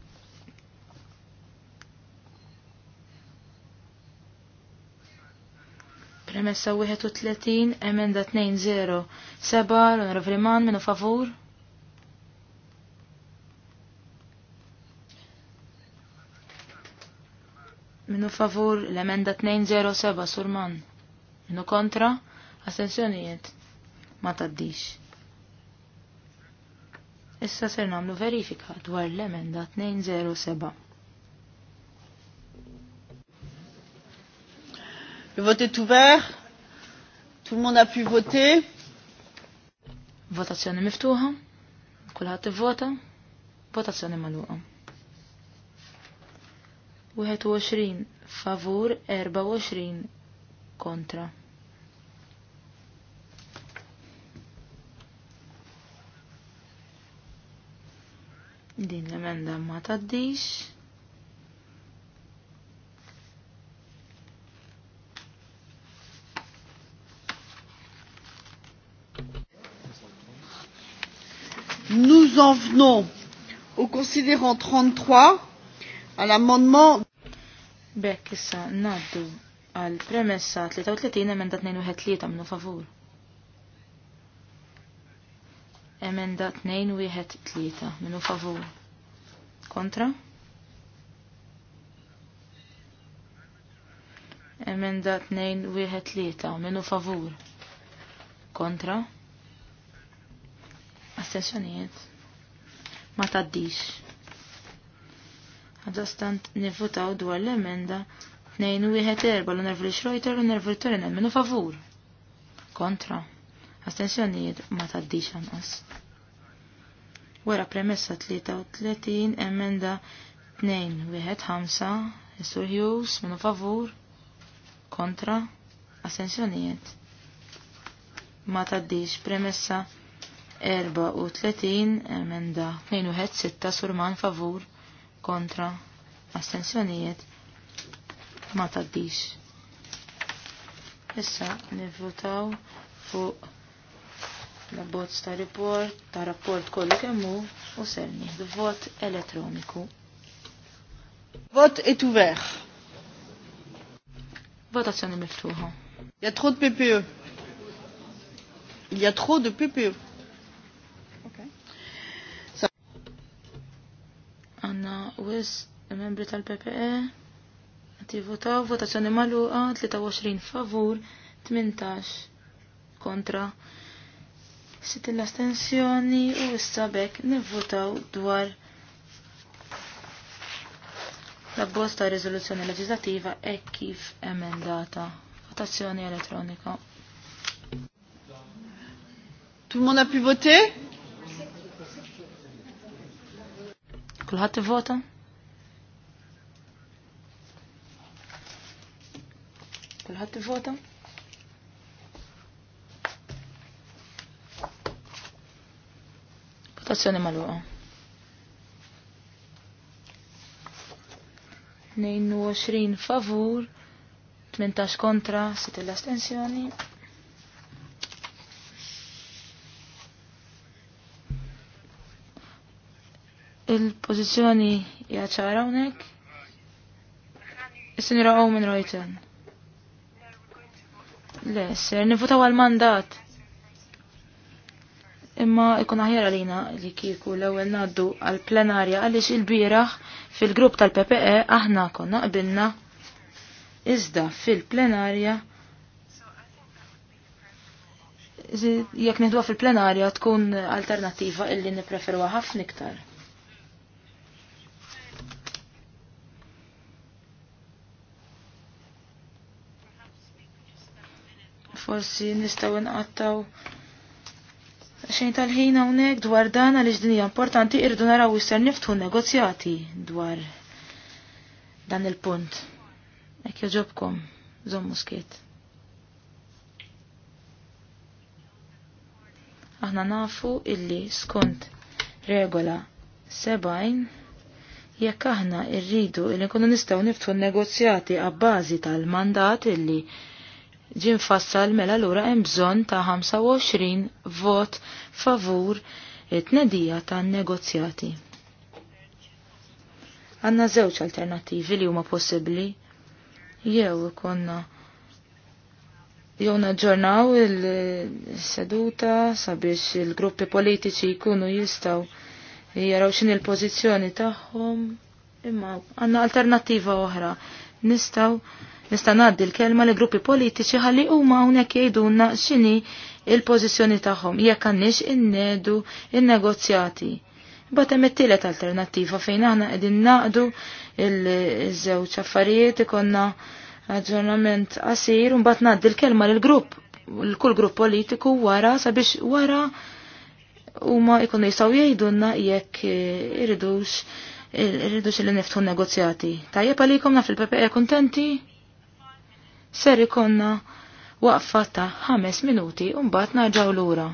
Premessa 31, emenda 20. 0 Seba, l-onorevoli man, minu favur. Minu favur l emenda 20, seba, surman. Minu kontra, asensjonijiet, Ma taddix. Issa ser namlu verifika dwar l-emenda Le vote est ouvert. Tout le monde a pu voter. Votazione miftuħa. Kulħadd ivvota. Votazzjoni magħluqa. 21 favur, 24 kontra. Din l-emenda ma taddix. Nous en venons au considérant 33, à l'amendement. Bekissa, issa naddu għal premessa 33 emenda 213 minnu favur. Emenda 21 minnu favur. Kontra? Emenda 21 minnu favur. Kontra? sessjonijiet ma taddix. Għadastant nivvutaw dwar l-emenda 2-1-4 l-nervu li xrojter l-nervu li torinen minu favur. Kontra. Astensjonijiet ma taddix għanqas. Wara premessa 33 emenda 2-1-5 Mr. Hughes minu favur. Kontra. Astensjonijiet ma taddix premessa 33 34 emenda fejn sitta surman favur kontra astensjonijiet ma taddix. Issa nivvotaw fuq la bozz ta' report, ta' rapport kollu kemmu u serni l vot elettroniku. Vot et ouvert. Votazzjoni miftuħa. Il y a trop de PPE. Il y a trop de PPE. wis membri tal-PPE għati votaw votazzjoni maluqa 23 favur 18 kontra sit l-astensjoni u issa bekk nivvotaw dwar l-abbozz ta' riżoluzzjoni leġislativa e kif emendata votazzjoni elettronika. Tout le monde a pu voter Kulħadd ivvota? Kulħadd ivvota? Votazzjoni magħluqa. 22 favur, 18 kontra, 6 l-astensjoni. il-pozizjoni hija ċara hawnhekk. Is-sinjura Owen Reuten. Le, ser nifutaw għal-mandat. Imma ikun aħjar għalina li kieku l-ewwel ngħaddu għall-plenarja għaliex il biraħ fil-grupp tal-PPE aħna konna qbilna iżda fil-plenarja jekk nidwa fil-plenarja tkun alternattiva illi nipreferwa ħafna iktar. forsi nistaw nqattaw xejn tal-ħin hawnhekk dwar dan għaliex din hija importanti irdu naraw isser niftħu negozjati dwar dan il-punt. Hekk joġobkom, żommu skiet. Aħna nafu illi skont regola sebajn jekk aħna rridu illi nkunu nistgħu niftħu negozjati għabbażi tal-mandat illi ġin fassal mela l-ura bżonn ta' 25 vot favur it-tnedija ta' negozjati. Għanna żewġ alternativi li huma possibbli. Jew konna jew naġġornaw il-seduta sabiex il-gruppi politiċi jkunu jistaw jaraw xin il-pożizzjoni tagħhom imma għanna alternattiva oħra nistgħu Nista' ngħaddi l-kelma li gruppi politiċi ħalli huma hawnhekk jgħidulna x'inhi l pożizzjoni tagħhom jekk għandniex innedu in-negozjati. Bata it tielet alternattiva fejn aħna qegħdin naqdu l żewġ affarijiet ikonna aġġornament qasir u mbagħad ngħaddi l-kelma lill-grupp l-kull grupp politiku wara sabiex wara huma jkunu jistgħu jgħidulna jekk iridux irridu xilli niftħu negozjati. Tajjeb għalikom naf il-PPE e kontenti? ser ikonna waqfa ta' ħames minuti u mbagħad narġaw lura.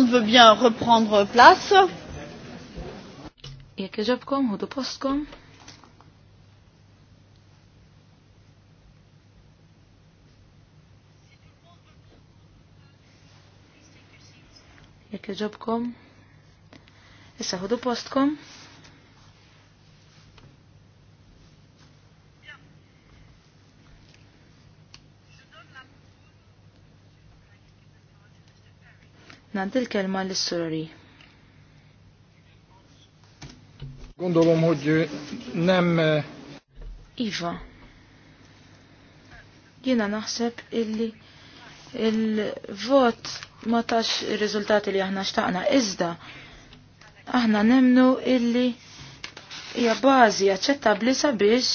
monde veut bien reprendre place. Jekk iġobkom, hudu postkom. Jekk iġobkom, issa hudu postkom. Nandi l-kelma l-sorori. Gondolom, hogy nem... Eh, iva. Jena naħseb illi il-vot ma tax il-rizultati li aħna xtaqna. Iżda, aħna nemnu illi hija bażi aċċettabbli sabiex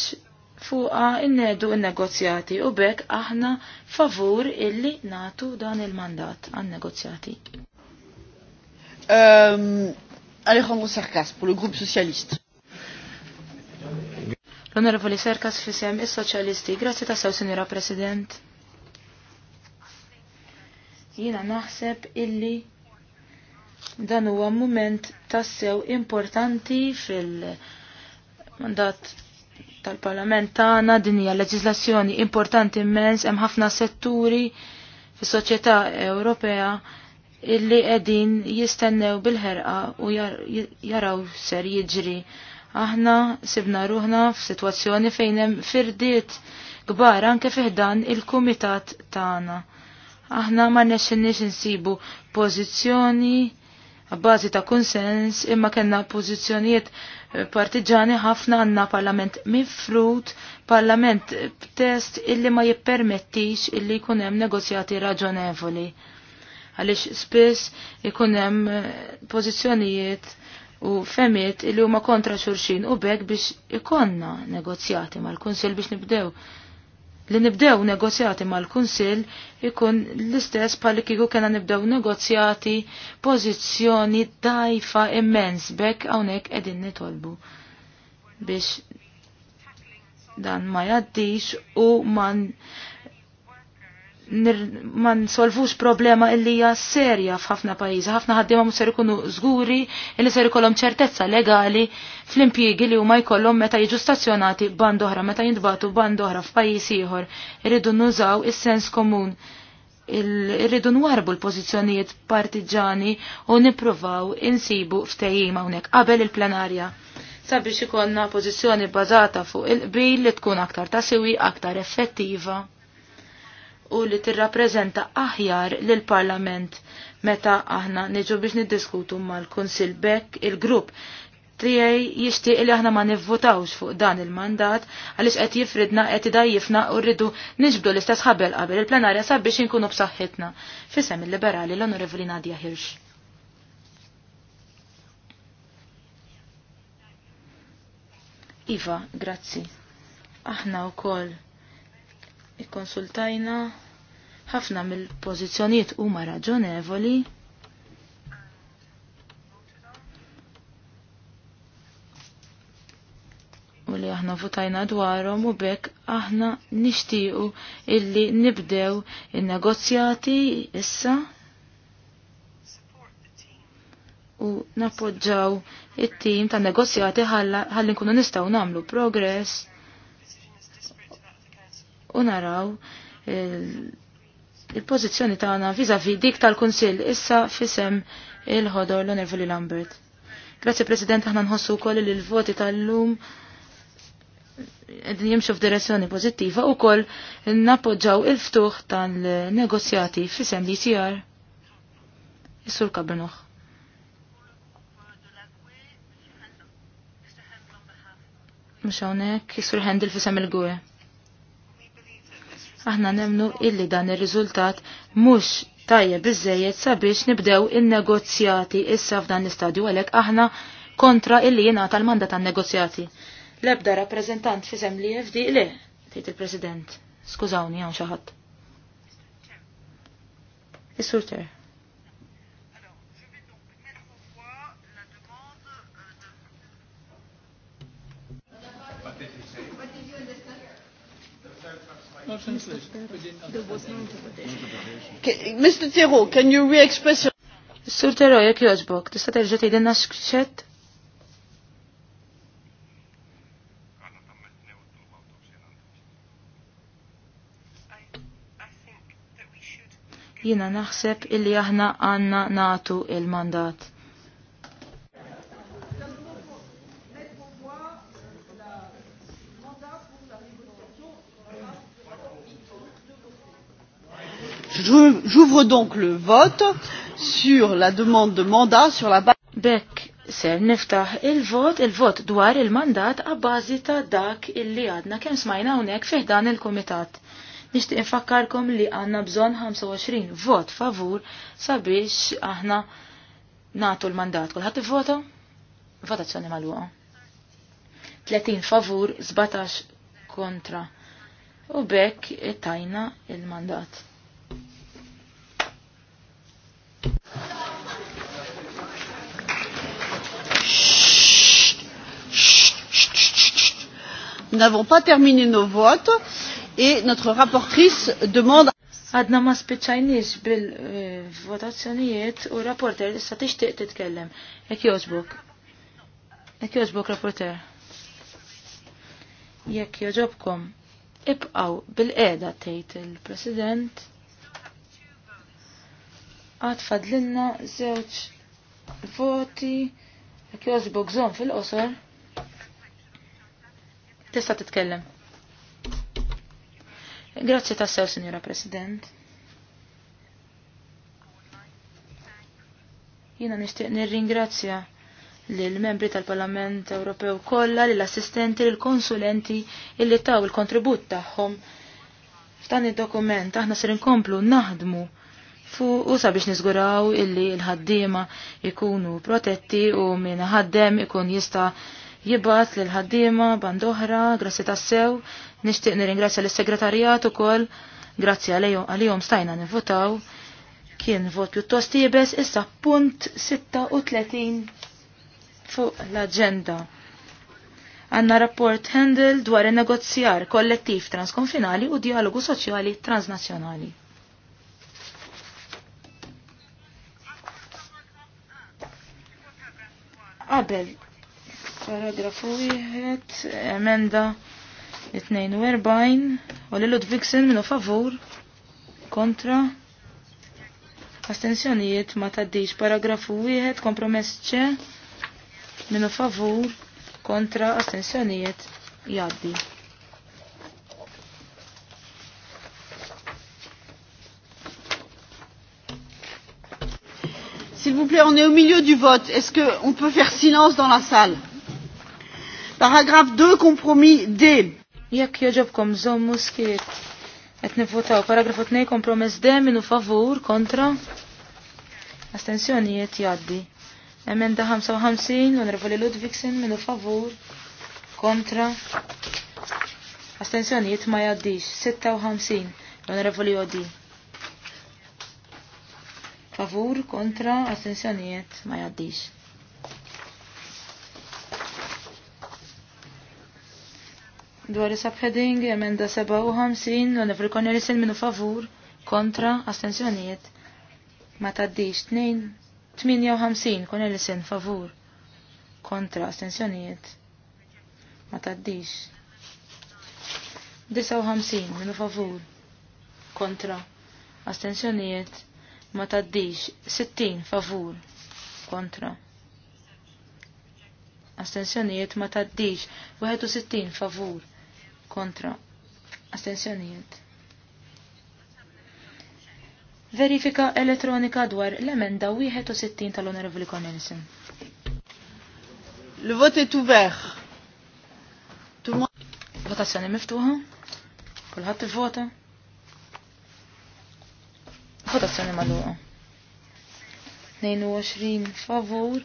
fuqa innedu n-negozjati u bekk aħna favur illi natu dan il-mandat għan-negozjati. Euh, Alejandro Sarkas, pour le groupe socialiste. l Sarkas fisem is-Soċjalisti, grazzi ta' sew Sinjora President. Jiena naħseb illi dan huwa moment tassew importanti fil-mandat tal-Parlament tagħna din hija leġiżlazzjoni importanti immens hemm ħafna setturi fis-soċjetà Ewropea illi qegħdin jistennew bil-ħerqa u jaraw ser jiġri. Aħna sibna ruħna f'sitwazzjoni fejn hemm firdiet kbar anke fiħdan il-kumitat tagħna. Aħna ma nexxinniex insibu pożizzjoni għabbażi ta' konsens imma kena pożizzjonijiet partiġani ħafna għanna parlament mifrut, parlament b'test illi ma jippermettix illi jkun hemm negozjati raġonevoli għaliex spiss ikun hemm eh, pożizzjonijiet u femiet li huma kontra xurxin u bek biex ikonna negozjati mal-Kunsill biex nibdew. Li nibdew negozjati mal-Kunsill ikun l-istess pali kiku kena nibdew negozjati pożizzjoni dajfa immens bek hawnhekk qegħdin nitolbu biex dan ma jaddix u man ma nsolvux problema illi hija serja f'ħafna pajjiżi, ħafna ħaddiema mhux ser ikunu żguri illi ser ikollhom ċertezza legali fl-impjiegi li huma jkollhom meta jiġu stazzjonati band oħra, meta jintbatu band oħra f'pajjiż ieħor, irridu nużaw is-sens komun. Irridu nwarbu l-pożizzjonijiet partiġani u nippruvaw insibu ftehim hawnhekk qabel il-plenarja sabiex ikollna pożizzjoni bbażata fuq il-qbil li tkun aktar ta' siwi, aktar effettiva u li tirrappreżenta aħjar lil parlament meta aħna niġu biex niddiskutu mal-Kunsil Bekk il-grupp tiegħi jixtieq li aħna ma nivvotawx fuq dan il-mandat għaliex qed jifridna qed idajjifna u rridu niġbdu l-istess ħabel qabel il-plenarja sabiex inkunu b'saħħitna fisem il-liberali l-Onorevoli Nadja Hirsch. Iva, grazzi. Aħna wkoll ikkonsultajna ħafna mill-pożizzjonijiet huma raġonevoli. u li aħna votajna dwarhom u bekk aħna nixtiequ illi nibdew in-negozjati issa u nappoġġaw it-tim ta' negozjati ħalli nkunu nistgħu nagħmlu progress u naraw il-pozizjoni il tagħna viżavi dik tal-Kunsill issa fisem il-ħodor l-Onervoli Lambert. Grazie President, aħna nħossu wkoll li l-voti tal-lum qegħdin jimxu f'direzzjoni pożittiva u koll nappoġġaw il-ftuħ tal-negozjati fisem li Is-sur Kabrnoħ. Mux hawnhekk, is-sur Handel fisem il-Gwe aħna nemnu illi dan ir-riżultat mhux tajjeb biżejjed sabiex nibdew in-negozjati issa f'dan l-istadju għalhekk aħna kontra illi jingħata l-manda tan-negozjati. Lebda rappreżentant fi sem li FD le, tgħid il-President. Skużawni hawn xi ħadd. Is-Surter. Mr. Tiro, can you re-express your... Sur Tiro, jek joġbok, tista terġa tejdenna xkċet? Jina naħseb illi aħna għanna natu il-mandat. J'ouvre donc le vote sur la demande de mandat sur la base. Bek, ser niftaħ il-vot, il-vot dwar il-mandat għabbażi ta' dak illi għadna kem smajna unek fiħdan il-komitat. Nishti infakkarkom li għanna bżon 25 vot favur sabiex aħna natu l-mandat. Kulħat vota? Votazzjoni mal-luqa. 30 favur, 17 kontra. U bekk tajna il-mandat. Nous n'avons pas terminé nos votes et notre rapportrice demande Għadna ma spiċajniex bil-votazzjonijiet u rapporter issa tixtieq titkellem. Jekk jogħġbok. Jekk jogħġbok rapporter. Jekk jogħġobkom ibqgħu bil-qiegħda tgħid il-President. Għad fadlinna żewġ voti jekk jogħġbok żomm fil-qosor. Tista' titkellem. Grazzi tassew, Signora President. Jiena nixtieq nirringrazzja lill membri tal-Parlament Ewropew kollha, lill assistenti lill konsulenti illi taw il-kontribut tagħhom f'dan id-dokument aħna ser inkomplu naħdmu fuq u sabiex niżguraw illi l-ħaddiema ikunu protetti u minn ħaddem ikun jista' jibat li ħaddiema ħaddima bandoħra, grassi tassew, nixtieq nirringrazzja l-segretarjat ukoll, grazzi għalihom stajna nivvotaw. Kien vot pjuttost jibes issa punt 36 fuq l-agenda. Għanna rapport Handel dwar il-negozjar kollettiv transkonfinali u dialogu soċjali transnazzjonali. Abel, Paragrafu wieħed, emenda 42, u li Ludwigsen minu favur, kontra, astensjonijiet ma taddix. Paragrafu wieħed, kompromess ċe, minu favur, kontra, astensjonijiet jaddi. S'il vous plaît, on est au milieu du vote. Est-ce qu'on peut faire silence dans la salle Paragraf 2 kompromis D. Jekk joġobkom żommu muskiet Qed nivvotaw paragrafu 2 kompromess D minu favur kontra. Astenzjonijiet jaddi. Emenda 55 onorevoli Ludwigsen minu favur kontra. Astensjonijiet ma jaddix. 56 onorevoli Odi. Favur kontra astensjonijiet ma jaddix. Dwar heading emenda 57 l-onifri Cornelis minu favur kontra astensjonijiet. Ma taddix 2 58 Cornelis favur kontra astenzjonijiet, Ma taddix. 59 minu favur kontra astensjonijiet. Ma taddix 60 favur kontra. Astensjonijiet ma taddix 61 favur kontra astensjonijiet. Verifika elettronika dwar l-emenda 61 tal-Onorevoli Cornelison. L-vot est ouvert. Votazzjoni miftuħa. Kulħadd vota Votazzjoni magħluqa. 22 favur,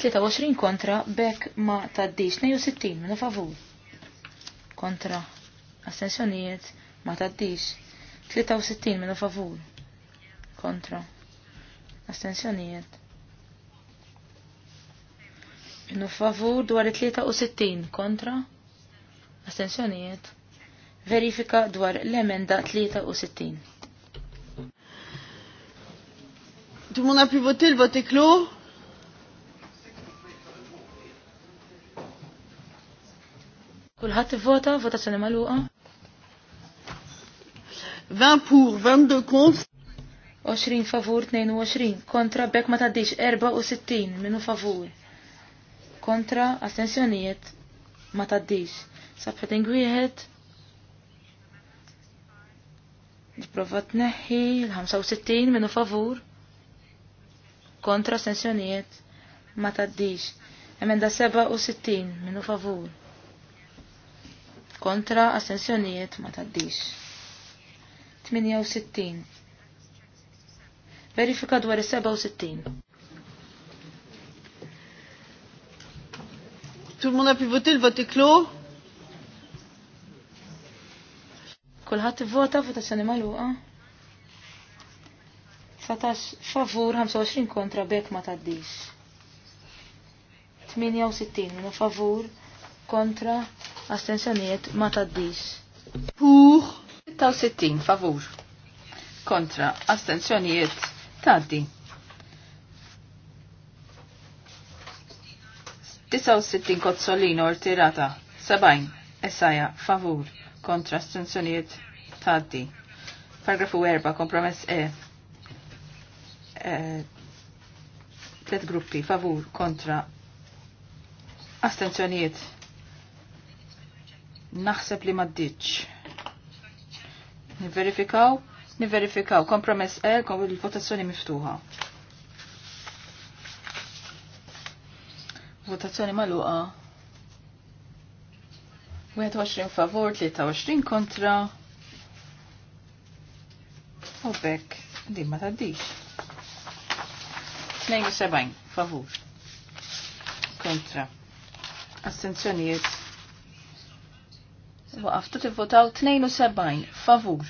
23 kontra, bekk ma taddiċ, 62 minu favur kontra astensjonijiet ma taddix 63 minu favur kontra astensjonijiet minu favur dwar 63 kontra astensjonijiet verifika dwar l-emenda 63 Tout le monde a pu voter, le vote est clos. Kulħadd ivvota, votazzjoni magħluqa. 20 pur, 22 kont. 20 favur, 22 kontra, bek ma taddix 64 minu favur. Kontra, astensjonijiet ma taddix. Sabħetin gwieħed. Niprofa tneħħi l-65 minu favur. Kontra, astensjonijiet ma taddix. Emenda 67 minu favur kontra assenzjonijiet ma taddix. 68. Verifika dwar is-67. Tout le monde a pu voter, le vote est clos. Kulħadd ivvota votazzjoni magħluqa. 19 favur, 25 kontra bekk ma taddix. 68 minu favur, kontra astensjoniet ma taddis. Puh! 66 favur kontra astensjoniet taddi. 69 kozzolino irtirata 70 esaja favur kontra astensjoniet taddi. Paragrafu 4 kompromess E. e gruppi favur kontra taddi. Naħseb li maddiċ. Niverifikaw? Niverifikaw. Kompromess L, e, il-votazzjoni miftuħa. Votazzjoni maluqa. 21 favor, 23 kontra. U bekk, din ma taddiċ. 72 favur. Kontra. Astenzjonijiet Waqaftu tivvotaw 72 favur.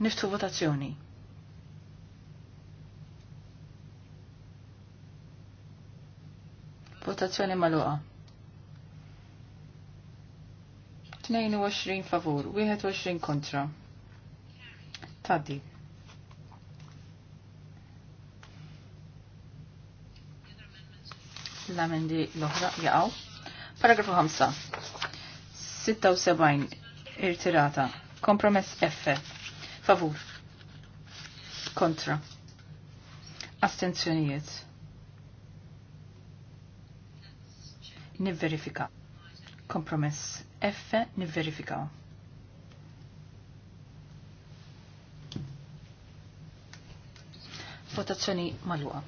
Niftu votazzjoni. Votazzjoni maluqa. 22 favur, 21 kontra. Taddi. L-amendi l-oħra jaqaw. Paragrafu 5. 76 irtirata. Kompromess F. Favur. Kontra. Astenzjonijiet. Nivverifika. Kompromess F. Nivverifikaw. Votazzjoni malwa.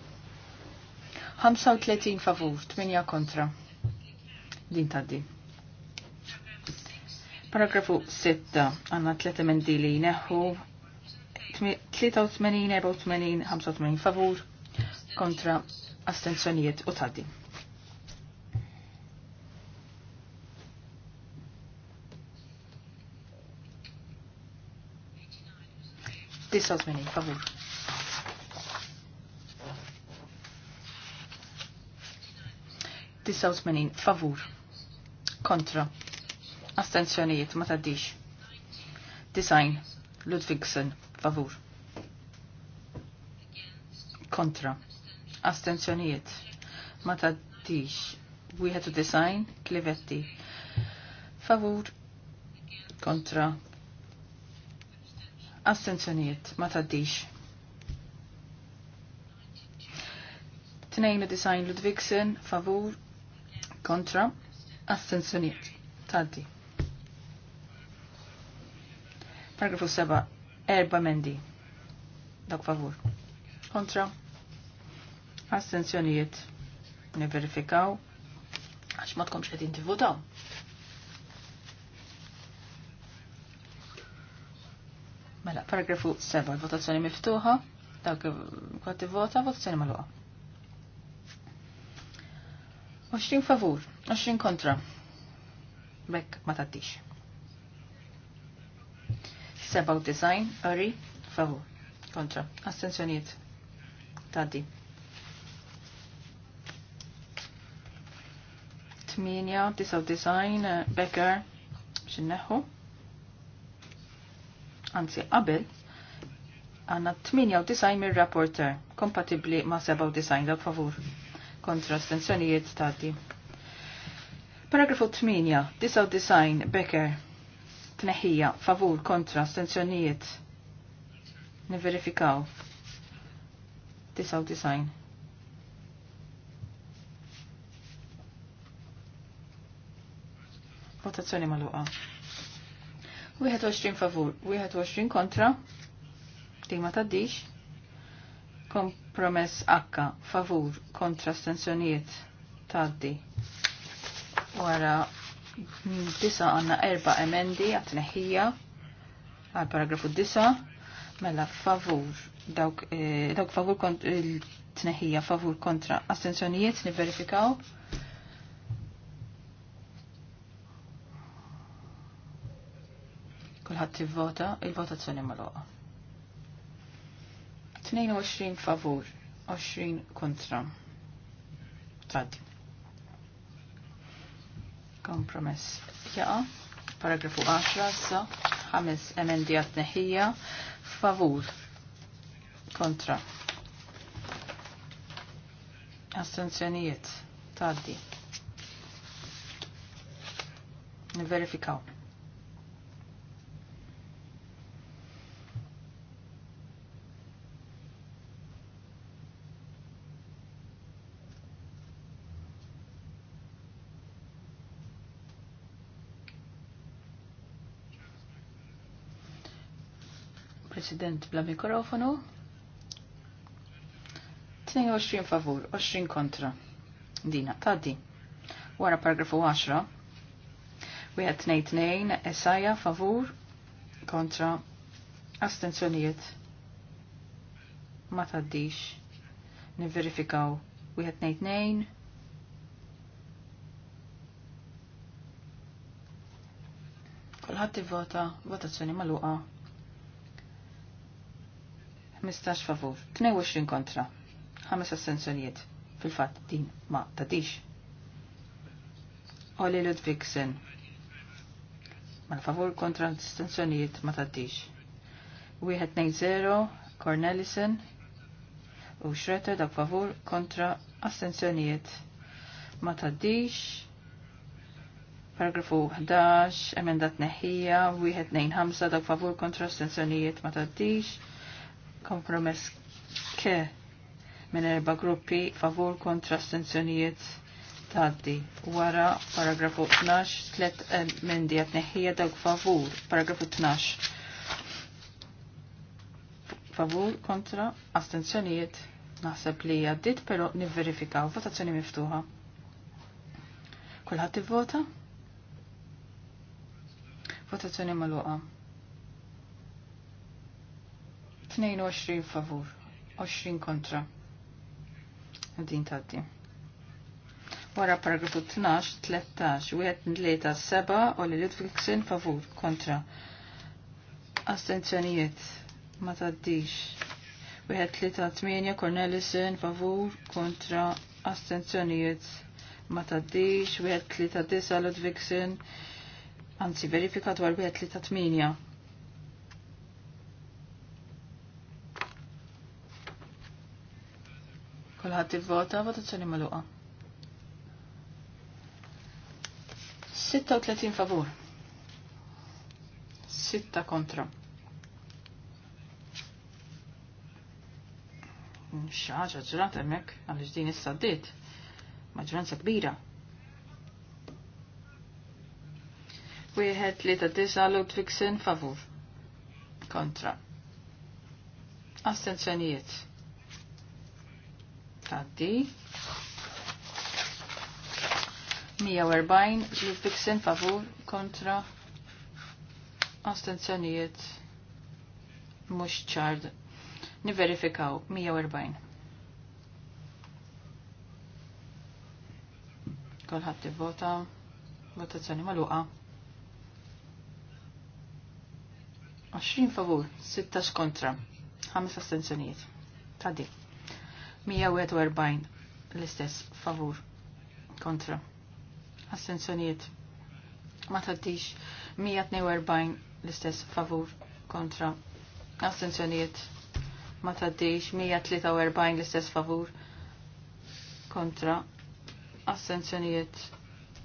35 favur, 8 kontra din taddi. Paragrafu 6 għanna tlet emendi li neħu 83, 84, 85 favur kontra astenzjonijiet u taddi. Tisa favur. Tisa favur kontra, astenzjonijiet ma taddix. Design, Ludwigsen, favur. Kontra, astenzjonijiet ma taddix. had to design, Klivetti, favur, kontra, astenzjonijiet ma taddix. Tnejn design Ludwigsen, favur, kontra, Astenzjoniet. Taddi. Paragrafu 7. Erba mendi. Dak favur. Kontra. Ne verifikaw. Għax ma tkomx qed intivotaw. Mela, paragrafu 7. Votazzjoni miftuħa. Dak kwati vota, votazzjoni maluqa. 20 favur, 20 kontra. Bekk ma tattix. 7 design, ori favur, kontra. Astenzjoniet. Taddi. 8, design, Becker, xinneħu. Anzi, qabel, għanna 8 u 98 mir-rapporter, kompatibli ma' 7 design, dak favur kontra stenzjonijiet tati. Paragrafu 8, 99, Becker, tneħija, favur, kontra, astensjonijiet, niverifikaw, design. Votazzjoni maluqa. 21 favur, 21 kontra, dik ma taddix, Promess H, favur kontra stenzjonijiet taddi. Wara disa għanna erba emendi għatneħija għal paragrafu disa mela favur dawk, eh, dawk favur kontra tneħija favur kontra astenzjonijiet niverifikaw. Kulħadd tivvota il-votazzjoni maloqa. 22 favur, 20 kontra. Tad. Kompromess. Jaqa. Paragrafu 10 so, 5 emendijat neħija, Favur. Kontra. Astenzjonijiet. Taddi. Verifikaw. President bla mikrofonu. 22 favur, 20 kontra. Dina, taddi. Wara paragrafu 10. Wieħed tnejn tnejn, esaja favur, kontra, astenzjonijiet. Ma taddix. Niverifikaw. Wieħed tnejn tnejn. Kulħadd ivvota votazzjoni magħluqa 15 favur, 22 kontra, 5 assenzjonijiet. Fil-fat din ma tadix. Oli Ludvigsen. Ma favur kontra assenzjonijiet ma tadix. 1-2-0 Cornelissen, u Schroeder da favur kontra assenzjonijiet ma tadix. Paragrafu 11, emendat neħija, 1-2-5 dak favur kontra assenzjonijiet ma tadix. Kompromess ke minn erba gruppi favur kontra astenzjonijiet taddi. Wara paragrafu 12, tlet emendi eh, għat neħija dawk favur. Paragrafu 12. Favur kontra astenzjonijiet naħseb li għaddit, pero nivverifikaw. Votazzjoni miftuħa. Kulħat vota? Votazzjoni maluqa. 22 favur, 20 kontra. Din taddi. Wara paragrafu 12, 13, wieħed midlejta 7 u li Ludwigsen favur kontra. Astenzjonijiet ma taddix. Wieħed tlieta 8 Cornelisen favur kontra astenzjonijiet ma taddix. Wieħed tlieta 9 Ludwigsen anzi verifikat dwar wieħed tlieta 8 il vota votazzjoni magħluqa. 36 favur. 6 kontra. Xaġa ġrat emmek, għalix din issa saddit Maġranza kbira. Wieħed li ta' disa Ludwigsen favur. Kontra. Astenzjonijiet taddi. 140 li fiksin favur kontra astenzjonijiet mux ċard. Niverifikaw 140. Kolħat vota votazzjoni maluqa. 20 favur, 6 kontra, 5 astenzjonijiet. Taddi. 141 l-istess favur kontra astenzjoniet ma taddix 142 l-istess favur kontra astenzjoniet ma taddix 143 l-istess favur kontra astenzjoniet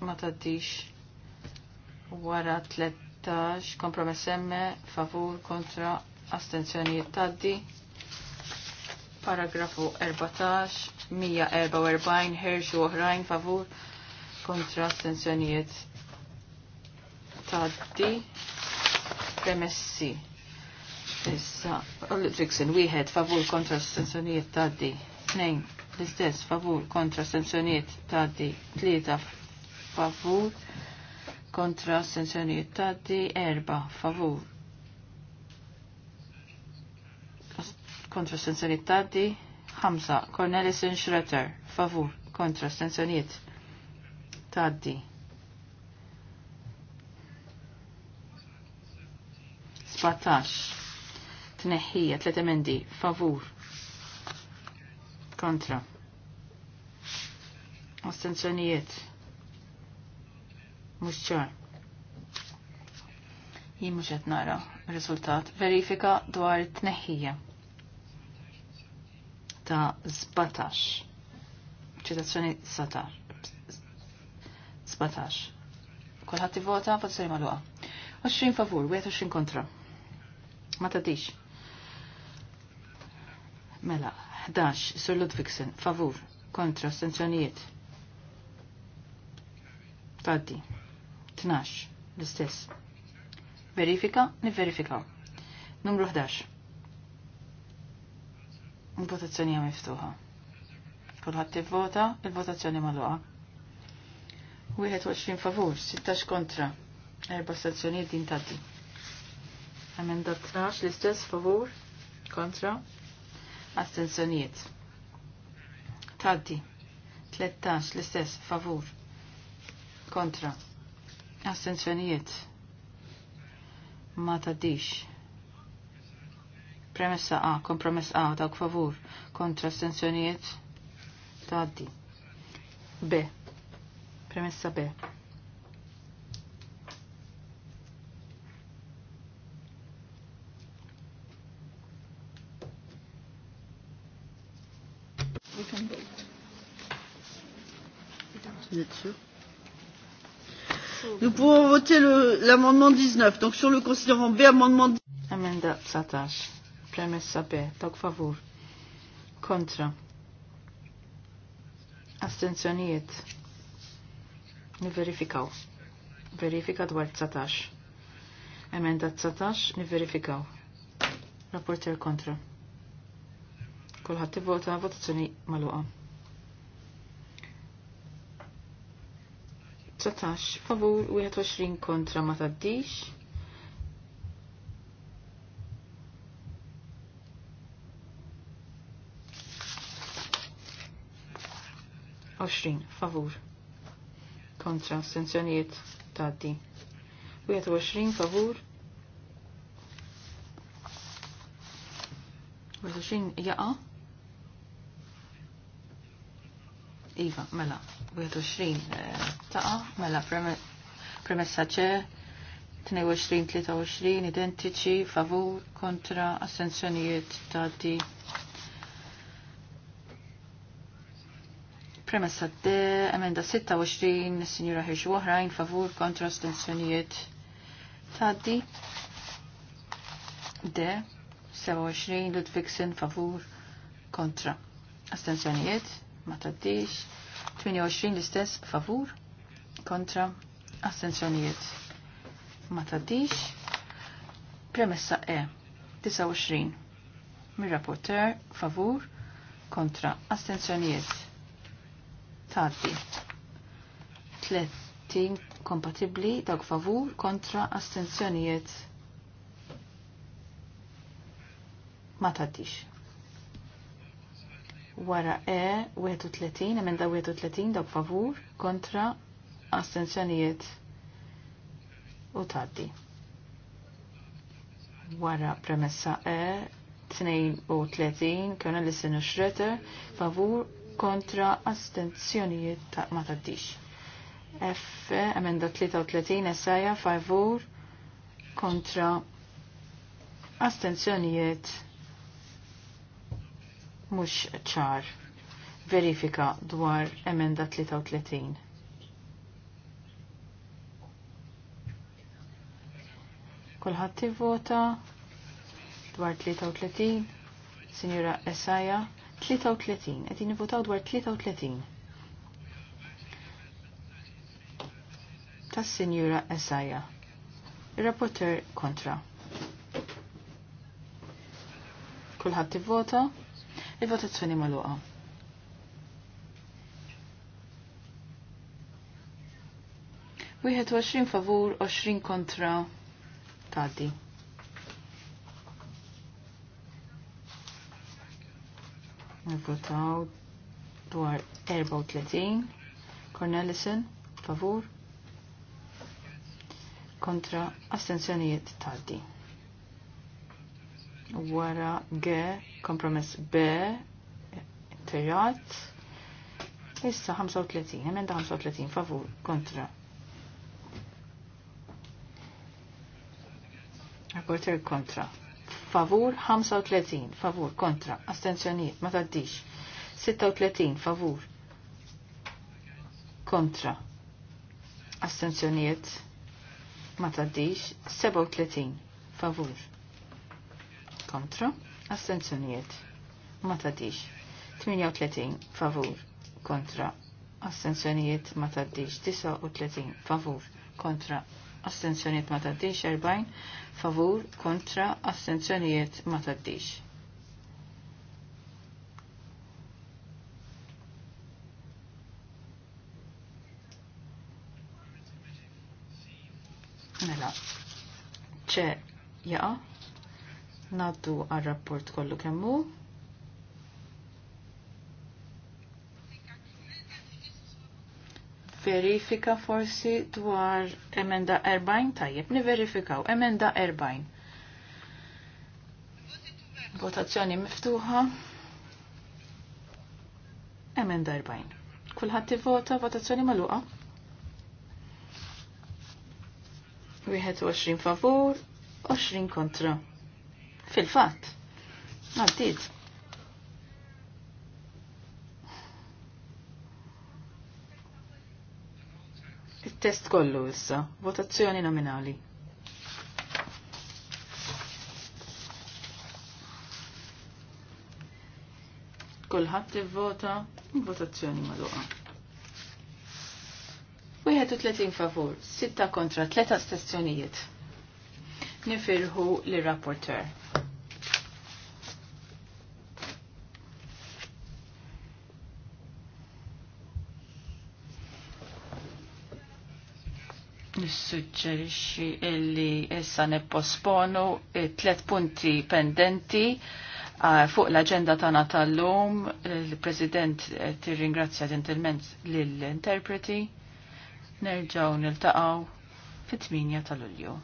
ma tħaddix wara 13 kompromess emme favur kontra astenzjoniet taddi Paragrafu 14, 144, herxu u oħrajn favur kontra sensjonijiet taddi premessi. Issa, Ollitrixin, wieħed favur kontra sensjonijiet taddi. Tnejn, l-istess favur kontra sensjonijiet taddi. Tlieta favur kontra sensjonijiet taddi. Erba favur kontra stenzjoniet taddi. 5. Cornelison Schroeter, favur, kontra stenzjoniet taddi. 17. Tneħħija, tlet emendi, favur, kontra. Astenzjonijiet. Mux ċar. Jien qed nara r-riżultat. Verifika dwar it-tneħħija ta' 17. Ċitazzjoni 17. Kolħat ti vota, votazzjoni maluqa. 20 favur, 21 kontra. Ma ta' dix. Mela, 11, Sir Ludwigsen, favur, kontra, stenzjonijiet. Taddi. 12, l-istess. Verifika, verifika. Numru 11. Il-votazzjoni hija miftuħa. Kulħadd ivvota, il-votazzjoni magħluqa. 21 favur, 16 kontra, 4 stazzjonijiet din tgħaddi. Emenda 12 l-istess favur, kontra, astenzjonijiet. Taddi. 13 l-istess favur, kontra, astenzjonijiet. Ma taddix. Premessa A, kompromess A, dawk favur, kontra ta' D. B, premessa B. Nous pouvons voter l'amendement 19. Donc sur le considérant B, amendement 19. Amenda 19. Premessa B, dawk favur. Kontra. Astenzjonijiet. Niverifikaw. Verifika dwar 19. Emenda 19, niverifikaw. Rapporter kontra. Kulħadd vota votazzjoni magħluqa. 19 favur 21 kontra ma taddix. 20 favur kontra astenzjonijiet taddi. 21 favur 21 jaqa Iva, mela, 21 eh, taqa, mela, premessa ċe, 22, 23, identiċi, favur, kontra, assenzjonijiet, tati, Premessa d emenda 26, signora Hirsch oħrajn, favur kontra stenzjonijiet taddi. D 27, Ludvigsen, favur kontra. astensjonijiet, ma taddix. 28 l-istess, favur kontra. Astenzjonijiet, ma taddix. Premessa E, 29, mir-rapporter, favur kontra. Astenzjonijiet, taddi. 30 kompatibli dawk favur kontra astenzjonijiet ma tgħaddix. Wara E 31, emenda 31 dawk favur kontra astenzjonijiet u taddi. Wara premessa E 32 kena li sinu Schroeder favur kontra astenzjonijiet ta' ma taddix. F, emenda 33, essaja, favur, kontra astenzjonijiet mux ċar. Verifika dwar emenda 33. Kolħat vota dwar 33, Signora Esaja, 33, qegħdin nivvotaw dwar 33. Tas-Sinjura Esaja. Ir-rapporter kontra. Kulħadd ivvota. Il-votazzjoni magħluqa. Wieħed 20 favur, 20 kontra. Taddi. Nivvotaw dwar 34. Cornelison, favur. Kontra astenzjonijiet tardi. Wara G, kompromess B, terjat. Issa 35, emenda 35, favur, kontra. Rapporter kontra favur 35 favur kontra astenzjonijiet ma taddix 36 favur kontra astenzjonijiet ma taddix 37 favur kontra astenzjonijiet ma taddix 38 favur kontra astenzjonijiet ma taddix 39 favur kontra astenzjoniet ma taddix, 40 favur kontra astenzjoniet ma taddix. Mela, ċe jaqa, naddu għal-rapport kollu kemmu, verifika forsi dwar emenda 40 tajjeb niverifikaw emenda 40. Votazzjoni miftuħa. Emenda 40. Kulħadd vota votazzjoni magħluqa. 21 favur, 20 kontra. Fil-fatt. Għaddit. test kollu issa, votazzjoni nominali. Kulħadd ivvota, votazzjoni magħluqa. 31 favur, 6 kontra, 3 astessjonijiet. Nifirħu li rapporter jissuġġerixxi illi issa nipposponu tliet punti pendenti fuq l-aġenda tagħna tal-lum. Il-President eh, tirringrazzja gentilment lill-interpreti. Nerġgħu niltaqgħu fit-8 ta' Lulju.